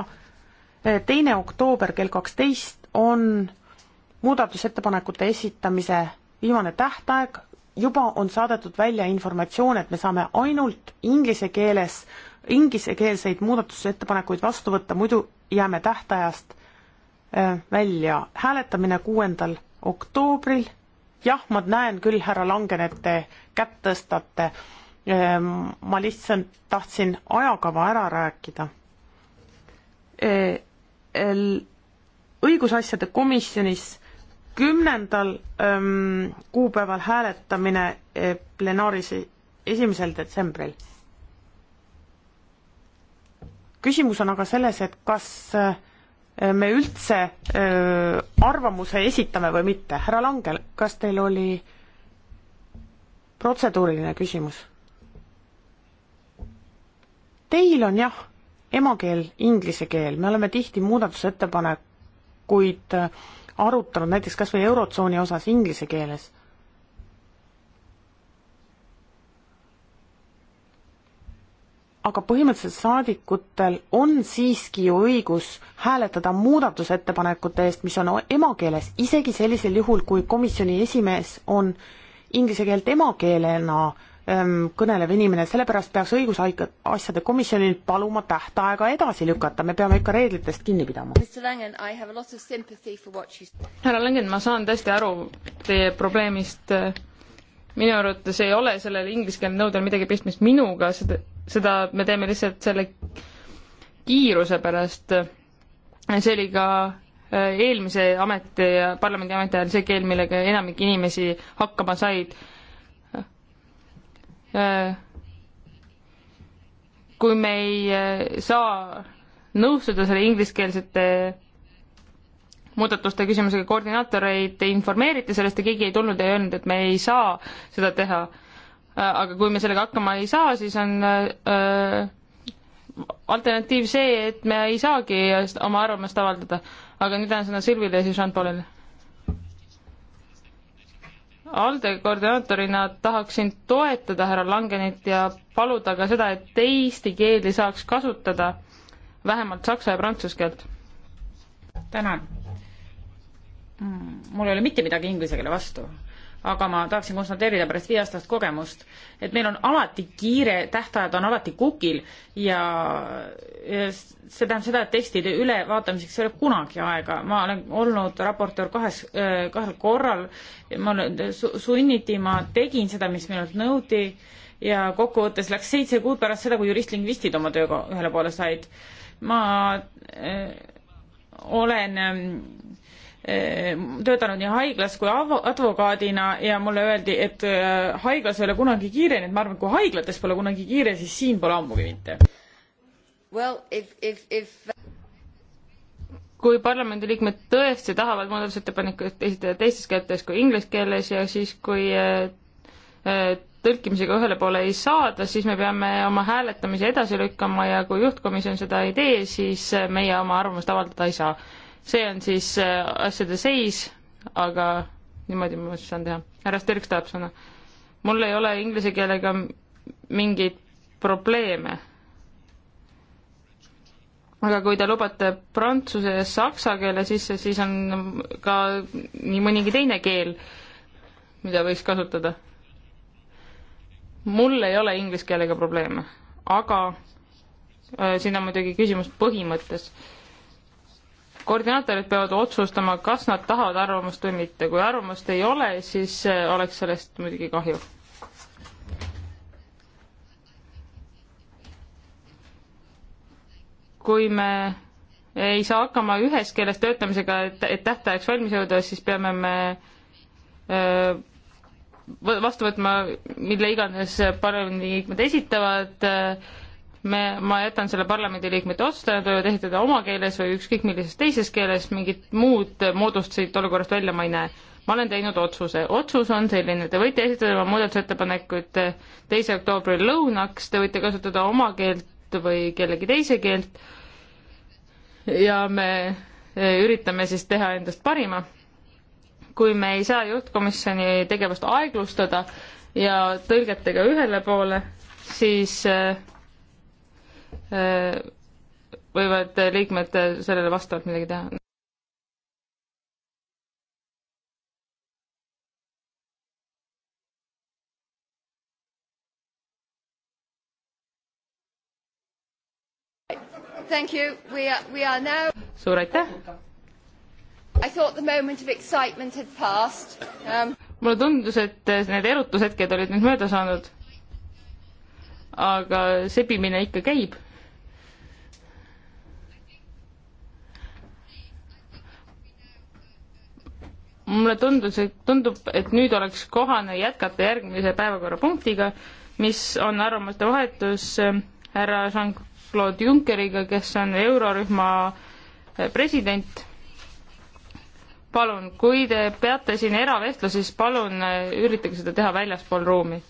teine oktoober kell kaksteist on muudatusettepanekute esitamise viimane tähtaeg, juba on saadetud välja informatsioon, et me saame ainult inglise keeles, inglisekeelseid muudatusettepanekuid vastu võtta, muidu jääme tähtajast äh, välja. hääletamine kuuendal oktoobril, jah, ma näen küll, härra Langen, et te kätt tõstate Ehm, ma lihtsalt tahtsin ajakava ära rääkida. E, õigusasjade komisjonis kümnendal ehm, kuupäeval hääletamine e, plenaaris e, esimesel detsembril. küsimus on aga selles, et kas me üldse arvamuse esitame või mitte. härra Langel, kas teil oli protseduuriline küsimus? Teil on jah, emakeel inglise keel, me oleme tihti muudatusettepanekuid äh, arutanud näiteks kas või Eurotsooni osas inglise keeles. aga põhimõtteliselt saadikutel on siiski ju õigus hääletada muudatusettepanekute eest, mis on emakeeles, isegi sellisel juhul, kui komisjoni esimees on inglise keelt emakeelena äh, Ähm, kõnelev inimene, sellepärast peaks õigusasjade komisjonil paluma tähtaega edasi lükata, me peame ikka reeglitest kinni pidama. härra Langen, ma saan tõesti aru teie probleemist, minu arvates ei ole sellel ingliskeelne nõudel midagi pistmist minuga, seda, seda me teeme lihtsalt selle kiiruse pärast, see oli ka äh, eelmise ameti, parlamendi ameti ajal see keel, millega enamik inimesi hakkama said Äh, kui me ei äh, saa nõustuda selle ingliskeelsete muudatuste küsimusega, koordinaatoreid informeeriti sellest ja keegi ei tulnud ja ei öelnud, et me ei saa seda teha. Äh, aga kui me sellega hakkama ei saa, siis on äh, alternatiiv see, et me ei saagi oma arvamust avaldada. aga nüüd annan sõna Silvile ja siis Jean-Paulile ALDE koordinaatorina tahaksin toetada härra Langenit ja paluda ka seda, et eesti keeli saaks kasutada, vähemalt saksa ja prantsuse keelt. tänan. Mm, mul ei ole mitte midagi inglise keele vastu aga ma tahaksin konstateerida pärast viieaastast kogemust, et meil on alati kiire, tähtajad on alati kukil ja, ja see tähendab seda, et tekstide ülevaatamiseks ei ole kunagi aega. ma olen olnud raportöör kahes, äh, kahel korral, ma olen su, sunniti, ma tegin seda, mis minult nõuti ja kokkuvõttes läks seitse kuud pärast seda, kui juristlingvistid oma tööga ühele poole said. ma äh, olen äh, Ehm, töötanud nii haiglas kui advokaadina ja mulle öeldi, et äh, haiglas ei ole kunagi kiire, nii et ma arvan, et kui haiglates pole kunagi kiire, siis siin pole ammugi mitte well,. If... kui parlamendiliikmed tõesti tahavad muudatusettepanekuid esitada teistes keeltes kui inglise keeles ja siis, kui äh, äh, tõlkimisega ühele poole ei saada, siis me peame oma hääletamise edasi lükkama ja kui juhtkomisjon seda ei tee, siis meie oma arvamust avaldada ei saa see on siis äh, asjade seis, aga niimoodi ma saan teha. härra Sterks tahab sõna. mul ei ole inglise keelega mingeid probleeme. aga kui te lubate prantsuse ja saksa keele sisse, siis on ka nii mõnigi teine keel, mida võiks kasutada. mul ei ole inglise keelega probleeme, aga äh, siin on muidugi küsimus põhimõttes äh, koordinaatorid peavad otsustama, kas nad tahavad arvamust või mitte. kui arvamust ei ole, siis eh, oleks sellest muidugi kahju. kui me ei saa hakkama ühes keeles töötamisega, et, et tähtajaks valmis jõuda, siis peame me öö, eh, vastu võtma, mille iganes parlamendiliikmed esitavad öö, eh, me, ma jätan selle parlamendiliikmete otsustajatöö, tehtida oma keeles või ükskõik millises teises keeles, mingit muud moodust siit olukorrast välja ma ei näe. ma olen teinud otsuse, otsus on selline, te võite esitada oma muudatusettepanekuid teise oktoobri lõunaks, te võite kasutada oma keelt või kellegi teise keelt ja me eh, üritame siis teha endast parima. kui me ei saa juhtkomisjoni tegevust aeglustada ja tõlgetega ühele poole, siis äh, võivad liikmed sellele vastavalt midagi teha. Thank you. We are, we are now... suur aitäh! I thought the moment of excitement had passed um.... mulle tundus, et need erutushetked olid nüüd mööda saanud. aga sebimine ikka käib mulle tundus, et tundub, et nüüd oleks kohane jätkata järgmise päevakorrapunktiga, mis on arvamuste vahetus ähm, härra Jean-Claude Junckeriga, kes on eurorühma äh, president. palun, kui te peate siin eravestlusi, siis palun äh, üritage seda teha väljaspool ruumi.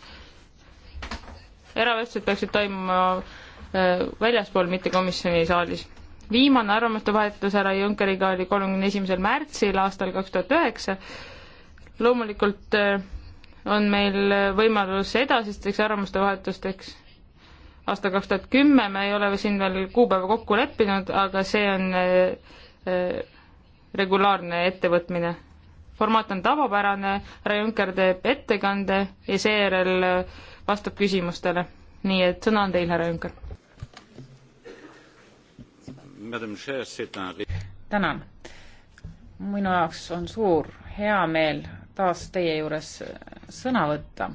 eravestlused peaksid toimuma äh, väljaspool, mitte komisjoni saalis viimane arvamuste vahetus härra Junckeriga oli kolmekümne esimesel märtsil aastal kaks tuhat üheksa. loomulikult eh, on meil eh, võimalus edasisteks arvamuste vahetusteks. aastal kaks tuhat kümme me ei ole siin veel kuupäeva kokku leppinud, aga see on eh, regulaarne ettevõtmine. formaat on tavapärane, härra Juncker teeb ettekande ja seejärel vastab küsimustele. nii et sõna on teil, härra Juncker tänan. minu jaoks on suur heameel taas teie juures sõna võtta.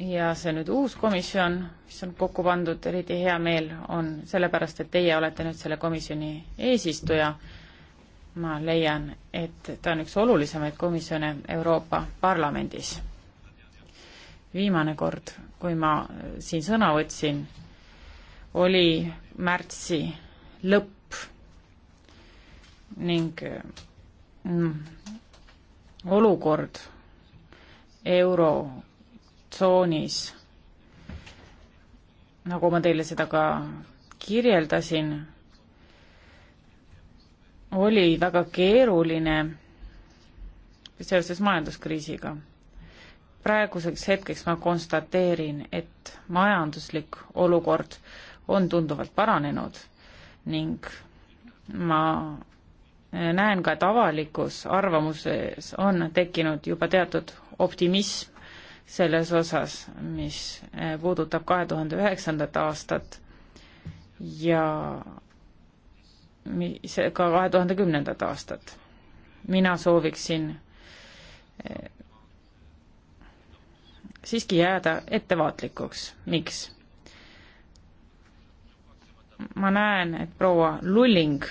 ja see nüüd uus komisjon, mis on kokku pandud, eriti hea meel on sellepärast, et teie olete nüüd selle komisjoni eesistuja. ma leian, et ta on üks olulisemaid komisjone Euroopa Parlamendis. viimane kord, kui ma siin sõna võtsin oli märtsi lõpp ning mm, olukord eurotsoonis, nagu ma teile seda ka kirjeldasin, oli väga keeruline seoses majanduskriisiga. praeguseks hetkeks ma konstateerin, et majanduslik olukord äh, on tunduvalt paranenud ning ma näen ka, et avalikus arvamuses on tekkinud juba teatud optimism selles osas, mis eh, puudutab kahe tuhande üheksandat aastat ja mis, ka kahe tuhande kümnendat aastat. mina sooviksin eh, siiski jääda ettevaatlikuks, miks? ma näen, et proua Lulling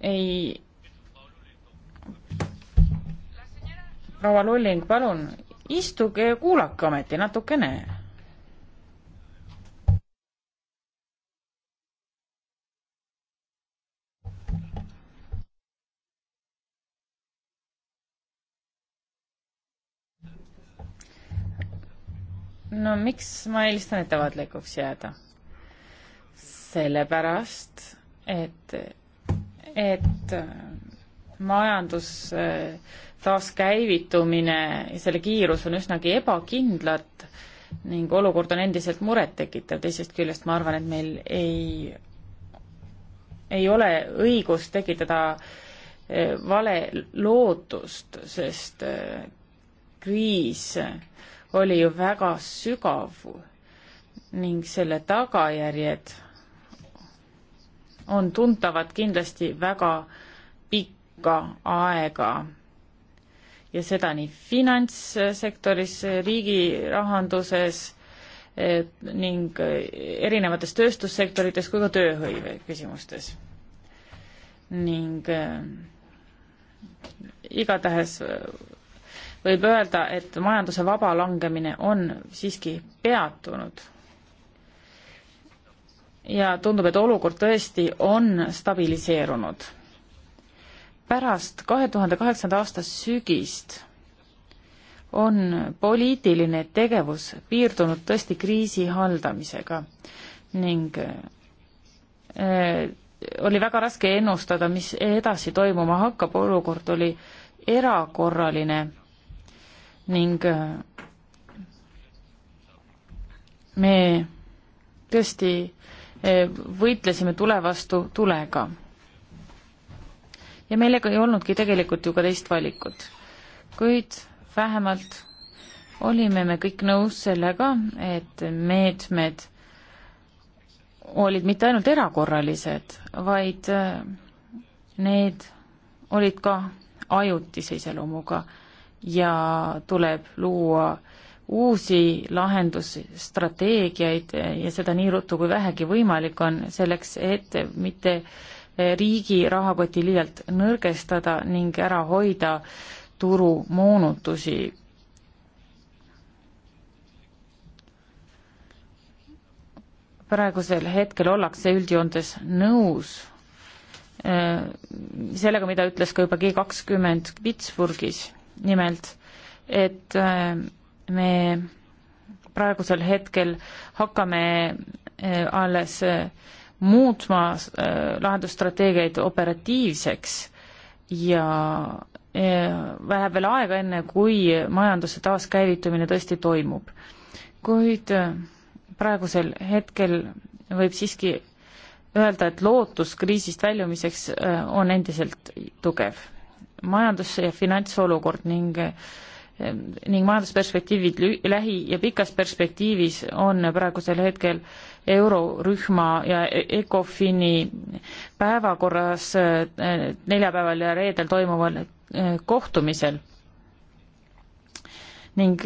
ei. proua Lulling, palun istuge ja kuulake ometi natukene no miks ma eelistan ettevaatlikuks jääda? sellepärast, et, et majandus äh, taaskäivitumine ja selle kiirus on üsnagi ebakindlad ning olukord on endiselt murettekitav, teisest küljest ma arvan, et meil ei, ei ole õigust tekitada äh, vale lootust, sest äh, kriis oli ju väga sügav ning selle tagajärjed on tuntavad kindlasti väga pikka aega ja seda nii finantssektoris, riigi rahanduses ning erinevates tööstussektorites kui ka tööhõive küsimustes. ning äh, igatahes äh, võib öelda, et majanduse vaba langemine on siiski peatunud ja tundub, et olukord tõesti on stabiliseerunud. pärast kahe tuhande kaheksanda aasta sügist on poliitiline tegevus piirdunud tõesti kriisi haldamisega ning äh, oli väga raske ennustada, mis edasi toimuma hakkab, olukord oli erakorraline ning äh, me tõesti äh, võitlesime tule vastu tulega. ja meil ei olnudki tegelikult ju ka teist valikut. kuid vähemalt olime me kõik nõus sellega, et meetmed olid mitte ainult erakorralised, vaid äh, need olid ka ajutise iseloomuga ja tuleb luua äh, uusi lahendusstrateegiaid ja seda nii ruttu kui vähegi võimalik on, selleks et mitte riigi rahakoti liialt nõrgestada ning ära hoida turumoonutusi. praegusel hetkel ollakse üldjoontes nõus eh, sellega, mida ütles ka juba G kakskümmend Pittsburghis, nimelt et eh, me praegusel hetkel hakkame eh, alles eh, muutma eh, lahendusstrateegiaid operatiivseks ja läheb veel aega, enne kui majanduse taaskäivitumine tõesti toimub. kuid praegusel hetkel võib siiski öelda, et lootus kriisist väljumiseks on endiselt tugev. majandus- ja finantsolukord ning Ehm, ning majandusperspektiivid lähi- ja pikas perspektiivis on praegusel hetkel eurorühma ja e-, ECOFIN-i päevakorras ehm, neljapäeval ja reedel toimuval ehm, kohtumisel. ning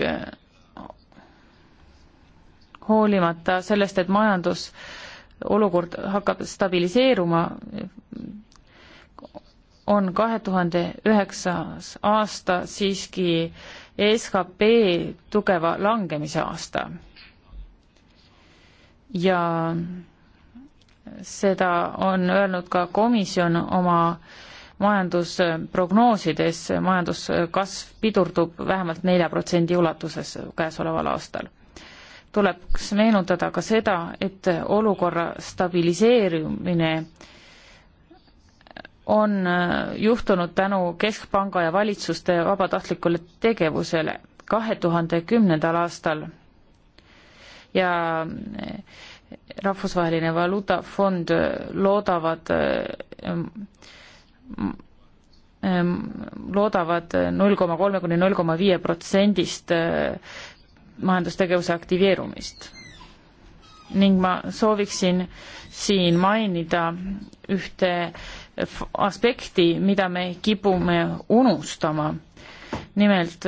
hoolimata sellest, et majandusolukord hakkab stabiliseeruma, on kahe tuhande üheksas aasta siiski skp tugeva langemise aasta. ja seda on öelnud ka komisjon oma majandusprognoosides, majanduskasv pidurdub vähemalt nelja protsendi ulatuses käesoleval aastal tuleks meenutada ka seda, et olukorra stabiliseerumine on äh, juhtunud tänu Keskpanga ja valitsuste vabatahtlikule tegevusele kahe tuhande kümnendal aastal ja äh, rahvusvaheline valuutafond äh, loodavad, ähm, loodavad null koma kolme kuni null koma viie protsendist majandustegevuse aktiveerumist. ning ma sooviksin siin mainida ühte aspekti, mida me kipume unustama. nimelt,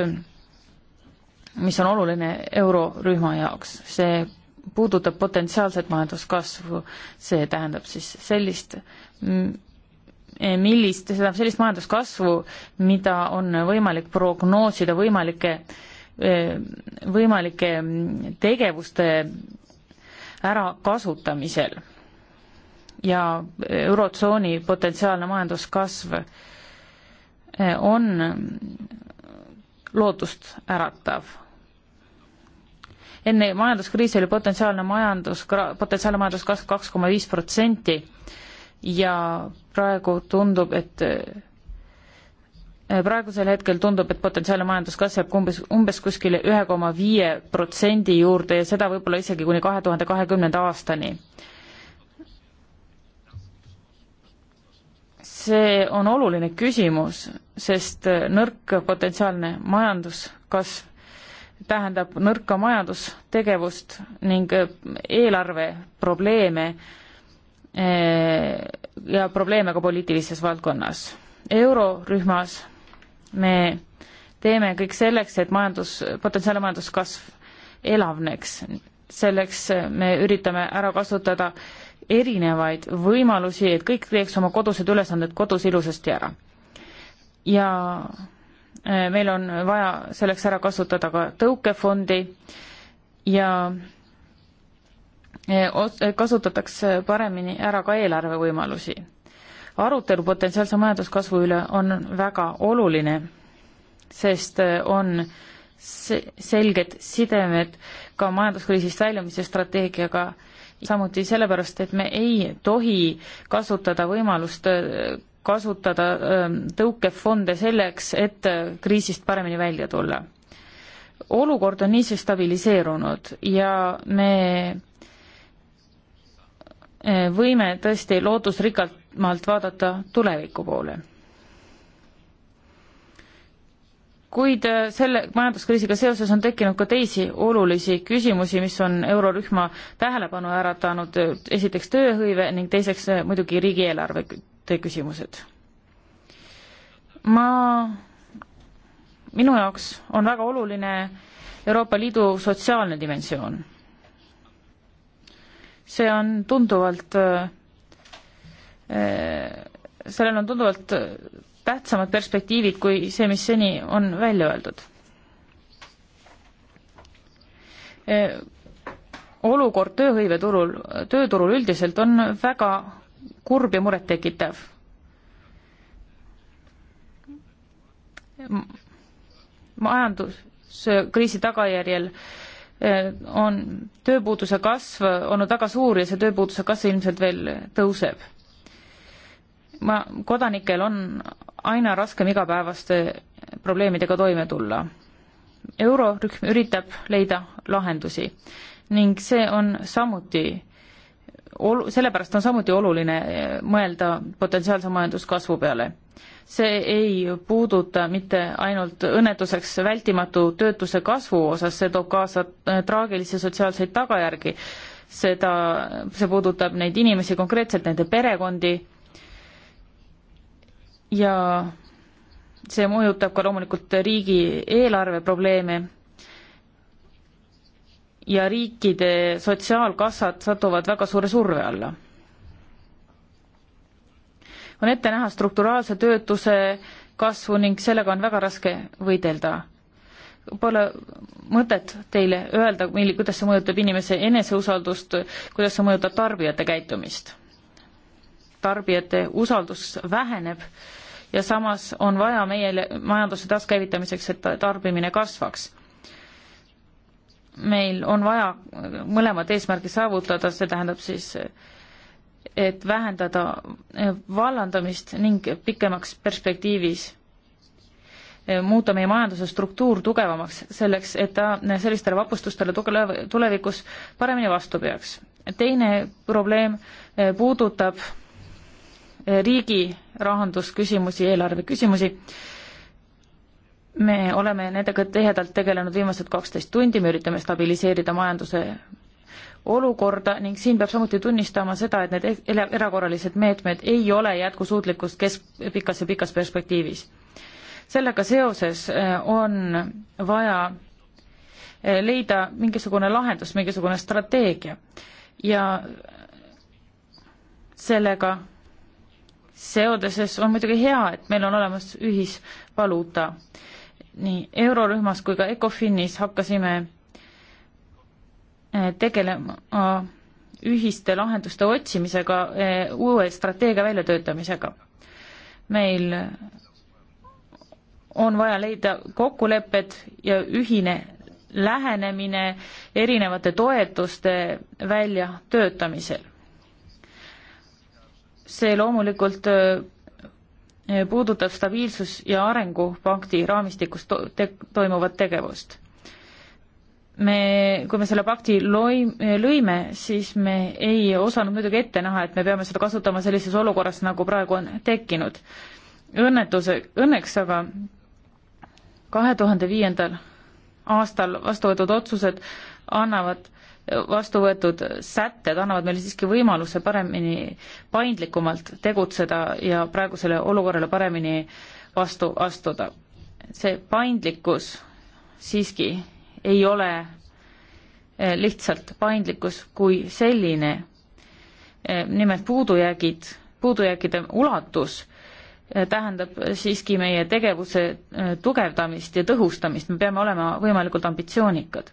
mis on oluline eurorühma jaoks, see puudutab potentsiaalset majanduskasvu, see tähendab siis sellist, eh, millist, see tähendab sellist majanduskasvu, mida on võimalik prognoosida võimalike, eh, võimalike tegevuste ärakasutamisel ja Eurotsooni potentsiaalne majanduskasv eh, on lootust äratav. enne majanduskriisi oli potentsiaalne majandus, potentsiaalne majanduskasv kaks koma viis protsenti ja praegu tundub, et eh, praegusel hetkel tundub, et potentsiaalne majanduskasv jääb umbes, umbes kuskile ühe koma viie protsendi juurde ja seda võib-olla isegi kuni kahe tuhande kahekümnenda aastani. see on oluline küsimus, sest nõrk potentsiaalne majanduskasv tähendab nõrka majandustegevust ning eelarveprobleeme eh, ja probleeme ka poliitilises valdkonnas. eurorühmas me teeme kõik selleks, et majandus, potentsiaalne majanduskasv elavneks. selleks me üritame ära kasutada äh, erinevaid võimalusi, et kõik teeks oma kodused ülesanded kodus ilusasti ära. ja äh, meil on vaja selleks ära kasutada ka tõukefondi ja äh, äh, kasutatakse paremini ära ka eelarvevõimalusi. arutelu potentsiaalse majanduskasvu üle on väga oluline, sest on selged sidemed ka majanduskriisist väljumise strateegiaga samuti sellepärast, et me ei tohi kasutada võimalust äh, kasutada ähm, tõukefonde selleks, et äh, kriisist paremini välja tulla. olukord on niisiis stabiliseerunud ja me äh, võime tõesti lootusrikkamalt vaadata tuleviku poole kuid äh, selle majanduskriisiga seoses on tekkinud ka teisi olulisi küsimusi, mis on eurorühma tähelepanu äratanud, esiteks tööhõive ning teiseks äh, muidugi riigieelarvete küsimused. ma, minu jaoks on väga oluline Euroopa Liidu sotsiaalne dimensioon. see on tunduvalt, äh, sellel on tunduvalt tähtsamad perspektiivid kui see, mis seni on välja öeldud. E, olukord tööhõiveturul, tööturul üldiselt on väga kurb ja murettekitav. majanduskriisi tagajärjel e, on tööpuuduse kasv olnud väga suur ja see tööpuuduse kasv ilmselt veel tõuseb ma, kodanikel on aina raskem igapäevaste probleemidega toime tulla. eurorühm üritab leida lahendusi ning see on samuti olu-, sellepärast on samuti oluline eh, mõelda potentsiaalse majanduskasvu peale. see ei puuduta mitte ainult õnnetuseks vältimatu töötuse kasvu osas, see toob kaasa eh, traagilisi sotsiaalseid tagajärgi, seda, see puudutab neid inimesi konkreetselt, nende perekondi, ja see mõjutab ka loomulikult riigieelarve probleeme ja riikide sotsiaalkassad satuvad väga suure surve alla. on ette näha strukturaalse töötuse kasvu ning sellega on väga raske võidelda. Pole mõtet teile öelda, milli-, kuidas see mõjutab inimese eneseusaldust, kuidas see mõjutab tarbijate käitumist. tarbijate usaldus väheneb äh, ja samas on vaja meie majanduse taaskäivitamiseks, et tarbimine kasvaks. meil on vaja mõlemad eesmärgid saavutada, see tähendab siis et vähendada eh, vallandamist ning pikemaks perspektiivis eh, muuta meie majanduse struktuur tugevamaks, selleks et ta eh, sellistele vapustustele tulevikus paremini vastu peaks. teine probleem puudutab riigi rahandusküsimusi, eelarve küsimusi. me oleme nendega tihedalt tegelenud viimased kaksteist tundi, me üritame stabiliseerida majanduse olukorda ning siin peab samuti tunnistama seda, et need e-, erakorralised meetmed ei ole jätkusuutlikus kesk, pikas ja pikas perspektiivis. sellega seoses äh, on vaja äh, leida mingisugune lahendus, mingisugune strateegia ja sellega seodeses on muidugi hea, et meil on olemas ühisvaluuta. nii eurorühmas kui ka ECOFINis hakkasime eh, tegelema ah, ühiste lahenduste otsimisega, eh, uue strateegia väljatöötamisega. meil on vaja leida kokkulepped ja ühine lähenemine erinevate toetuste väljatöötamisel see loomulikult äh, äh, puudutab stabiilsus- ja arengupakti raamistikus to te toimuvat tegevust. me, kui me selle pakti loi-, lõime, siis me ei osanud muidugi ette näha, et me peame seda kasutama sellises olukorras, nagu praegu on tekkinud. õnnetuse, õnneks aga kahe tuhande viiendal aastal vastu võetud otsused annavad vastu võetud sätted annavad meile siiski võimaluse paremini, paindlikumalt tegutseda ja praegusele olukorrale paremini vastu astuda. see paindlikkus siiski ei ole eh, lihtsalt paindlikkus kui selline, eh, nimelt puudujäägid, puudujääkide ulatus eh, tähendab siiski meie tegevuse tugevdamist ja tõhustamist, me peame olema võimalikult ambitsioonikad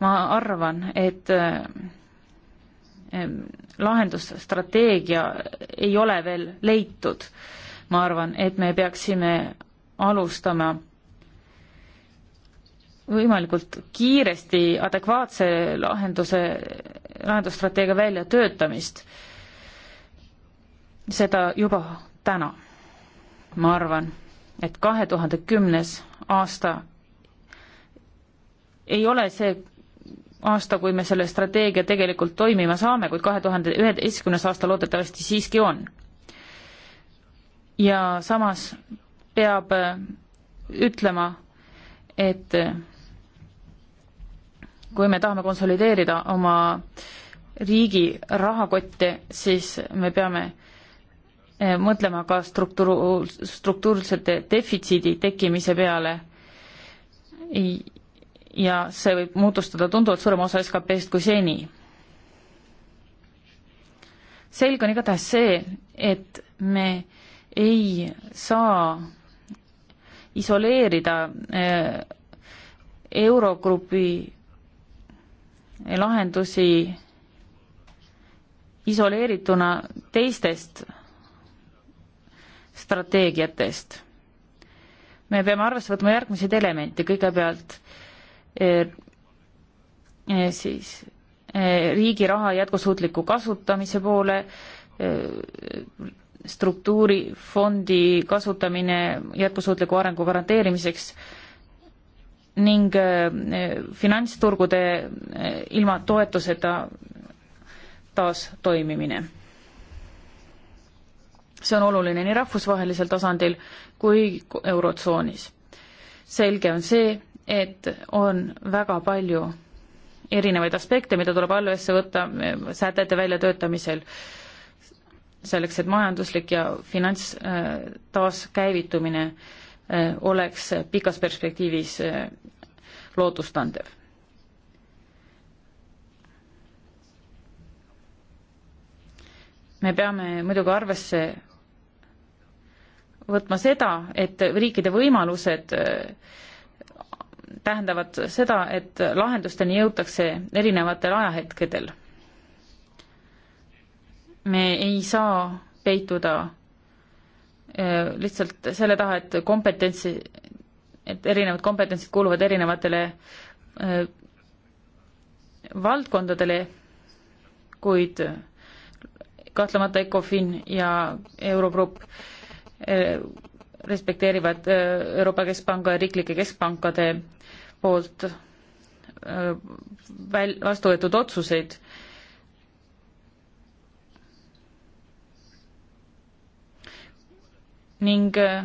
ma arvan, et ehm, lahendusstrateegia ei ole veel leitud. ma arvan, et me peaksime alustama võimalikult kiiresti adekvaatse lahenduse, lahendusstrateegia väljatöötamist. seda juba täna, ma arvan, et kahe tuhande kümnes aasta ei ole see aasta, kui me selle strateegia tegelikult toimima saame, kuid kahe tuhande üheteistkümnes aasta loodetavasti siiski on. ja samas peab äh, ütlema, et äh, kui me tahame konsolideerida oma riigi rahakotte, siis me peame äh, mõtlema ka struktuur, struktuursete defitsiidi tekkimise peale ja see võib moodustada tunduvalt suurema osa SKP-st kui seni. selge on igatahes see, et me ei saa isoleerida eh, Eurogrupi lahendusi isoleerituna teistest strateegiatest. me peame arvesse võtma järgmiseid elemente, kõigepealt siis riigi raha jätkusuutliku kasutamise poole, struktuurifondi kasutamine jätkusuutliku arengu garanteerimiseks ning finantsturgude ilma toetuseta taas toimimine. see on oluline nii rahvusvahelisel tasandil kui Eurotsoonis. selge on see, et on väga palju erinevaid aspekte, mida tuleb allesse võtta eh, sätete väljatöötamisel, selleks et majanduslik ja finants eh, taaskäivitumine eh, oleks pikas perspektiivis lootustandev. me peame muidugi arvesse võtma seda, et riikide võimalused äh, tähendavad seda, et lahendusteni jõutakse erinevatel ajahetkedel. me ei saa peituda äh, lihtsalt selle taha, et kompetentsi, et erinevad kompetentsid kuuluvad erinevatele äh, valdkondadele, kuid kahtlemata Ecofin ja Eurogrupp äh, respekteerivad äh, Euroopa Keskpanga ja riiklike keskpankade poolt äh, väl-, vastu võetud otsuseid. ning äh,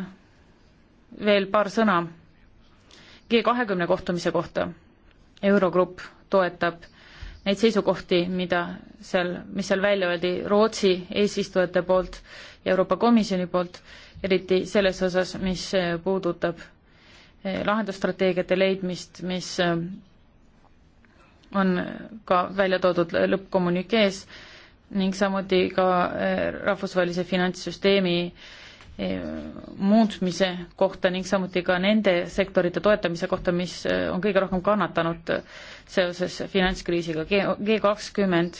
veel paar sõna G kahekümne kohtumise kohta. Eurogrupp toetab neid seisukohti, mida seal, mis seal välja öeldi Rootsi eesistujate poolt ja Euroopa Komisjoni poolt äh, eriti selles osas, mis äh, puudutab äh, lahendusstrateegiate leidmist, mis äh, on ka välja toodud lõppkommunikees ning samuti ka rahvusvahelise finantssüsteemi muutmise kohta ning samuti ka nende sektorite toetamise kohta, mis on kõige rohkem kannatanud seoses finantskriisiga. G kakskümmend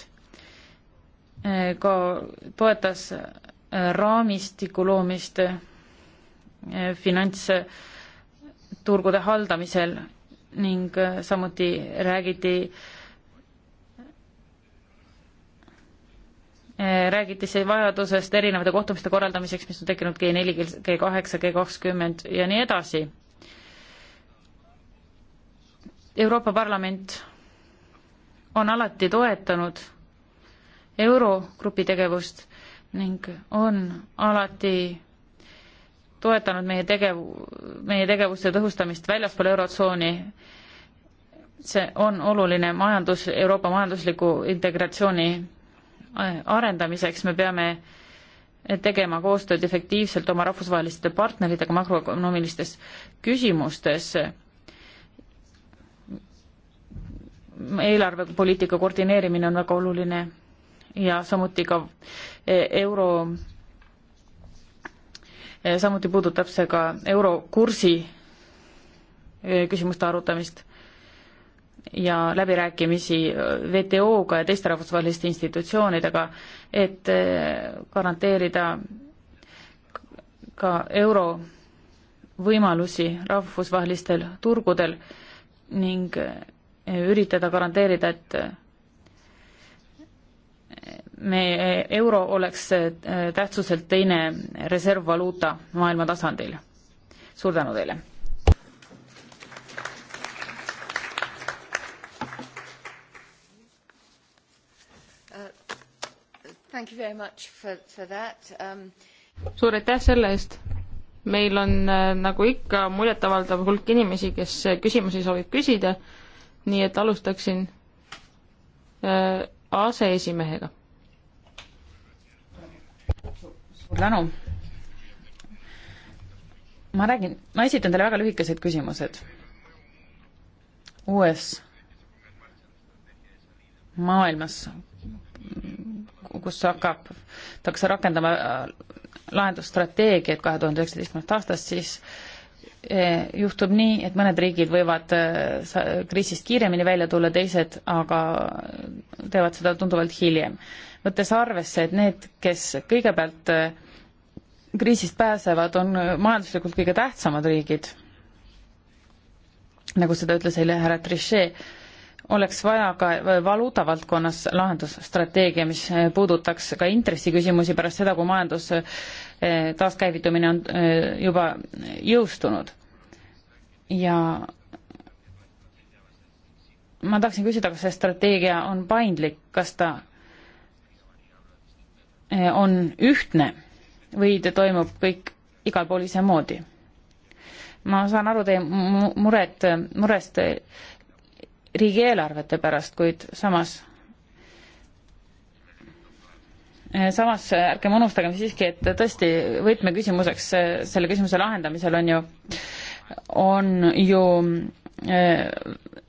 ka toetas raamistiku loomist eh, finantsturgude haldamisel ning eh, samuti räägiti eh, räägiti see vajadusest erinevate kohtumiste korraldamiseks, mis on tekkinud G4, G8, G20 ja nii edasi. Euroopa Parlament on alati toetanud Eurogrupi tegevust ning on alati toetanud meie tegev-, meie tegevuste tõhustamist väljaspool Eurotsooni. see on oluline majandus, Euroopa majandusliku integratsiooni äh, arendamiseks, me peame tegema koostööd efektiivselt oma rahvusvaheliste partneritega makroökonoomilistes küsimustes. eelarvepoliitika koordineerimine on väga oluline ja samuti ka eh, euro, eh, samuti puudutab see ka eurokursi eh, küsimuste arutamist ja läbirääkimisi WTO-ga ja teiste rahvusvaheliste institutsioonidega, et garanteerida ka euro võimalusi rahvusvahelistel turgudel ning üritada garanteerida, et me, euro oleks äh, tähtsuselt teine reservvaluuta maailma tasandil. suur tänu teile! Uh, for, for um... suur aitäh selle eest! meil on äh, nagu ikka muljetavaldav hulk inimesi, kes küsimusi soovib küsida, nii et alustaksin äh, aseesimehega. suur tänu. ma räägin, ma esitan teile väga lühikesed küsimused. uues maailmas, kus hakkab, ta hakkas rakendama lahendusstrateegiat kahe tuhande üheksateistkümnendast aastast, siis Eh, juhtub nii, et mõned riigid võivad eh, kriisist kiiremini välja tulla, teised aga teevad seda tunduvalt hiljem. võttes arvesse, et need, kes kõigepealt eh, kriisist pääsevad, on majanduslikult kõige tähtsamad riigid, nagu seda ütles eile härra Trichet, oleks vaja ka valuuta valdkonnas lahendusstrateegia, mis puudutaks ka intressiküsimusi pärast seda, kui majandus Äh, taaskäivitumine on äh, juba jõustunud. ja ma tahtsin küsida, kas see strateegia on paindlik, kas ta äh, on ühtne või ta toimub kõik igal pool isemoodi? ma saan aru teie muret, murest riigieelarvete pärast, kuid samas Äh, samas äh, ärgem unustagem siiski, et tõesti võtmeküsimuseks äh, selle küsimuse lahendamisel on ju, on ju eh,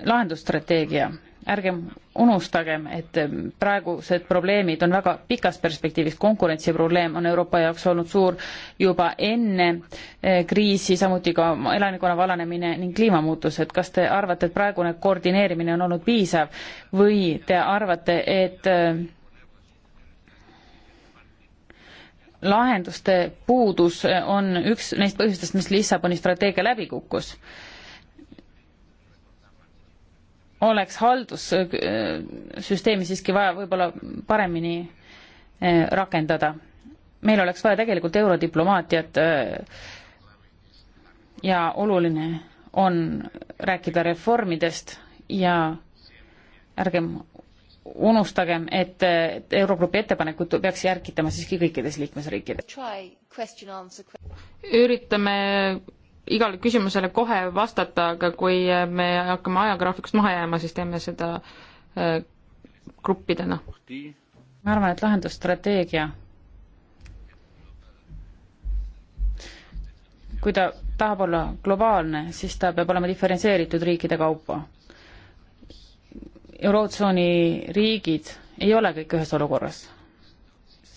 lahendusstrateegia. ärgem unustagem, et praegused probleemid on väga pikas perspektiivis, konkurentsiprobleem on Euroopa jaoks olnud suur juba enne eh, kriisi, samuti ka elanikkonna valanemine ning kliimamuutused. kas te arvate, et praegune koordineerimine on olnud piisav või te arvate, et eh, lahenduste puudus on üks neist põhjustest, mis Lissaboni strateegia läbi kukkus. oleks haldussüsteemi siiski vaja võib-olla paremini eh, rakendada. meil oleks vaja tegelikult eurodiplomaatiat eh, ja oluline on rääkida reformidest ja ärgem unustagem, et Eurogrupi ettepanekut peaks järgitama siiski kõikides liikmesriikides. üritame igale küsimusele kohe vastata, aga kui me hakkame ajagraafikust maha jääma, siis teeme seda äh, gruppidena. ma arvan, et lahendusstrateegia, kui ta tahab olla globaalne, siis ta peab olema diferentseeritud riikide kaupa Eurotsooni riigid ei ole kõik ühes olukorras.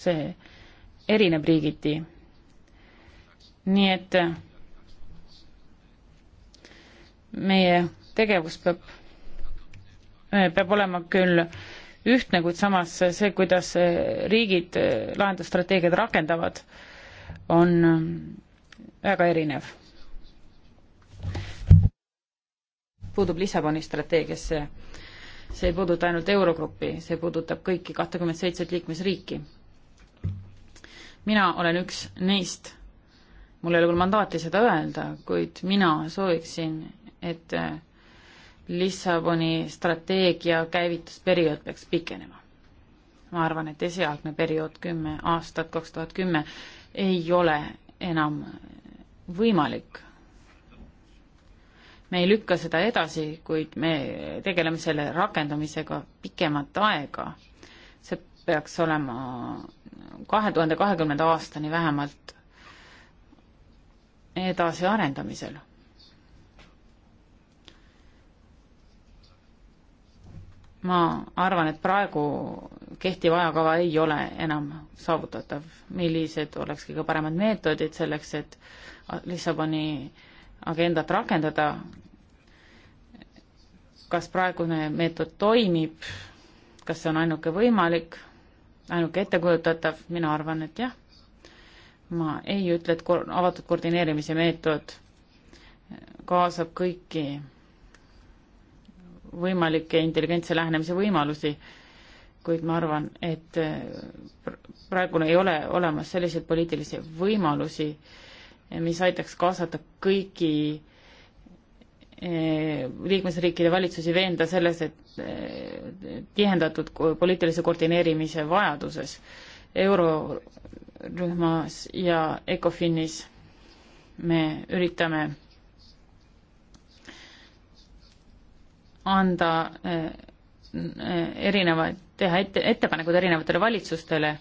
see erineb riigiti. nii et meie tegevus peab, peab olema küll ühtne, kuid samas see, kuidas riigid lahendusstrateegiad rakendavad, on väga erinev. puudub Lissaboni strateegiasse see ei puuduta ainult Eurogrupi, see puudutab kõiki kahtekümmet seitset liikmesriiki. mina olen üks neist, mul ei ole küll mandaati seda öelda, kuid mina sooviksin, et Lissaboni strateegia käivitusperiood peaks pikenema. ma arvan, et esialgne periood kümme aastat, kaks tuhat kümme, ei ole enam võimalik me ei lükka seda edasi, kuid me tegeleme selle rakendamisega pikemat aega. see peaks olema kahe tuhande kahekümnenda aastani vähemalt edasiarendamisel. ma arvan, et praegu kehtiv ajakava ei ole enam saavutatav, millised oleks kõige paremad meetodid selleks, et Lissaboni agendat rakendada, kas praegune meetod toimib, kas see on ainuke võimalik, ainuke ettekujutatav, mina arvan, et jah. ma ei ütle, et avatud koordineerimise meetod kaasab kõiki võimalikke intelligentse lähenemise võimalusi, kuid ma arvan, et praegune ei ole olemas selliseid poliitilisi võimalusi, mis aitaks kaasata kõiki Eh, liikmesriikide valitsusi veenda selles, et tihendatud poliitilise koordineerimise vajaduses eurorühmas ja ECOFINis me üritame anda eh, erinevaid, teha ette, ettepanekud erinevatele valitsustele.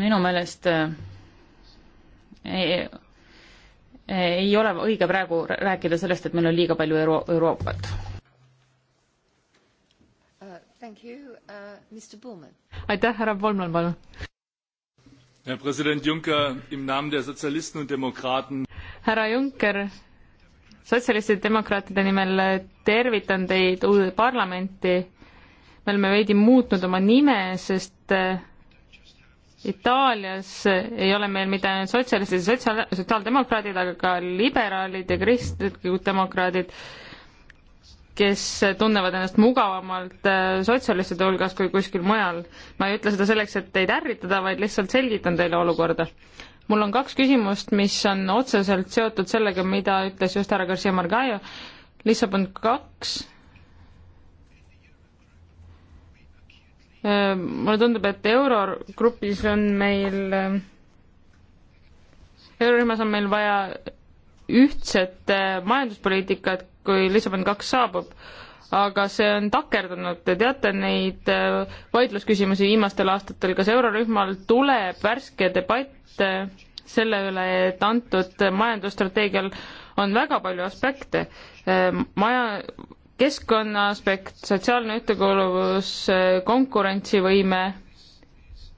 minu meelest ei, eh, ei ole õige praegu rääkida sellest, et meil on liiga palju Euro Euroopat. Uh, uh, aitäh, härra Volman, palun. Herr Präsident Juncker, im Namen der Sozialisten und Demokraten. härra Juncker, sotsialistide demokraatide nimel tervitan teid uude parlamenti. me oleme veidi muutnud oma nime, sest äh, Itaalias ei ole meil mitte ainult sotsialistid ja sotsiaal-, sotsiaaldemokraadid, aga ka liberaalid ja kristlikud demokraadid, kes tunnevad ennast mugavamalt äh, sotsialistide hulgas kui kuskil mujal. ma ei ütle seda selleks, et teid ärritada, vaid lihtsalt selgitan teile olukorda. mul on kaks küsimust, mis on otseselt seotud sellega, mida ütles just härra Garcia Margallo. Lissabon kaks Äh, mulle tundub, et Eurogrupis on meil, äh, eurorühmas on meil vaja ühtset äh, majanduspoliitikat, kui Lissabon kaks saabub. aga see on takerdunud, te teate neid vaidlusküsimusi viimastel aastatel, kas eurorühmal tuleb värske debatt selle üle, et antud majandusstrateegial on väga palju aspekte. Maja, keskkonna aspekt, sotsiaalne ühtekuuluvus, konkurentsivõime,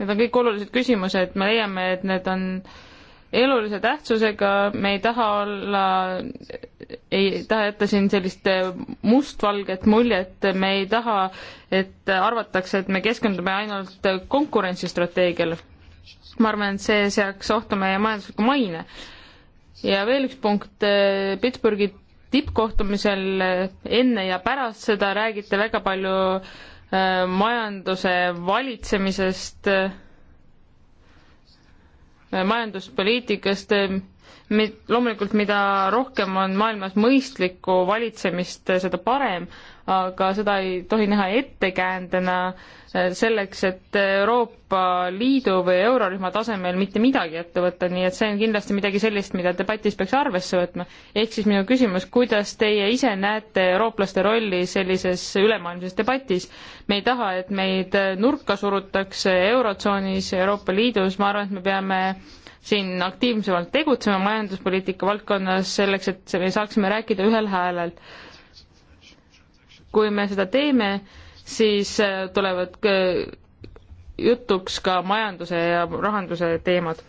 need on kõik olulised küsimused, me leiame, et need on elulise tähtsusega, me ei taha olla, ei taha jätta siin sellist mustvalget muljet, me ei taha, et arvatakse, et me keskendume ainult konkurentsistrateegiale. ma arvan, et see seaks ohtu meie majandusliku maine. ja veel üks punkt, Pittsburghi tippkohtumisel enne ja pärast seda räägite väga palju äh, majanduse valitsemisest, äh, majanduspoliitikast, äh, loomulikult mida rohkem on maailmas mõistlikku valitsemist, seda parem, aga seda ei tohi näha ettekäändena eh, selleks, et Euroopa Liidu või eurorühma tasemel mitte midagi ette võtta, nii et see on kindlasti midagi sellist, mida debatis peaks arvesse võtma. ehk siis minu küsimus, kuidas teie ise näete eurooplaste rolli sellises ülemaailmses debatis? me ei taha, et meid nurka surutakse Eurotsoonis, Euroopa Liidus, ma arvan, et me peame siin aktiivsemalt tegutsema majanduspoliitika valdkonnas selleks, et me saaksime rääkida ühel häälel kui me seda teeme, siis äh, tulevad äh, jutuks ka majanduse ja rahanduse teemad.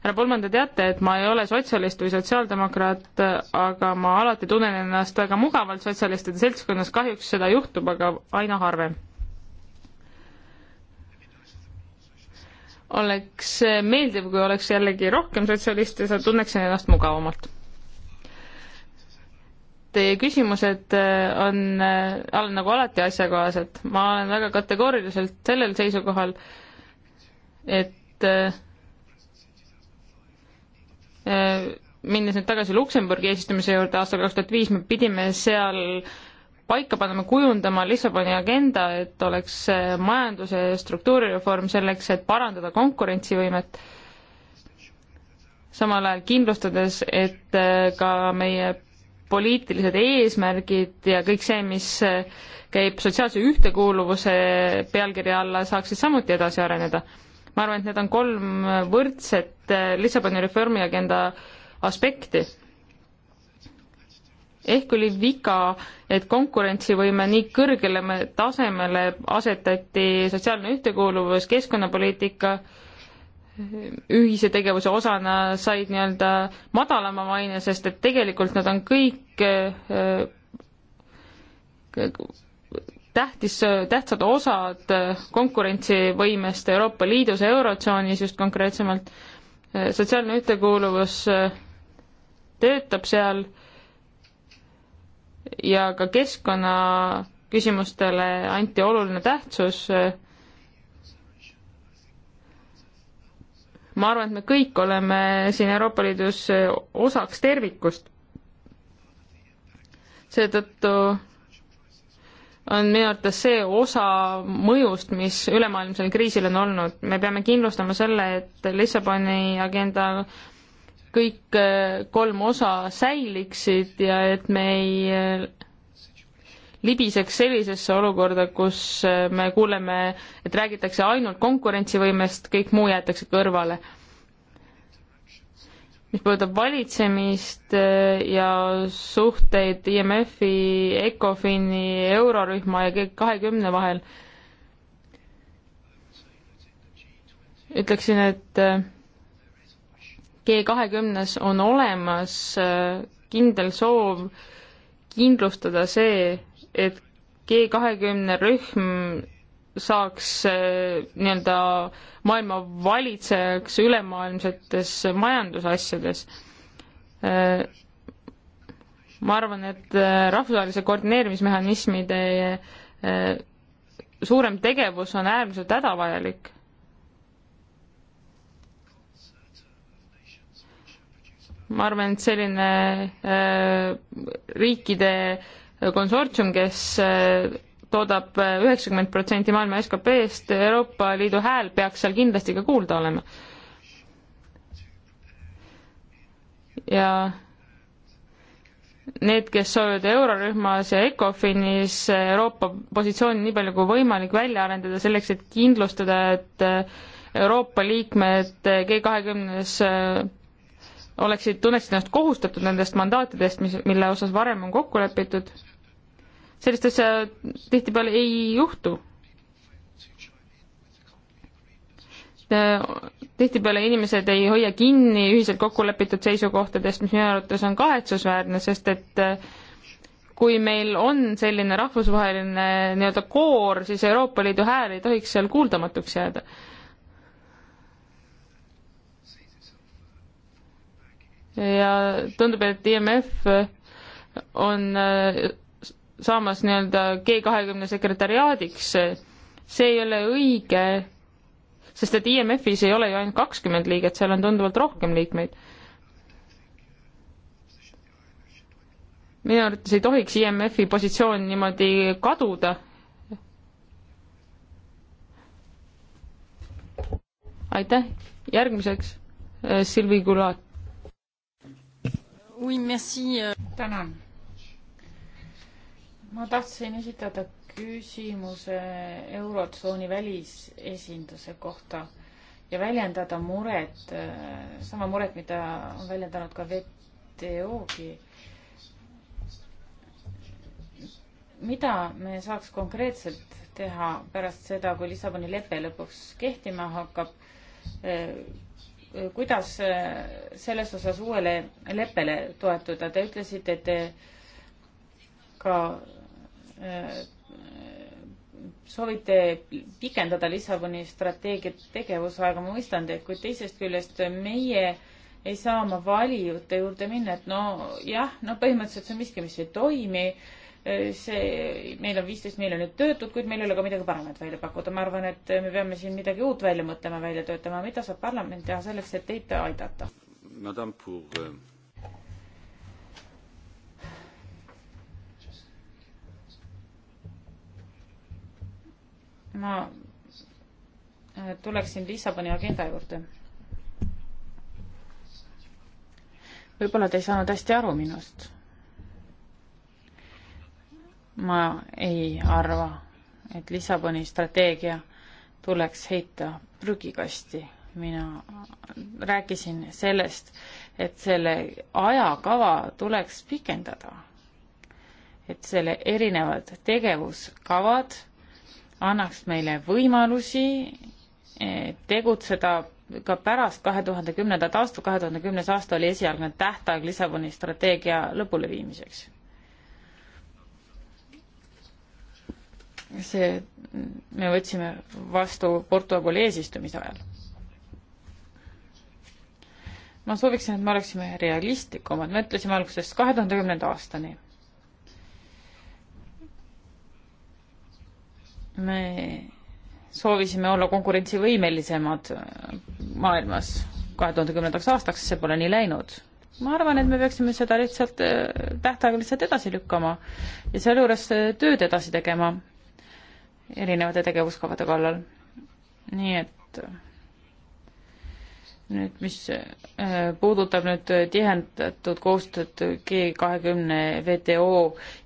härra Polman, te teate, et ma ei ole sotsialist või sotsiaaldemokraat, aga ma alati tunnen ennast väga mugavalt sotsialistide seltskonnas, kahjuks seda juhtub aga aina harvem oleks meeldiv, kui oleks jällegi rohkem sotsialiste, sa tunneksid ennast mugavamalt. Teie küsimused äh, on, on äh, nagu alati asjakohased. ma olen väga kategooriliselt sellel seisukohal, et äh, minnes nüüd tagasi Luksemburgi eesistumise juurde aastal kaks tuhat viis, me pidime seal äh, paika panema, kujundama Lissaboni agenda, et oleks majanduse struktuurireform selleks, et parandada konkurentsivõimet, samal ajal kindlustades, et äh, ka meie poliitilised eesmärgid ja kõik see, mis äh, käib sotsiaalse ühtekuuluvuse pealkirja alla, saaksid samuti edasi areneda. ma arvan, et need on kolm võrdset äh, Lissaboni reformi agenda aspekti ehk oli viga, et konkurentsivõime nii kõrgele tasemele asetati sotsiaalne ühtekuuluvus, keskkonnapoliitika, ühise tegevuse osana said nii-öelda madalama maine, sest et tegelikult nad on kõik äh, tähtis, tähtsad osad konkurentsivõimest Euroopa Liidus ja Eurotsoonis just konkreetsemalt. sotsiaalne ühtekuuluvus äh, töötab seal ja ka keskkonnaküsimustele anti oluline tähtsus. ma arvan, et me kõik oleme siin Euroopa Liidus osaks tervikust. seetõttu on minu arvates see osa mõjust, mis ülemaailmsel kriisil on olnud. me peame kindlustama selle, et Lissaboni agenda kõik äh, kolm osa säiliksid ja et me ei äh, libiseks sellisesse olukorda, kus äh, me kuuleme, et räägitakse ainult konkurentsivõimest, kõik muu jäetakse kõrvale. mis puudutab valitsemist ja suhteid IMF-i, ECOFIN-i, eurorühma ja G kahekümne vahel, ütleksin, et G kahekümnes on olemas äh, kindel soov kindlustada see, et G kahekümne rühm saaks äh, nii-öelda maailma valitsejaks ülemaailmsetes majandusasjades. Äh, ma arvan, et rahvusvahelise koordineerimismehhanismide suurem tegevus on äärmiselt hädavajalik ma arvan, et selline äh, riikide konsortsium, kes äh, toodab äh, üheksakümmend protsenti maailma SKP-st, Euroopa Liidu hääl peaks seal kindlasti ka kuulda olema. ja need, kes soovivad eurorühmas ja ECOFINis Euroopa positsiooni nii palju kui võimalik välja arendada selleks, et kindlustada, et Euroopa liikmed G kahekümnes 20 oleksid, tunneksid ennast kohustatud nendest mandaatidest, mis, mille osas varem on kokku lepitud. sellist asja tihtipeale ei juhtu. tihtipeale inimesed ei hoia kinni ühiselt kokku lepitud seisukohtadest, mis minu arvates on kahetsusväärne, sest et eh, kui meil on selline rahvusvaheline nii-öelda koor, siis Euroopa Liidu hääl ei tohiks seal kuuldamatuks jääda ja tundub, et IMF on äh, saamas nii-öelda G kahekümne sekretariaadiks. see ei ole õige, sest et IMF-is ei ole ju ainult kakskümmend liiget, seal on tunduvalt rohkem liikmeid. minu arvates ei tohiks IMF-i positsioon niimoodi kaduda. aitäh, järgmiseks äh, Silvi Kulat. Euh. tänan. ma tahtsin esitada küsimuse Eurotsooni välisesinduse kohta ja väljendada muret, äh, sama muret, mida on väljendanud ka WTO-gi. mida me saaks konkreetselt teha pärast seda, kui Lissaboni lepe lõpuks kehtima hakkab? Äh, kuidas äh, selles osas uuele leppele toetuda, te ütlesite, et te ka äh, soovite pikendada Lissaboni strateegia tegevusaega, ma mõistan teid, kuid teisest küljest meie ei saa oma valijate juurde minna, et nojah, no põhimõtteliselt see on miski, mis ei toimi see, meil on viisteist miljonit töötut, kuid meil ei ole ka midagi paremat välja pakkuda. ma arvan, et me peame siin midagi uut välja mõtlema, välja töötama. mida saab parlament teha selleks, et teid aidata? Pour... Euh, ma äh, tuleksin Lissaboni agenda juurde. võib-olla te ei saanud hästi aru minust ma ei arva, et Lissaboni strateegia tuleks heita prügikasti. mina rääkisin sellest, et selle ajakava tuleks pikendada. et selle erinevad tegevuskavad annaks meile võimalusi eh, tegutseda ka pärast kahe tuhande kümnendat aastat, kahe tuhande kümnes aasta oli esialgne tähtaeg Lissaboni strateegia lõpuleviimiseks see me võtsime vastu Portugali eesistumise ajal. ma sooviksin, et me oleksime realistlikumad, me ütlesime alguses kahe tuhande kümnenda aastani. me soovisime olla konkurentsivõimelisemad maailmas kahe tuhande kümnendaks aastaks, see pole nii läinud. ma arvan, et me peaksime seda lihtsalt, äh, tähtaega lihtsalt edasi lükkama ja sealjuures äh, tööd edasi tegema erinevate tegevuskavade kallal. nii et nüüd, mis äh, puudutab nüüd tihendatud koostööd G kahekümne WTO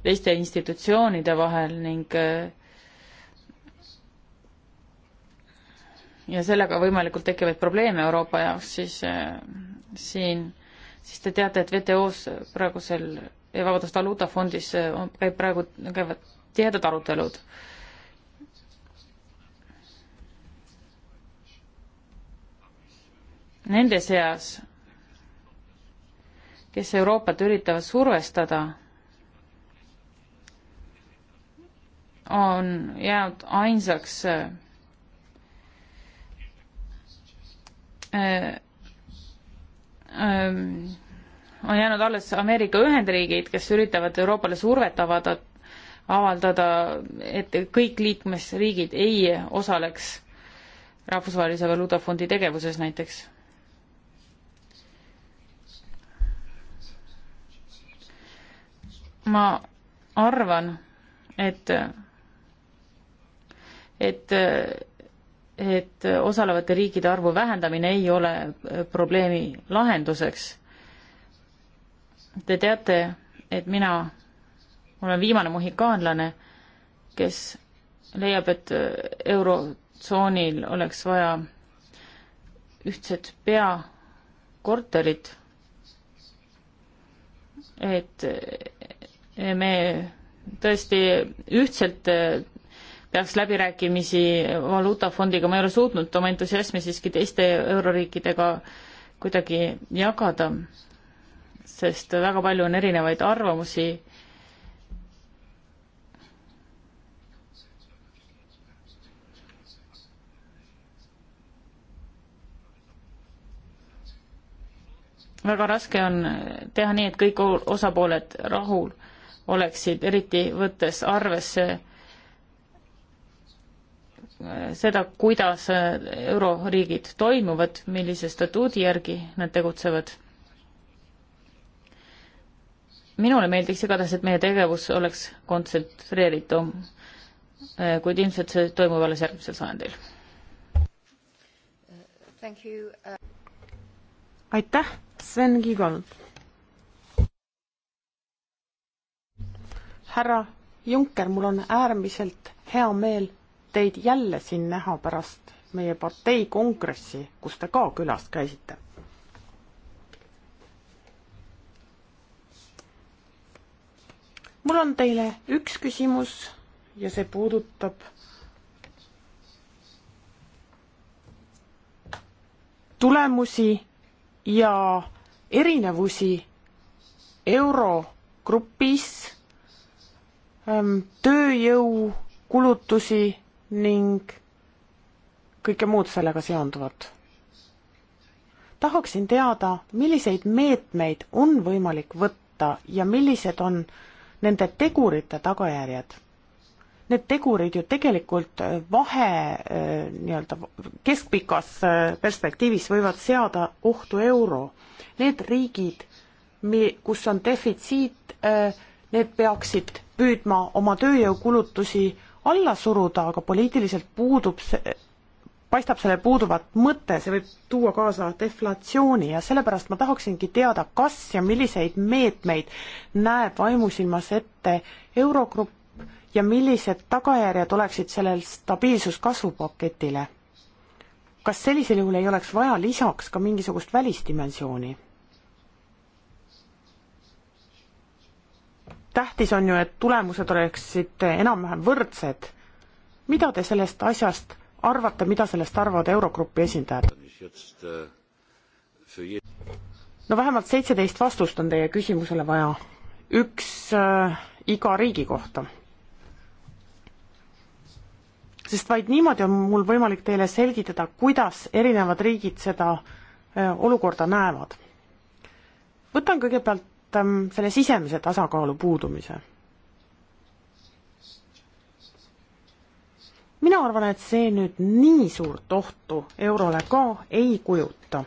teiste institutsioonide vahel ning äh, ja sellega võimalikult tekkivaid probleeme Euroopa jaoks, siis äh, siin, siis te teate, et WTO-s praegusel, eh, vabandust, Aluta fondis käib praegu, käivad tihedad arutelud äh, nende seas, kes Euroopat üritavad survestada, on jäänud ainsaks äh, ähm, on jäänud alles Ameerika Ühendriigid, kes üritavad Euroopale survet avada, avaldada, et kõik liikmesriigid ei osaleks Rahvusvahelise Valuutafondi tegevuses näiteks. ma arvan, et, et, et osalevate riikide arvu vähendamine ei ole probleemi lahenduseks. Te teate, et mina olen viimane mohikaanlane, kes leiab, et eurotsoonil oleks vaja ühtset peakorterit, et me tõesti ühtselt eh, peaks läbirääkimisi valuutafondiga, ma ei ole suutnud oma entusiasmi siiski teiste euroriikidega kuidagi jagada, sest väga palju on erinevaid arvamusi. väga raske on teha nii, et kõik osapooled rahul oleksid, eriti võttes arvesse äh, seda, kuidas äh, euroriigid toimuvad, millise statuudi järgi nad tegutsevad. minule meeldiks igatahes, et meie tegevus oleks kontsentreeritum, äh, kuid ilmselt see toimub alles järgmisel sajandil. Uh aitäh, Sven Kiigold! härra Juncker, mul on äärmiselt hea meel teid jälle siin näha pärast meie partei kongressi, kus te ka külas käisite. mul on teile üks küsimus ja see puudutab tulemusi ja erinevusi eurogrupis Ähm, tööjõukulutusi ning kõike muud sellega seonduvat. tahaksin teada, milliseid meetmeid on võimalik võtta ja millised on nende tegurite tagajärjed. Need tegurid ju tegelikult äh, vahe äh, nii-öelda keskpikas äh, perspektiivis võivad seada ohtu euro. Need riigid, kus on defitsiit, need peaksid püüdma oma tööjõukulutusi alla suruda, aga poliitiliselt puudub see, paistab selle puuduvat mõte, see võib tuua kaasa deflatsiooni ja sellepärast ma tahaksingi teada, kas ja milliseid meetmeid näeb vaimusilmas ette Eurogrupp ja millised tagajärjed oleksid sellel stabiilsuskasvu paketile? kas sellisel juhul ei oleks vaja lisaks ka mingisugust välisdimensiooni? tähtis on ju, et tulemused oleksid enam-vähem võrdsed. mida te sellest asjast arvate, mida sellest arvavad Eurogrupi esindajad? no vähemalt seitseteist vastust on teie küsimusele vaja, üks äh, iga riigi kohta. sest vaid niimoodi on mul võimalik teile selgitada, kuidas erinevad riigid seda äh, olukorda näevad. võtan kõigepealt Ähm, selle sisemise tasakaalu puudumise. mina arvan, et see nüüd nii suurt ohtu eurole ka ei kujuta.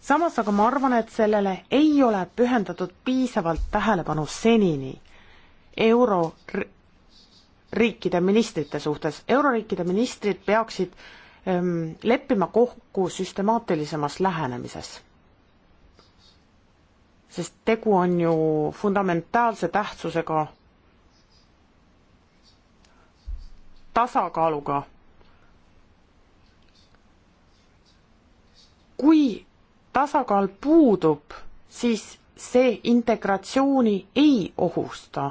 samas aga ma arvan, et sellele ei ole pühendatud piisavalt tähelepanu senini euro riikide ministrite suhtes, euroriikide ministrid peaksid öö, ähm, leppima kokku süstemaatilisemas lähenemises sest tegu on ju fundamentaalse tähtsusega tasakaaluga. kui tasakaal puudub, siis see integratsiooni ei ohusta.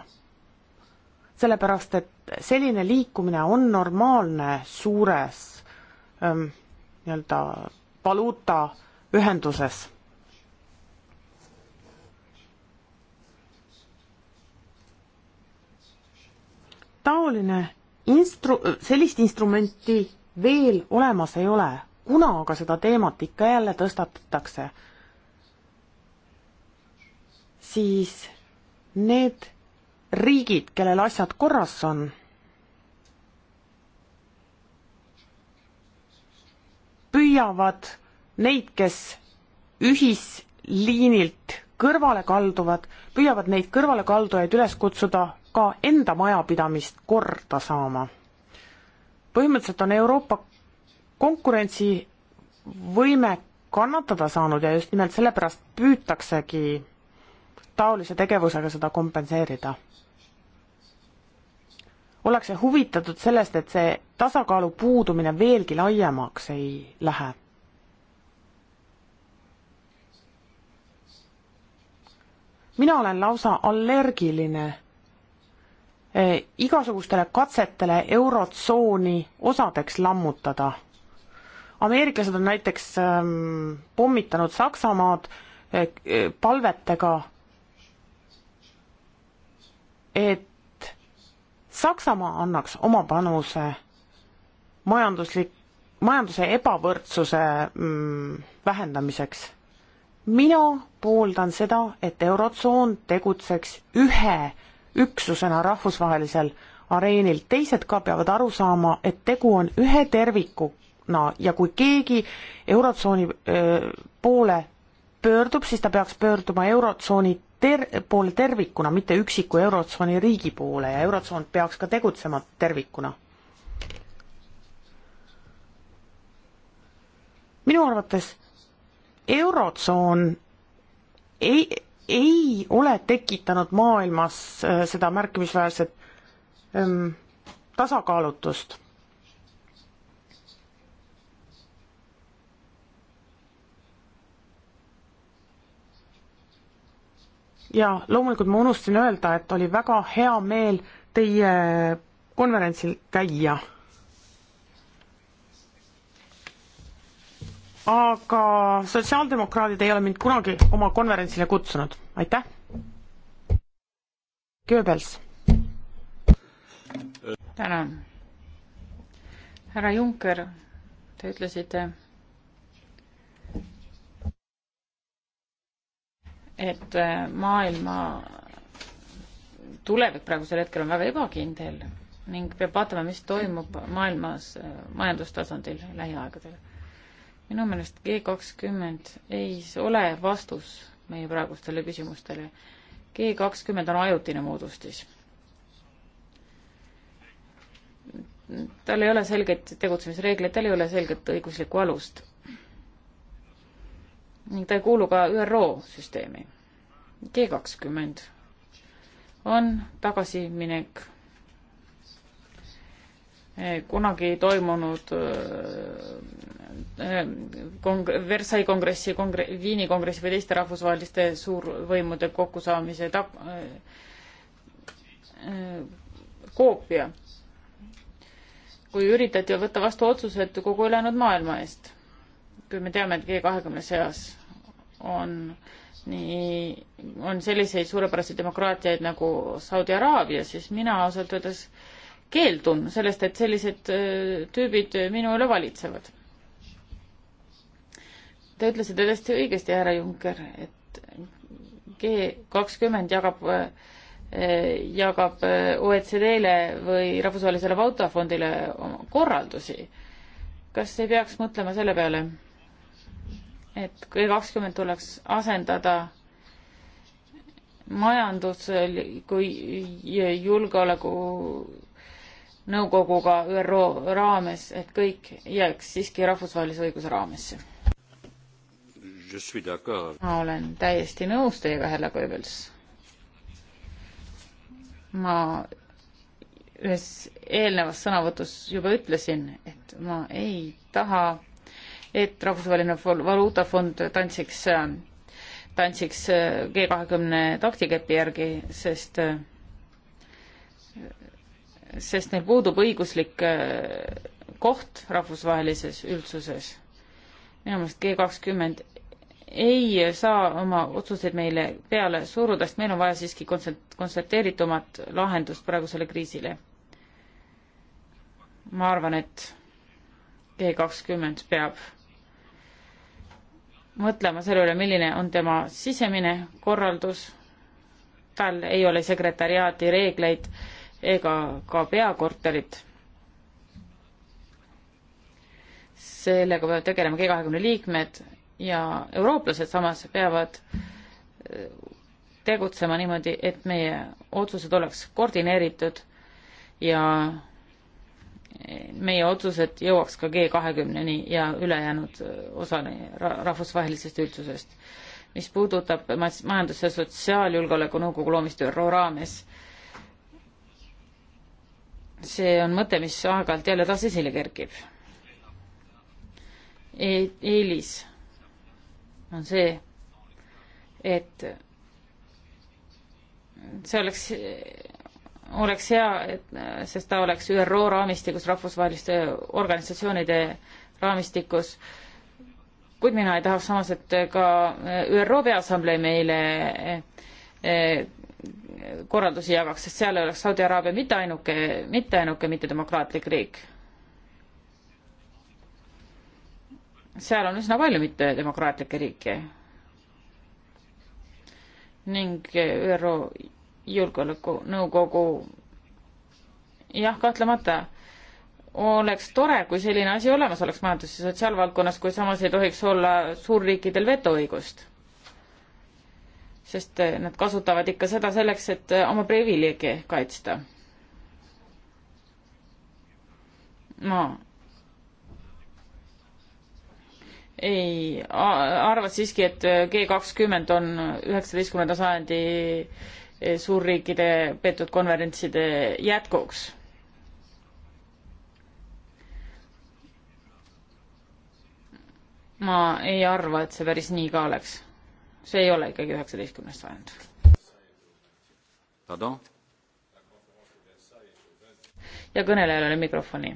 sellepärast, et selline liikumine on normaalne suures ähm, nii-öelda valuutaühenduses taoline instru-, sellist instrumenti veel olemas ei ole, kuna aga seda teemat ikka jälle tõstatatakse, siis need riigid, kellel asjad korras on, püüavad neid, kes ühisliinilt kõrvale kalduvad, püüavad neid kõrvalekaldujaid üles kutsuda ka enda majapidamist korda saama. põhimõtteliselt on Euroopa konkurentsivõime kannatada saanud ja just nimelt sellepärast püütaksegi taolise tegevusega seda kompenseerida. ollakse huvitatud sellest, et see tasakaalu puudumine veelgi laiemaks ei lähe. mina olen lausa allergiline Eh, igasugustele katsetele Eurotsooni osadeks lammutada. ameeriklased on näiteks ähm, pommitanud Saksamaad äh, palvetega, et Saksamaa annaks oma panuse majanduslik, majanduse ebavõrdsuse mm, vähendamiseks. mina pooldan seda, et Eurotsoon tegutseks ühe üksusena rahvusvahelisel areenil, teised ka peavad aru saama, et tegu on ühe tervikuna ja kui keegi Eurotsooni poole pöördub, siis ta peaks pöörduma Eurotsooni ter-, poole tervikuna, mitte üksiku Eurotsooni riigi poole ja Eurotsoon peaks ka tegutsema tervikuna. minu arvates Eurotsoon ei, ei ole tekitanud maailmas äh, seda märkimisväärset ähm, tasakaalutust jaa, loomulikult ma unustasin öelda, et oli väga hea meel teie konverentsil käia aga sotsiaaldemokraadid ei ole mind kunagi oma konverentsile kutsunud, aitäh. Goebbels. tänan. härra Juncker, te ütlesite, et äh, maailma tulevik praegusel hetkel on väga ebakindel ning peab vaatama, mis toimub maailmas äh, majandustasandil lähiaegadel minu meelest G kakskümmend ei ole vastus meie praegustele küsimustele. G kakskümmend on ajutine moodustis. tal ei ole selgeid tegutsemisreegleid, tal ei ole selget õiguslikku alust. ning ta ei kuulu ka ÜRO süsteemi. G kakskümmend on tagasiminek kunagi toimunud äh, äh, kong-, Versailles kongressi kongre-, Viini kongressi või teiste rahvusvaheliste suurvõimude kokkusaamise ta-, äh, koopia, kui üritati võtta vastu otsused kogu ülejäänud maailma eest. kui me teame, et G kahekümne seas on nii, on selliseid suurepäraseid demokraatiaid nagu Saudi Araabia, siis mina ausalt öeldes keeldun sellest, et sellised äh, tüübid minu üle valitsevad. Te ütlesite täiesti õigesti, härra Juncker, et G kakskümmend jagab, äh, jagab äh, OECD-le või Rahvusvahelisele Vautafondile korraldusi. kas ei peaks mõtlema selle peale, et G kakskümmend tuleks asendada majandus kui julgeoleku nõukoguga ÜRO raames, et kõik jääks siiski rahvusvahelise õiguse raamesse. ma olen täiesti nõus teiega, härra Goebbels. ma ühes eelnevas sõnavõtus juba ütlesin, et ma ei taha, et Rahvusvaheline Valuutafond tantsiks, tantsiks G kahekümne taktikepi järgi, sest sest neil puudub õiguslik äh, koht rahvusvahelises üldsuses. minu meelest G kakskümmend ei saa oma otsuseid meile peale suruda, sest meil on vaja siiski konstateeritumat lahendust praegusele kriisile. ma arvan, et G kakskümmend peab mõtlema selle üle, milline on tema sisemine korraldus, tal ei ole sekretäriaadi reegleid ega ka peakorterit. sellega peavad tegelema G kahekümne liikmed ja eurooplased samas peavad eh, tegutsema niimoodi, et meie otsused oleks koordineeritud ja eh, meie otsused jõuaks ka G kahekümneni ja ülejäänud eh, osani rahvusvahelisest üldsusest. mis puudutab majandus- ja sotsiaaljulgeoleku nõukogu loomist ÜRO raames, see on mõte, mis aeg-ajalt jälle taas esile kerkib e. eelis on see, et see oleks, oleks hea, et, sest ta oleks ÜRO raamistikus, rahvusvaheliste organisatsioonide raamistikus, kuid mina ei tahaks samas, et ka ÜRO Peaassamblee meile eh, korraldusi jagaks, sest seal ei oleks Saudi Araabia mitte ainuke, mitte ainuke mittedemokraatlik riik. seal on üsna palju mittedemokraatlikke riike. ning ÜRO Julgeolekunõukogu jah, kahtlemata oleks tore, kui selline asi olemas oleks majandus- ja sotsiaalvaldkonnas, kuid samas ei tohiks olla suurriikidel vetoõigust sest eh, nad kasutavad ikka seda selleks, et eh, oma privileegi kaitsta. ma ei arva siiski, et eh, G kakskümmend on üheksateistkümnenda sajandi suurriikide peetud konverentside jätkuks. ma ei arva, et see päris nii ka oleks see ei ole ikkagi üheksateistkümnes sajand. Pardon? ja kõnelejal oli mikrofoni.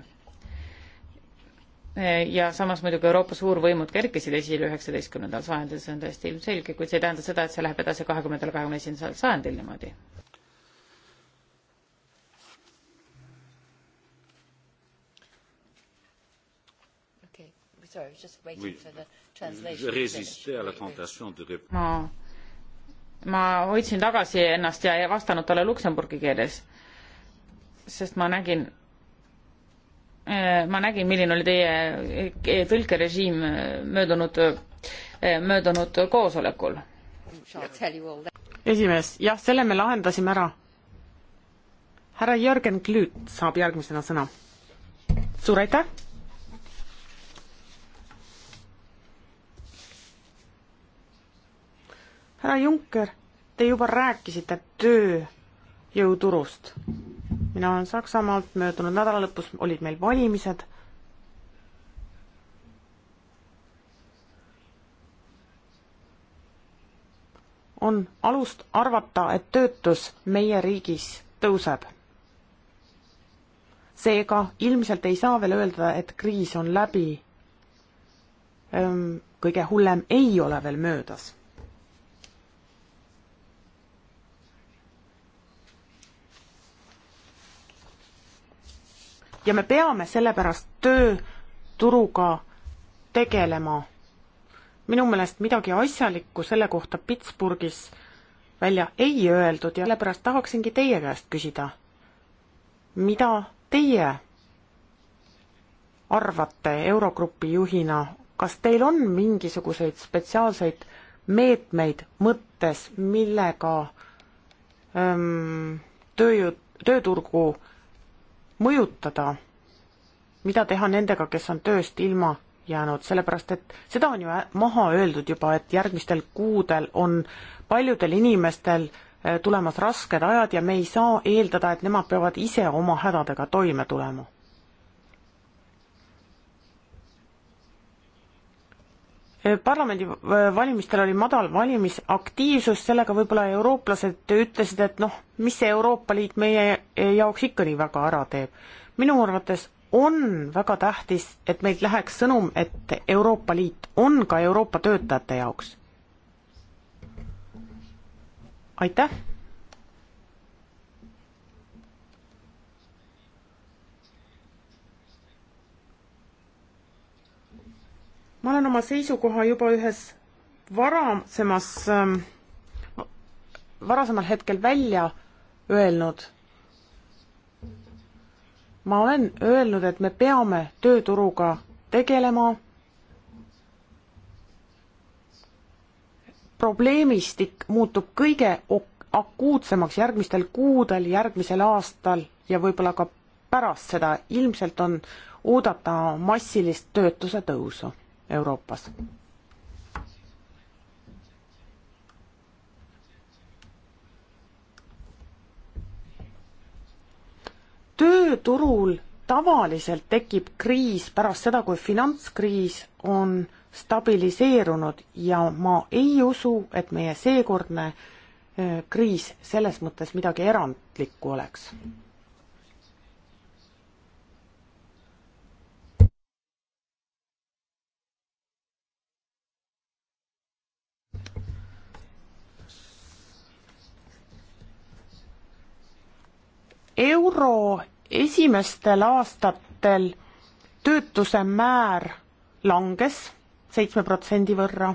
ja samas muidugi Euroopa suurvõimud kerkisid esile üheksateistkümnendal sajandil, see on täiesti ilmselge, kuid see ei tähenda seda, et see läheb edasi kahekümnendal, kahekümne esimesel sajandil niimoodi. Okay. Sorry, just waiting oui. for the ma, ma hoidsin tagasi ennast ja ei vastanud talle luksemburgi keeles, sest ma nägin, ma nägin, milline oli teie tõlkerežiim möödunud, möödunud koosolekul. esimees, jah, selle me lahendasime ära. härra Jörgen Klüüt saab järgmisena sõna. suur aitäh! härra Juncker, te juba rääkisite tööjõuturust. mina olen Saksamaalt, möödunud nädala lõpus olid meil valimised. on alust arvata, et töötus meie riigis tõuseb. seega ilmselt ei saa veel öelda, et kriis on läbi. kõige hullem ei ole veel möödas ja me peame sellepärast tööturuga tegelema. minu meelest midagi asjalikku selle kohta Pittsburghis välja ei öeldud ja sellepärast tahaksingi teie käest küsida, mida teie arvate Eurogrupi juhina, kas teil on mingisuguseid spetsiaalseid meetmeid mõttes, millega öö, ähm, tööjõud, tööturgu mõjutada, mida teha nendega, kes on tööst ilma jäänud, sellepärast et seda on ju maha öeldud juba, et järgmistel kuudel on paljudel inimestel äh, tulemas rasked ajad ja me ei saa eeldada, et nemad peavad ise oma hädadega toime tulema parlamendivalimistel oli madal valimisaktiivsus, sellega võib-olla eurooplased ütlesid, et noh, mis see Euroopa Liit meie jaoks ikka nii väga ära teeb. minu arvates on väga tähtis, et meilt läheks sõnum, et Euroopa Liit on ka Euroopa töötajate jaoks. aitäh! ma olen oma seisukoha juba ühes varasemas ähm, varasemal hetkel välja öelnud. ma olen öelnud, et me peame tööturuga tegelema. probleemistik muutub kõige akuutsemaks järgmistel kuudel, järgmisel aastal ja võib-olla ka pärast seda ilmselt on oodata massilist töötuse tõusu Euroopas. tööturul tavaliselt tekib kriis pärast seda, kui finantskriis on stabiliseerunud ja ma ei usu, et meie seekordne äh, kriis selles mõttes midagi erandlikku oleks mm. -hmm euro esimestel aastatel töötuse määr langes seitsme protsendi võrra.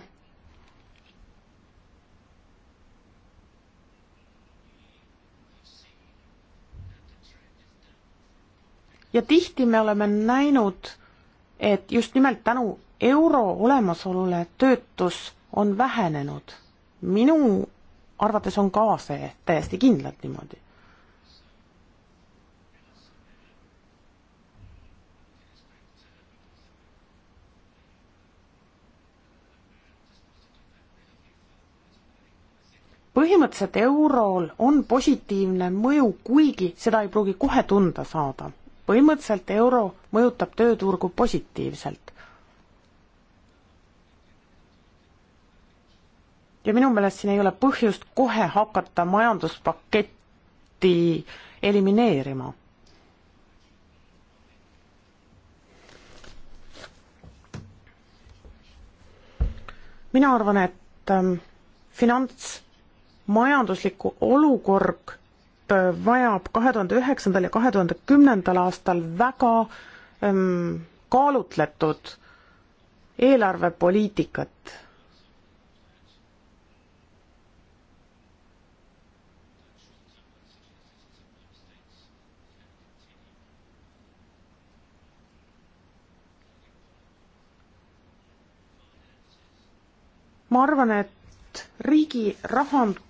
ja tihti me oleme näinud, et just nimelt tänu euro olemasolule töötus on vähenenud. minu arvates on ka see täiesti kindlalt niimoodi. põhimõtteliselt eurol on positiivne mõju, kuigi seda ei pruugi kohe tunda saada. põhimõtteliselt euro mõjutab tööturgu positiivselt. ja minu meelest siin ei ole põhjust kohe hakata majanduspaketti elimineerima mina arvan, et ähm, finants majanduslikku olukord äh, vajab kahe tuhande üheksandal ja kahe tuhande kümnendal aastal väga ähm, kaalutletud eelarvepoliitikat. ma arvan, et riigi rahand-,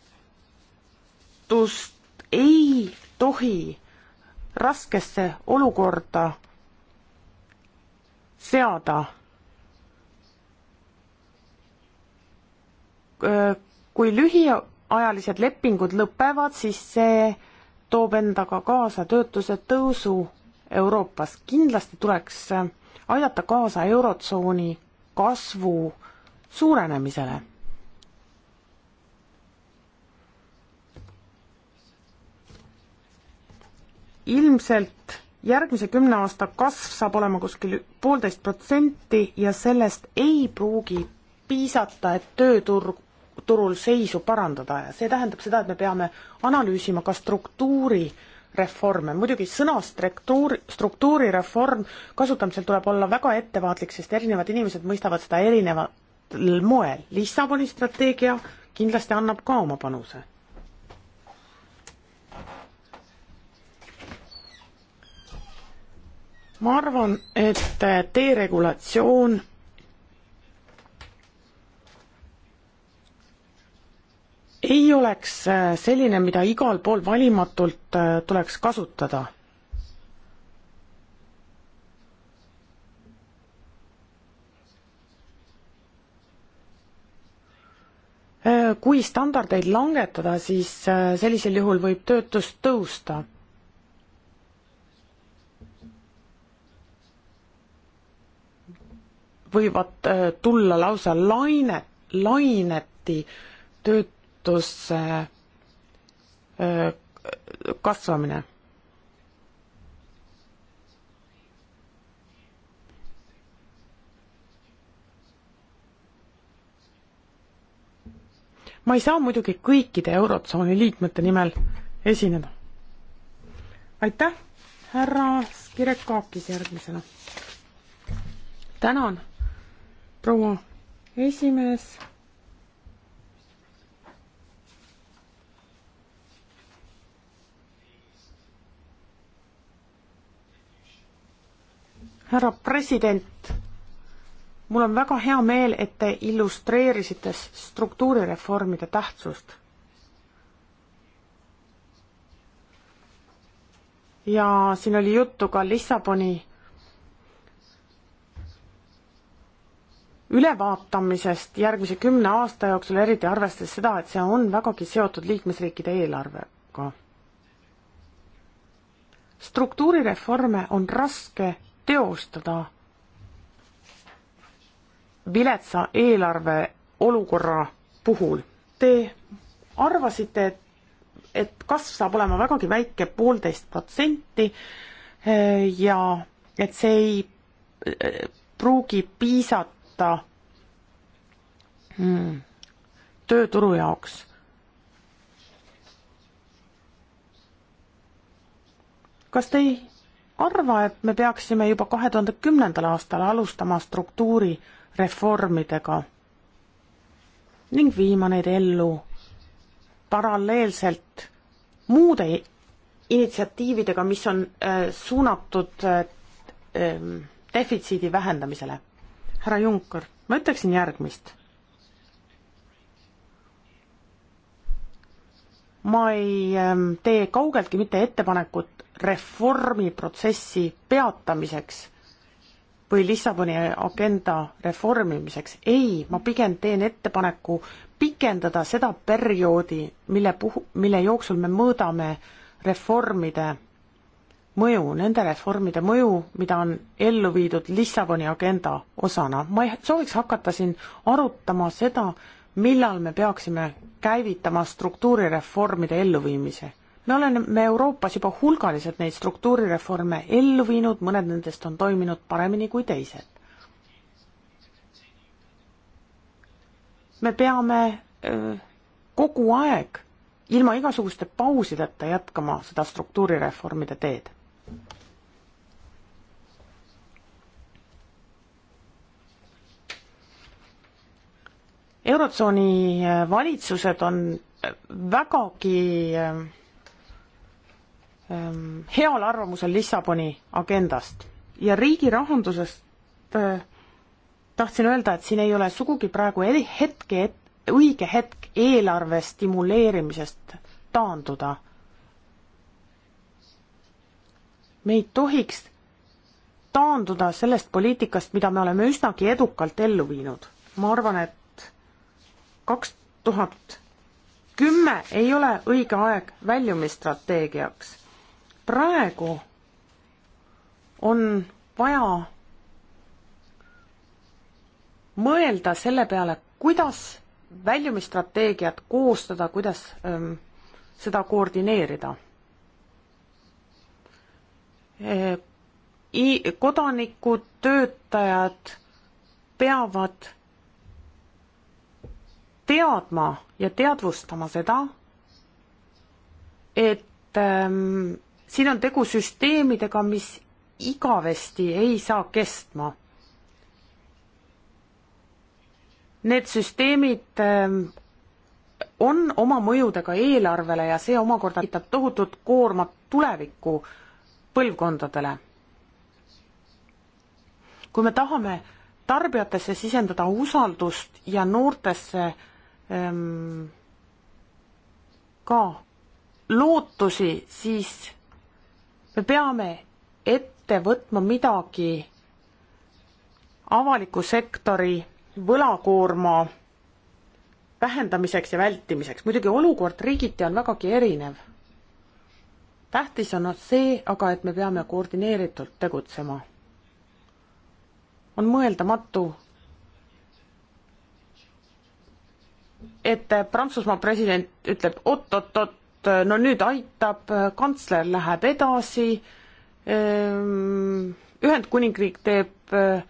lootust ei tohi raskesse olukorda seada. kui lühiajalised lepingud lõpevad, siis see toob endaga kaasa töötuse tõusu Euroopas. kindlasti tuleks aidata kaasa Eurotsooni kasvu suurenemisele ilmselt järgmise kümne aasta kasv saab olema kuskil poolteist protsenti ja sellest ei pruugi piisata, et tööturg, turul seisu parandada ja see tähendab seda, et me peame analüüsima ka struktuurireforme, muidugi sõna struktuur, struktuurireform kasutamisel tuleb olla väga ettevaatlik, sest erinevad inimesed mõistavad seda erineval moel, Lissaboni strateegia kindlasti annab ka oma panuse ma arvan, et äh, deregulatsioon ei oleks äh, selline, mida igal pool valimatult äh, tuleks kasutada. kui standardeid langetada, siis sellisel juhul võib töötus tõusta võivad äh, tulla lausa laine, laineti töötuse äh, kasvamine. ma ei saa muidugi kõikide Eurotsooni liikmete nimel esineda. aitäh, härra Skirekakis järgmisena. tänan proua esimees. härra president, mul on väga hea meel, et te illustreerisite struktuurireformide tähtsust. ja siin oli juttu ka Lissaboni ülevaatamisest järgmise kümne aasta jooksul, eriti arvestades seda, et see on vägagi seotud liikmesriikide eelarvega. struktuurireforme on raske teostada viletsa eelarve olukorra puhul. Te arvasite, et, et kasv saab olema vägagi väike, poolteist protsenti ja et see ei eh, pruugi piisata kaasata mm, tööturu jaoks. kas te ei arva, et me peaksime juba kahe tuhande kümnendal aastal alustama struktuurireformidega ning viima neid ellu paralleelselt muude initsiatiividega, mis on äh, suunatud äh, äh defitsiidi vähendamisele härra Juncker, ma ütleksin järgmist. ma ei ähm, tee kaugeltki mitte ettepanekut reformiprotsessi peatamiseks või Lissaboni agenda reformimiseks, ei, ma pigem teen ettepaneku pikendada seda perioodi, mille puhu, mille jooksul me mõõdame reformide mõju, nende reformide mõju, mida on ellu viidud Lissaboni agenda osana. ma ei sooviks hakata siin arutama seda, millal me peaksime käivitama struktuurireformide elluviimise. me oleme Euroopas juba hulgaliselt neid struktuurireforme ellu viinud, mõned nendest on toiminud paremini kui teised. me peame öö, kogu aeg ilma igasuguste pausideta jätkama seda struktuurireformide teed eurotsooni valitsused on vägagi ähm, ähm, heal arvamusel Lissaboni agendast ja riigi rahandusest äh, tahtsin öelda, et siin ei ole sugugi praegu hetke, õige hetk eelarve stimuleerimisest taanduda me ei tohiks taanduda sellest poliitikast, mida me oleme üsnagi edukalt ellu viinud. ma arvan, et kaks tuhat kümme ei ole õige aeg väljumisstrateegiaks. praegu on vaja mõelda selle peale, kuidas väljumisstrateegiat koostada, kuidas ähm, seda koordineerida Äh, kodanikud, töötajad peavad teadma ja teadvustama seda, et ähm, siin on tegu süsteemidega, mis igavesti ei saa kestma. Need süsteemid ähm, on oma mõjudega eelarvele ja see omakorda aitab tohutut koormat tulevikku äh, põlvkondadele. kui me tahame tarbijatesse sisendada usaldust ja noortesse ähm, ka lootusi, siis me peame ette võtma midagi avaliku sektori võlakoorma vähendamiseks ja vältimiseks. muidugi olukord riigiti on vägagi erinev tähtis on see aga, et me peame koordineeritult tegutsema. on mõeldamatu, et Prantsusmaa president ütleb oot-oot-oot, no nüüd aitab, kantsler läheb edasi, ehm, Ühendkuningriik teeb eh,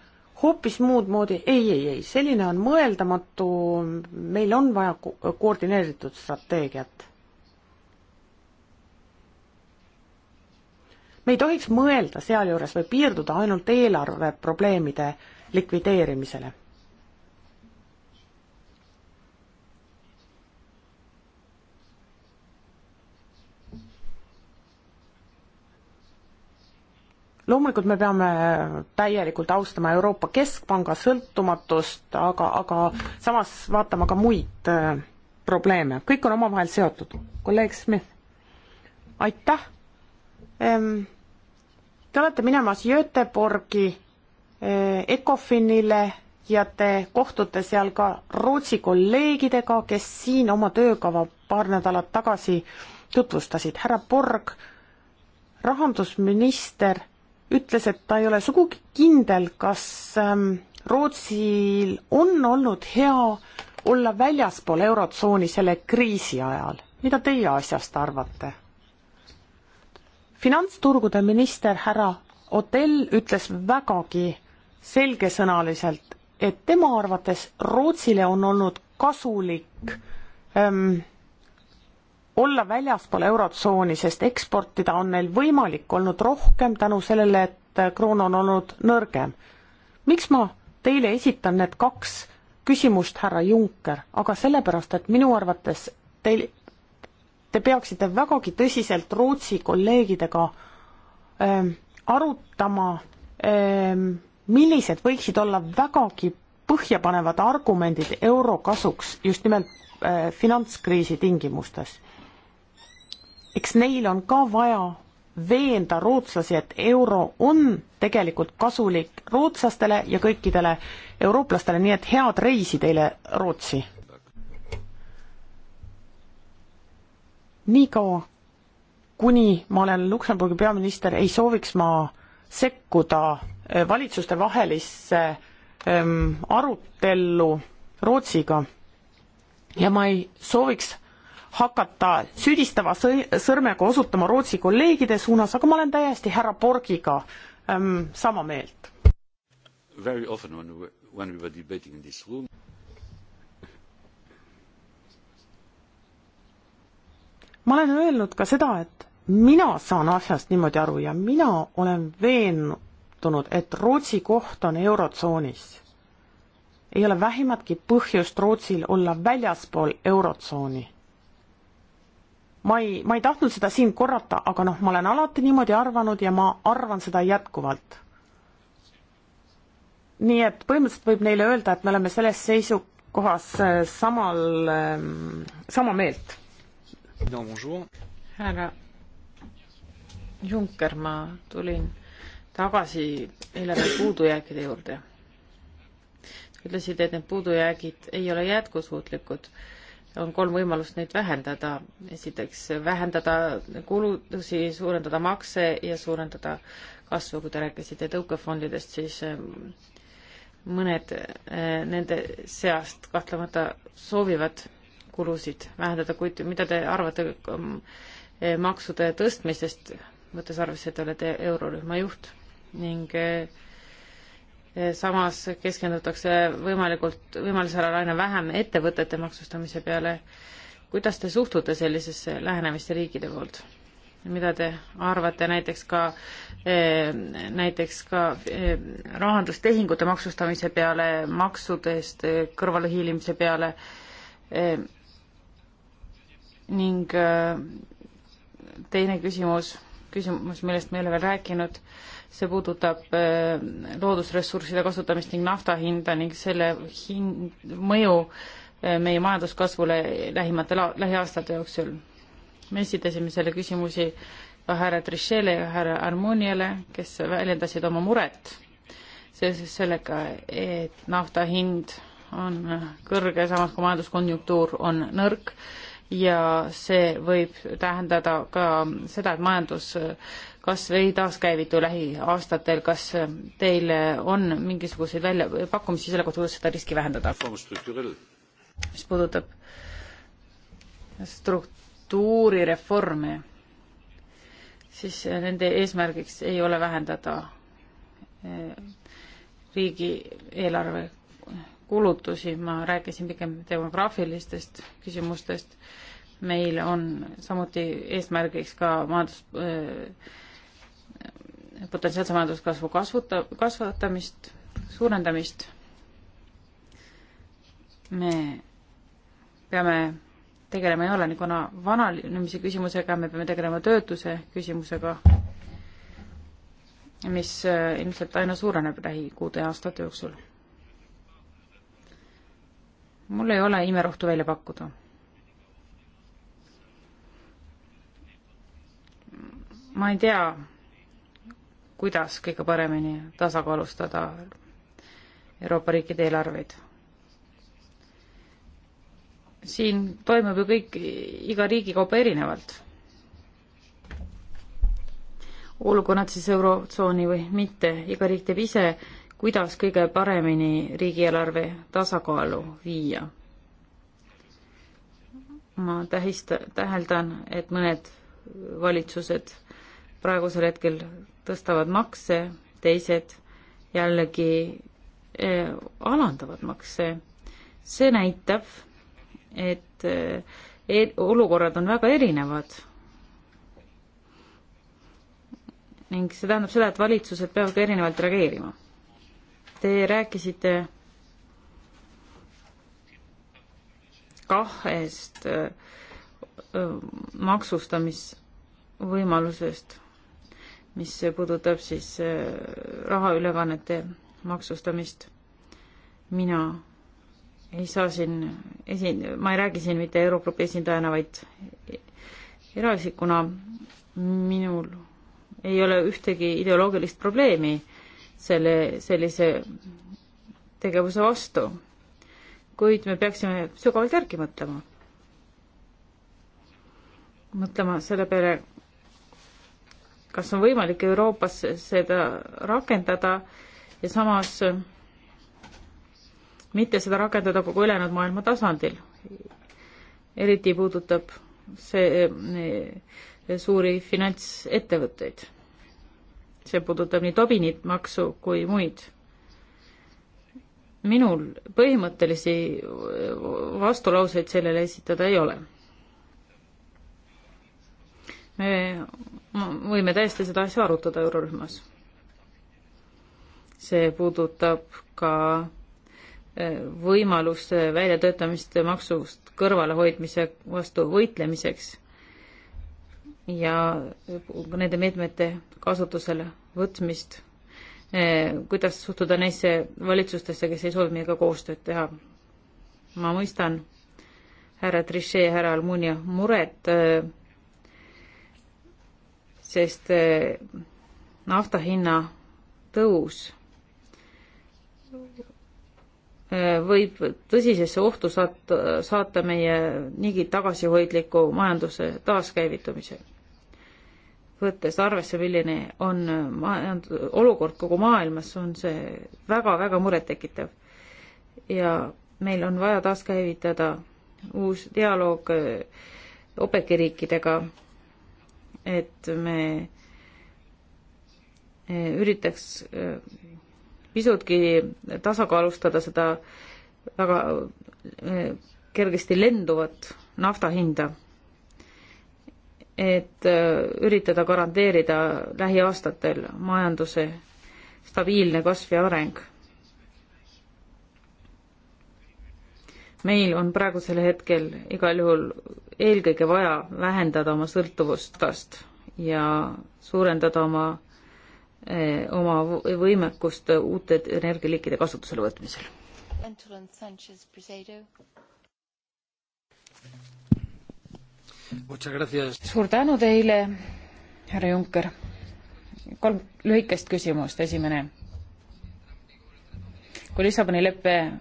hoopis muud moodi, ei, ei, ei, selline on mõeldamatu, meil on vaja ko koordineeritud strateegiat me ei tohiks mõelda sealjuures või piirduda ainult eelarveprobleemide likvideerimisele. loomulikult me peame täielikult austama Euroopa Keskpanga sõltumatust, aga, aga samas vaatama ka muid äh, probleeme, kõik on omavahel seotud. kolleeg Smith, aitäh ehm,. Te olete minemas Göteborgi eh, ECOFINile ja te kohtute seal ka Rootsi kolleegidega, kes siin oma töökava paar nädalat tagasi tutvustasid. härra Borg, rahandusminister ütles, et ta ei ole sugugi kindel, kas ähm, Rootsil on olnud hea olla väljaspool Eurotsooni selle kriisi ajal. mida teie asjast arvate? finantsturgude minister härra Otell ütles vägagi selgesõnaliselt, et tema arvates Rootsile on olnud kasulik ähm, olla väljaspool eurotsooni, sest eksportida on neil võimalik olnud rohkem tänu sellele, et äh, kroon on olnud nõrgem. miks ma teile esitan need kaks küsimust, härra Juncker, aga sellepärast, et minu arvates teil te peaksite vägagi tõsiselt Rootsi kolleegidega ähm, arutama ähm,, millised võiksid olla vägagi põhjapanevad argumendid euro kasuks just nimelt äh, finantskriisi tingimustes. eks neil on ka vaja veenda rootslasi, et euro on tegelikult kasulik rootslastele ja kõikidele eurooplastele, nii et head reisi teile Rootsi! niikaua, kuni ma olen Luksemburgi peaminister, ei sooviks ma sekkuda eh, valitsuste vahelisse ähm, arutellu Rootsiga ja ma ei sooviks hakata süüdistava sõrmega osutama Rootsi kolleegide suunas, aga ma olen täiesti härra Borgiga ähm, sama meelt. ma olen öelnud ka seda, et mina saan asjast niimoodi aru ja mina olen veendunud, et Rootsi koht on Eurotsoonis. ei ole vähimatki põhjust Rootsil olla väljaspool Eurotsooni ma ei, ma ei tahtnud seda siin korrata, aga noh, ma olen alati niimoodi arvanud ja ma arvan seda jätkuvalt. nii et põhimõtteliselt võib neile öelda, et me oleme selles seisukohas äh, samal, ähm, sama meelt härra Junker, ma tulin tagasi eelarve puudujääkide juurde. ütlesid, et need puudujäägid ei ole jätkusuutlikud. on kolm võimalust neid vähendada. esiteks vähendada kulutusi, suurendada makse ja suurendada kasvu, kui te rääkisite tõukefondidest, siis ähm, mõned äh, nende seast kahtlemata soovivad kulusid vähendada, kuid mida te arvate ähm, eh, maksude tõstmistest, võttes arvesse, et te olete eurorühma juht ning eh, eh, samas keskendutakse võimalikult, võimalusel ajal aina vähem ettevõtete maksustamise peale. kuidas te suhtute sellisesse lähenemisse riikide poolt? mida te arvate näiteks ka, näiteks ka rahandustehingute maksustamise peale, maksudest kõrvalehiilimise peale, ning äh, teine küsimus, küsimus, millest me ei ole veel rääkinud, see puudutab äh, loodusressursside kasutamist ning nafta hinda ning selle hin-, mõju äh, meie majanduskasvule lähimatel, lähiaastate jooksul. me esitasime selle küsimusi ka härra Trichele ja härra Armoniale, kes väljendasid oma muret seoses sellega, et nafta hind on kõrge, samas kui majanduskonjunktuur on nõrk ja see võib tähendada ka seda, et majanduskasv ei taaskäivitu lähiaastatel. kas teil on mingisuguseid väljapakkumisi selle kohta, kuidas seda riski vähendada? mis puudutab struktuurireforme, siis nende eesmärgiks ei ole vähendada eh, riigieelarve kulutusi, ma rääkisin pigem demograafilistest küsimustest, meil on samuti eesmärgiks ka majandus äh,, potentsiaalse majanduskasvu kasvuta-, kasvatamist, suurendamist. me peame tegelema elanikkonna vananemise küsimusega, me peame tegelema töötuse küsimusega, mis äh, ilmselt aina suureneb lähikuude ja aastate jooksul mul ei ole imerohtu välja pakkuda. ma ei tea, kuidas kõige paremini tasakaalustada Euroopa riikide eelarveid. siin toimub ju kõik iga riigi kaupa erinevalt. olgu nad siis Eurotsooni või mitte, iga riik teeb ise kuidas kõige paremini riigieelarve tasakaalu viia. ma tähista-, täheldan, et mõned valitsused praegusel hetkel tõstavad makse, teised jällegi äh, alandavad makse. see näitab, et äh, e olukorrad on väga erinevad. ning see tähendab seda, et valitsused peavad ka erinevalt reageerima Te rääkisite kahest maksustamisvõimalusest, mis puudutab siis rahaülekannete maksustamist. mina ei saa siin esi-, ma ei räägi siin mitte Eurogrupi esindajana, vaid eraisikuna minul ei ole ühtegi ideoloogilist probleemi äh, selle, sellise tegevuse vastu. kuid me peaksime sügavalt järgi mõtlema. mõtlema selle peale, kas on võimalik Euroopas seda rakendada ja samas mitte seda rakendada kogu ülejäänud maailma tasandil. eriti puudutab see eh, suuri finantsettevõtteid see puudutab nii Tobinit maksu kui muid. minul põhimõttelisi vastulauseid sellele esitada ei ole. me võime täiesti seda asja arutada eurorühmas. see puudutab ka eh, võimalust väljatöötamist maksust kõrvalehoidmise vastu võitlemiseks ja nende meetmete kasutusele võtmist, eh, kuidas suhtuda neisse valitsustesse, kes ei soovi meiega koostööd teha. ma mõistan härra Trichet ja härra Almunia muret, eh, sest eh, nafta hinna tõus võib tõsisesse ohtu saata, saata meie niigi tagasihoidliku majanduse taaskäivitumise võttes arvesse, milline on olukord kogu maailmas, on see väga-väga murettekitav. ja meil on vaja taaskäivitada uus dialoog äh, OPEC-i riikidega, et me äh, üritaks äh, pisutki tasakaalustada seda väga kergesti lenduvat nafta hinda et äh, üritada garanteerida lähiaastatel majanduse stabiilne kasv ja areng. meil on praegusel hetkel igal juhul eelkõige vaja vähendada oma sõltuvustest ja suurendada oma, äh, oma võimekust uute energialiikide kasutusele võtmisel suur tänu teile, härra Juncker. kolm lühikest küsimust, esimene. kui Lissaboni lepe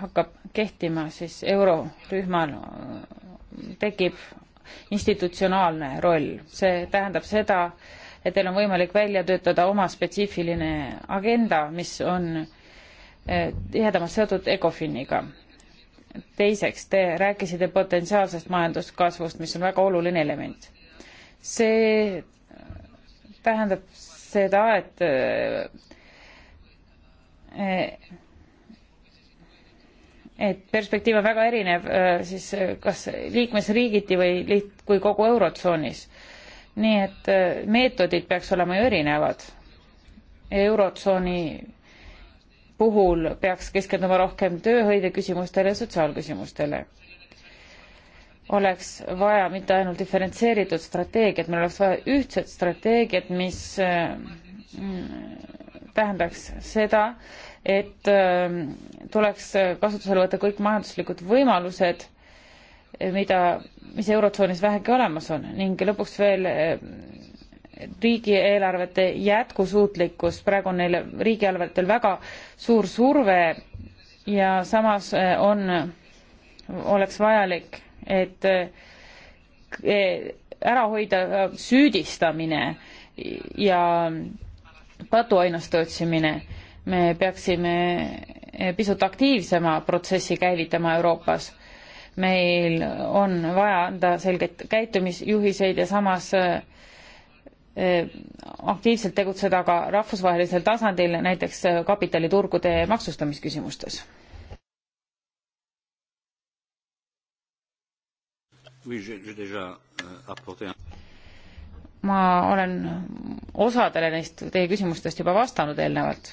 hakkab kehtima, siis eurorühmal tekib institutsionaalne roll, see tähendab seda, et teil on võimalik välja töötada oma spetsiifiline agenda, mis on eh, tihedamalt seotud ECOFIN-iga teiseks, te rääkisite potentsiaalsest majanduskasvust, mis on väga oluline element. see tähendab seda, et eh, et perspektiiv on väga erinev eh, siis eh, kas liikmesriigiti või liht-, kui kogu Eurotsoonis. nii et meetodid peaks olema ju erinevad. Eurotsooni puhul peaks keskenduma rohkem tööhõive küsimustele ja sotsiaalküsimustele. oleks vaja mitte ainult diferentseeritud strateegiat, meil oleks vaja ühtset strateegiat, mis mm, tähendaks seda, et mm, tuleks kasutusele võtta kõik majanduslikud võimalused, mida, mis Eurotsoonis vähegi olemas on ning lõpuks veel mm, riigieelarvete jätkusuutlikkus, praegu on neil riigieelarvetel väga suur surve ja samas eh, on, oleks vajalik, et eh, ära hoida eh, süüdistamine ja patuainaste otsimine. me peaksime pisut aktiivsema protsessi käivitama Euroopas. meil on vaja anda selgeid käitumisjuhiseid ja samas äh, Eh, aktiivselt tegutseda ka rahvusvahelisel tasandil, näiteks eh, kapitaliturgude maksustamisküsimustes? Euh, ma olen osadele neist teie küsimustest juba vastanud eelnevalt,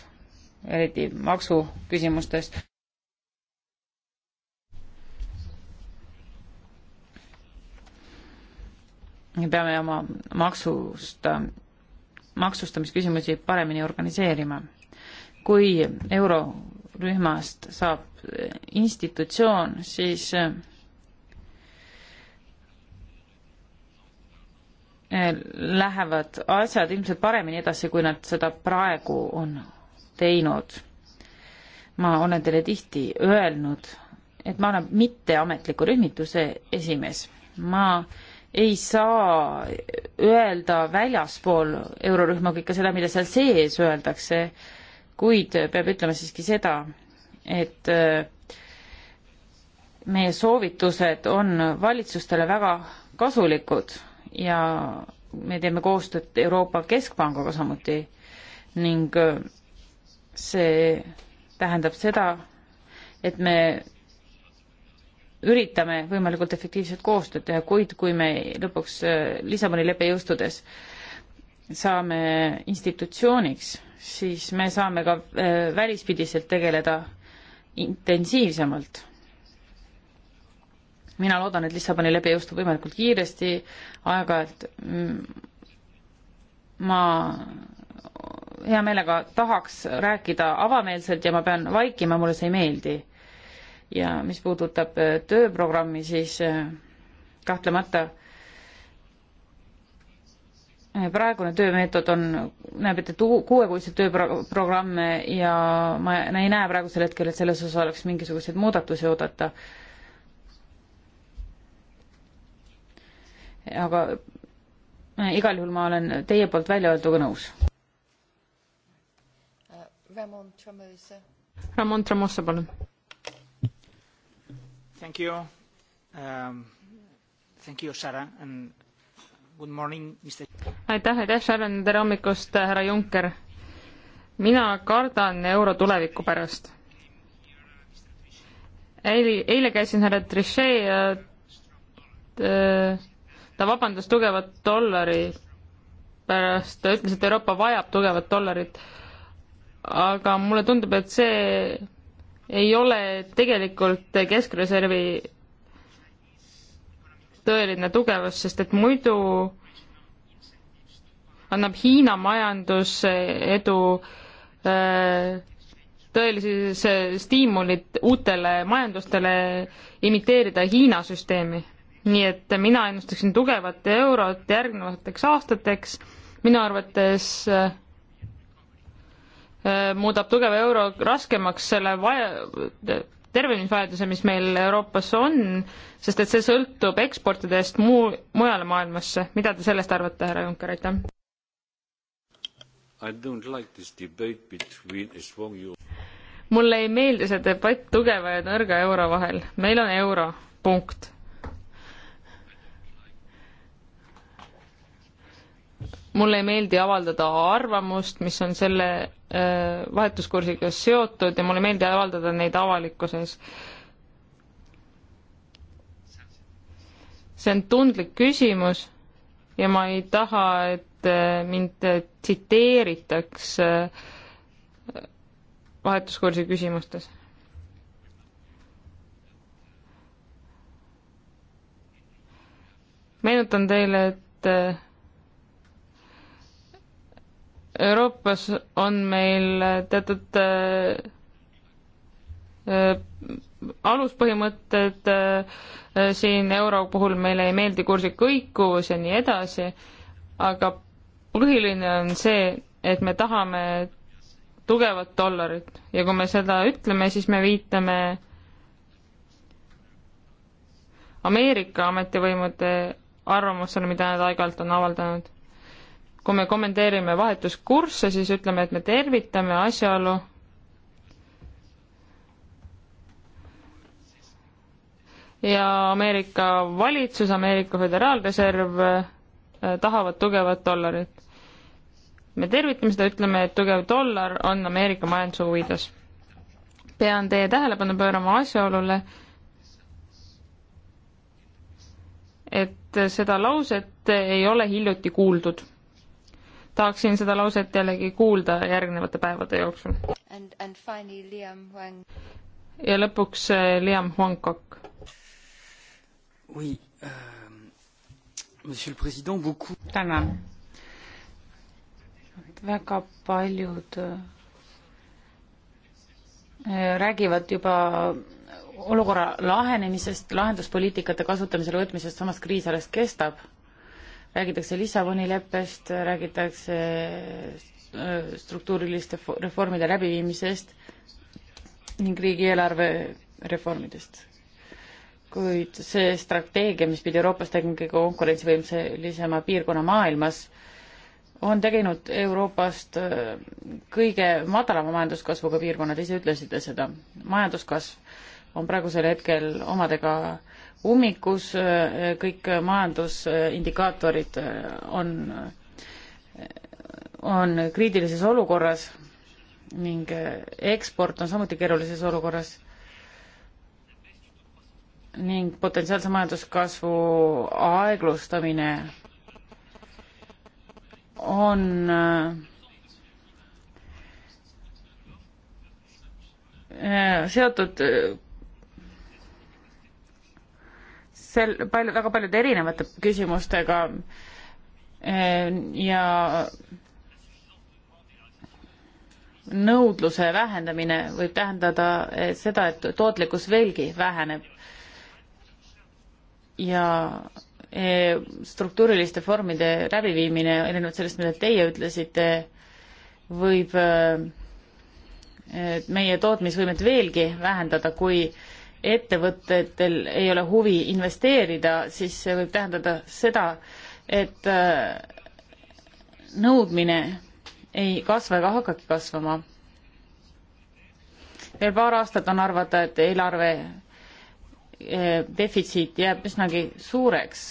eriti maksuküsimustes me peame oma maksust, äh, maksustamisküsimusi paremini organiseerima. kui eurorühmast saab äh, institutsioon, siis äh, lähevad asjad ilmselt paremini edasi, kui nad seda praegu on teinud. ma olen teile tihti öelnud, et ma olen mitteametliku rühmituse esimees. ma äh, ei saa öelda väljaspool eurorühma kõike seda, mida seal sees öeldakse, kuid peab ütlema siiski seda, et äh, meie soovitused on valitsustele väga kasulikud ja me teeme koostööd Euroopa Keskpangaga samuti ning äh, see tähendab seda, et me üritame võimalikult efektiivset koostööd teha, kuid kui me lõpuks äh, Lissaboni leppe jõustudes saame institutsiooniks, siis me saame ka äh, välispidiselt tegeleda intensiivsemalt. mina loodan, et Lissaboni lepe jõustub võimalikult kiiresti, aeg-ajalt mm, ma hea meelega tahaks rääkida avameelselt ja ma pean vaikima, mulle see ei meeldi ja mis puudutab äh, tööprogrammi, siis äh, kahtlemata äh, praegune töömeetod on, näeb ette kuuekuiseid tööprogramme ja ma ei näe praegusel hetkel, et selles osas oleks mingisuguseid muudatusi oodata. aga igal juhul ma olen teie poolt välja öelduga nõus. Ramon Tramosa, palun Thank you. Um, thank you, Sarah, and good morning, Mr. aitäh, aitäh, Sharon, tere hommikust, härra Juncker. mina kardan euro tuleviku pärast. eile, eile käisin härra Trichet ja äh, ta vabandas tugevat dollari pärast, ta ütles, et Euroopa vajab tugevat dollarit. aga mulle tundub, et see ei ole tegelikult keskreservi tõeline tugevus, sest et muidu annab Hiina majandus edu äh, tõelise stiimulit uutele majandustele imiteerida Hiina süsteemi. nii et mina ennustaksin tugevat eurot järgnevateks aastateks, minu arvates äh, Äh, muudab tugev euro raskemaks selle vaja-, tervenemisvajaduse, mis meil Euroopas on, sest et see sõltub eksportidest muu, mujale maailmasse. mida te sellest arvate, härra Juncker, aitäh? mulle ei meeldi see debatt tugeva ja nõrga euro vahel. meil on euro, punkt mulle ei meeldi avaldada arvamust, mis on selle äh, vahetuskursiga seotud ja mulle ei meeldi avaldada neid avalikkuses. see on tundlik küsimus ja ma ei taha, et äh, mind tsiteeritaks äh, vahetuskursi küsimustes meenutan teile, et äh, Euroopas on meil teatud äh, äh, aluspõhimõtted äh,, siin euro puhul meile ei meeldi kursi kõikuvus ja nii edasi, aga põhiline on see, et me tahame tugevat dollarit ja kui me seda ütleme, siis me viitame Ameerika ametivõimude arvamusele, mida nad aeg-ajalt on avaldanud kui me kommenteerime vahetuskursse, siis ütleme, et me tervitame asjaolu, ja Ameerika valitsus, Ameerika Föderaalreserv äh, tahavad tugevat dollarit. me tervitame seda, ütleme, et tugev dollar on Ameerika majanduse huvides. pean teie tähelepanu pöörama asjaolule, et seda lauset ei ole hiljuti kuuldud tahaksin seda lauset jällegi kuulda järgnevate päevade jooksul. ja lõpuks äh, Liam Wangkok oui,. Euh, beaucoup... tänan. väga paljud äh, räägivad juba olukorra lahenemisest, lahenduspoliitikate kasutamisele võtmisest, samas kriis alles kestab räägitakse Lissaboni leppest, räägitakse äh, struktuuriliste reformide läbiviimisest ning riigieelarve reformidest. kuid see strateegia, mis pidi Euroopas tegema kõige konkurentsivõimselisema piirkonna maailmas, on teginud Euroopast äh, kõige madalama majanduskasvuga piirkonna, te ise ütlesite seda. majanduskasv on praegusel hetkel omadega äh, ummikus, äh, kõik majandusindikaatorid äh, on, äh, on kriitilises olukorras ning eksport on samuti keerulises olukorras ning potentsiaalse majanduskasvu aeglustamine on seotud sel-, palju, väga paljude erinevate küsimustega äh, ja nõudluse vähendamine võib tähendada äh, seda, et tootlikkus veelgi väheneb ja äh, struktuuriliste formide läbiviimine, erinevalt sellest, mida teie ütlesite, võib meie tootmisvõimet veelgi vähendada, kui äh, ettevõtetel ei ole huvi investeerida, siis see võib tähendada seda, et äh, nõudmine ei kasva ega hakagi kasvama. veel paar aastat on arvata, et eelarve äh, defitsiit jääb üsnagi suureks.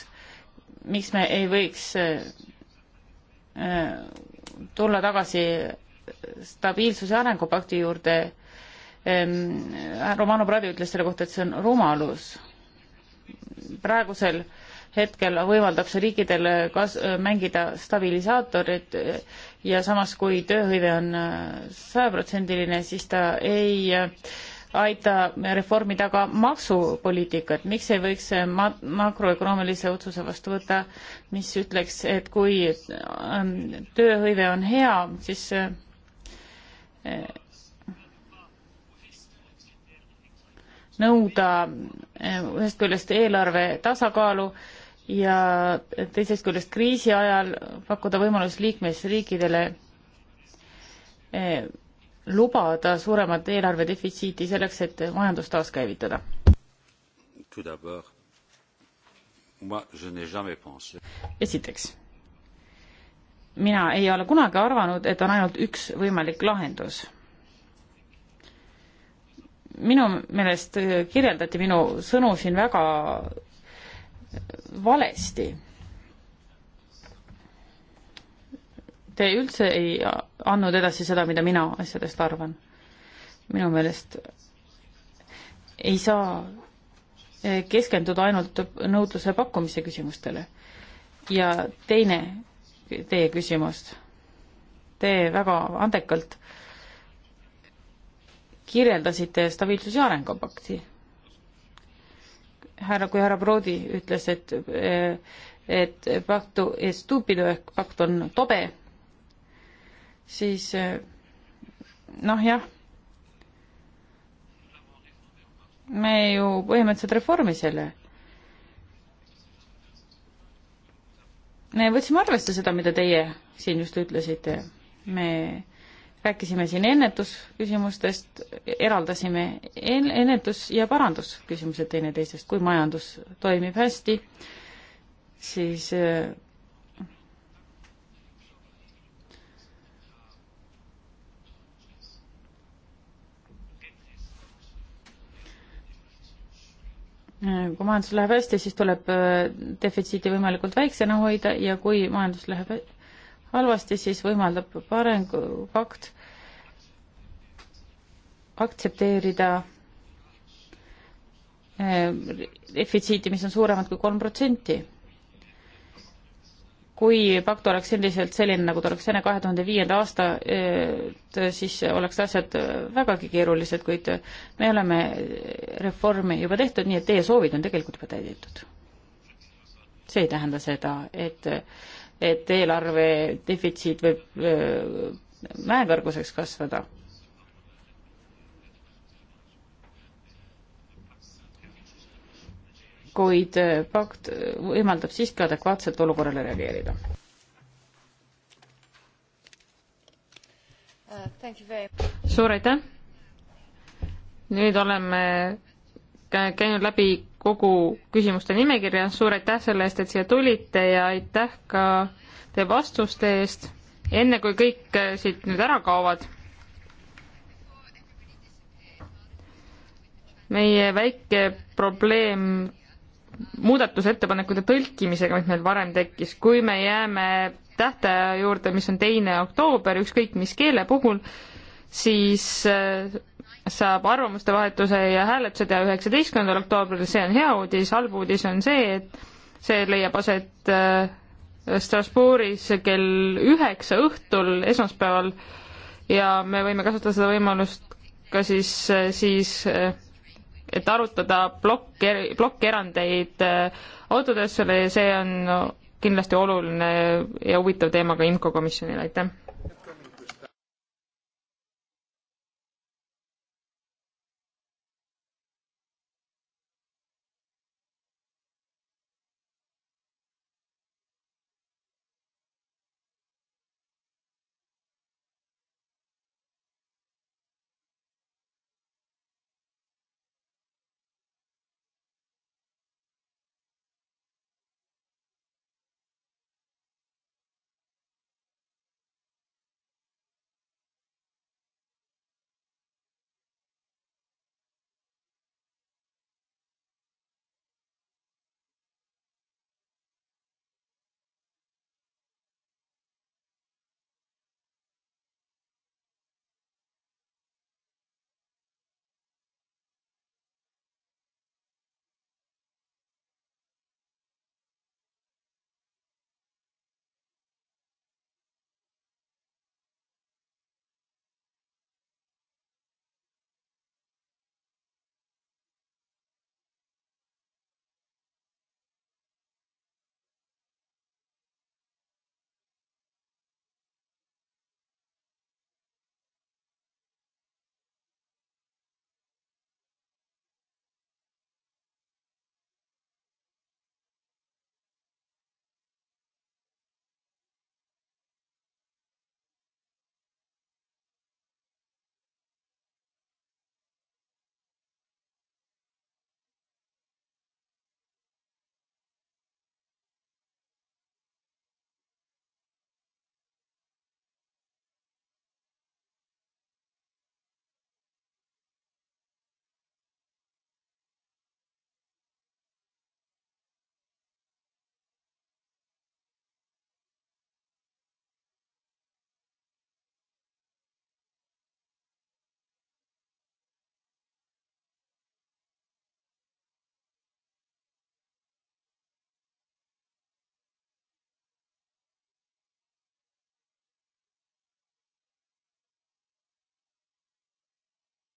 miks me ei võiks äh, tulla tagasi stabiilsuse arengupakti juurde Romano Pradi ütles selle kohta, et see on rumalus. praegusel hetkel võimaldab see riikidel kas-, mängida stabilisaatorit eh, ja samas, kui tööhõive on eh, sajaprotsendiline, siis ta ei eh, aita reformida ka maksupoliitikat, miks ei võiks ma-, makroökonoomilise otsuse vastu võtta, mis ütleks, et kui tööhõive on hea, siis nõuda eh, ühest küljest eelarve tasakaalu ja teisest küljest kriisi ajal pakkuda võimalus liikmesriikidele eh, lubada suuremat eelarve defitsiiti selleks, et majandust taaskäivitada? esiteks, mina ei ole kunagi arvanud, et on ainult üks võimalik lahendus minu meelest kirjeldati minu sõnu siin väga valesti. Te üldse ei andnud edasi seda, mida mina asjadest arvan. minu meelest ei saa keskenduda ainult nõudluse pakkumise küsimustele. ja teine teie küsimus. Te väga andekalt äh, kirjeldasite stabiilsus- ja arengupakti. härra, kui härra Brodi ütles, et et paktu estupido ehk pakt on tobe, siis noh, jah, me ju põhimõtteliselt reformi selle. me võtsime arvesse seda, mida teie siin just ütlesite. me rääkisime siin ennetusküsimustest, eraldasime en-, ennetus- ja parandusküsimused teineteisest, kui majandus toimib hästi, siis äh, kui majandus läheb hästi, siis tuleb äh, defitsiiti võimalikult väiksena hoida ja kui majandus läheb halvasti, siis võimaldab arengupakt aktsepteerida eh, defitsiiti, mis on suuremad kui kolm protsenti. kui pakt oleks endiselt selline, nagu ta oleks enne kahe tuhande viienda aasta, siis oleks asjad vägagi keerulised, kuid me oleme reformi juba tehtud, nii et teie soovid on tegelikult juba täidetud. see ei tähenda seda, et äh, et eelarve defitsiit võib mäekõrguseks kasvada. kuid pakt võimaldab siiski adekvaatselt olukorrale reageerida. Uh, suur aitäh! nüüd oleme käinud läbi kogu küsimuste nimekirja, suur aitäh selle eest, et siia tulite ja aitäh ka teie vastuste eest. enne kui kõik äh, siit nüüd ära kaovad, meie väike probleem muudatusettepanekute tõlkimisega, mis meil varem tekkis, kui me jääme tähtaja juurde, mis on teine oktoober, ükskõik mis keele puhul, siis äh, saab arvamuste vahetuse ja hääletuse teha üheksateistkümnendal oktoobril, see on hea uudis, halb uudis on see, et see leiab aset äh, Strasbourgis kell üheksa õhtul esmaspäeval ja me võime kasutada seda võimalust ka siis, äh, siis äh, et arutada plokk, plokkerandeid autotööstusele ja see on kindlasti oluline ja huvitav teema ka IMCO komisjonile, aitäh!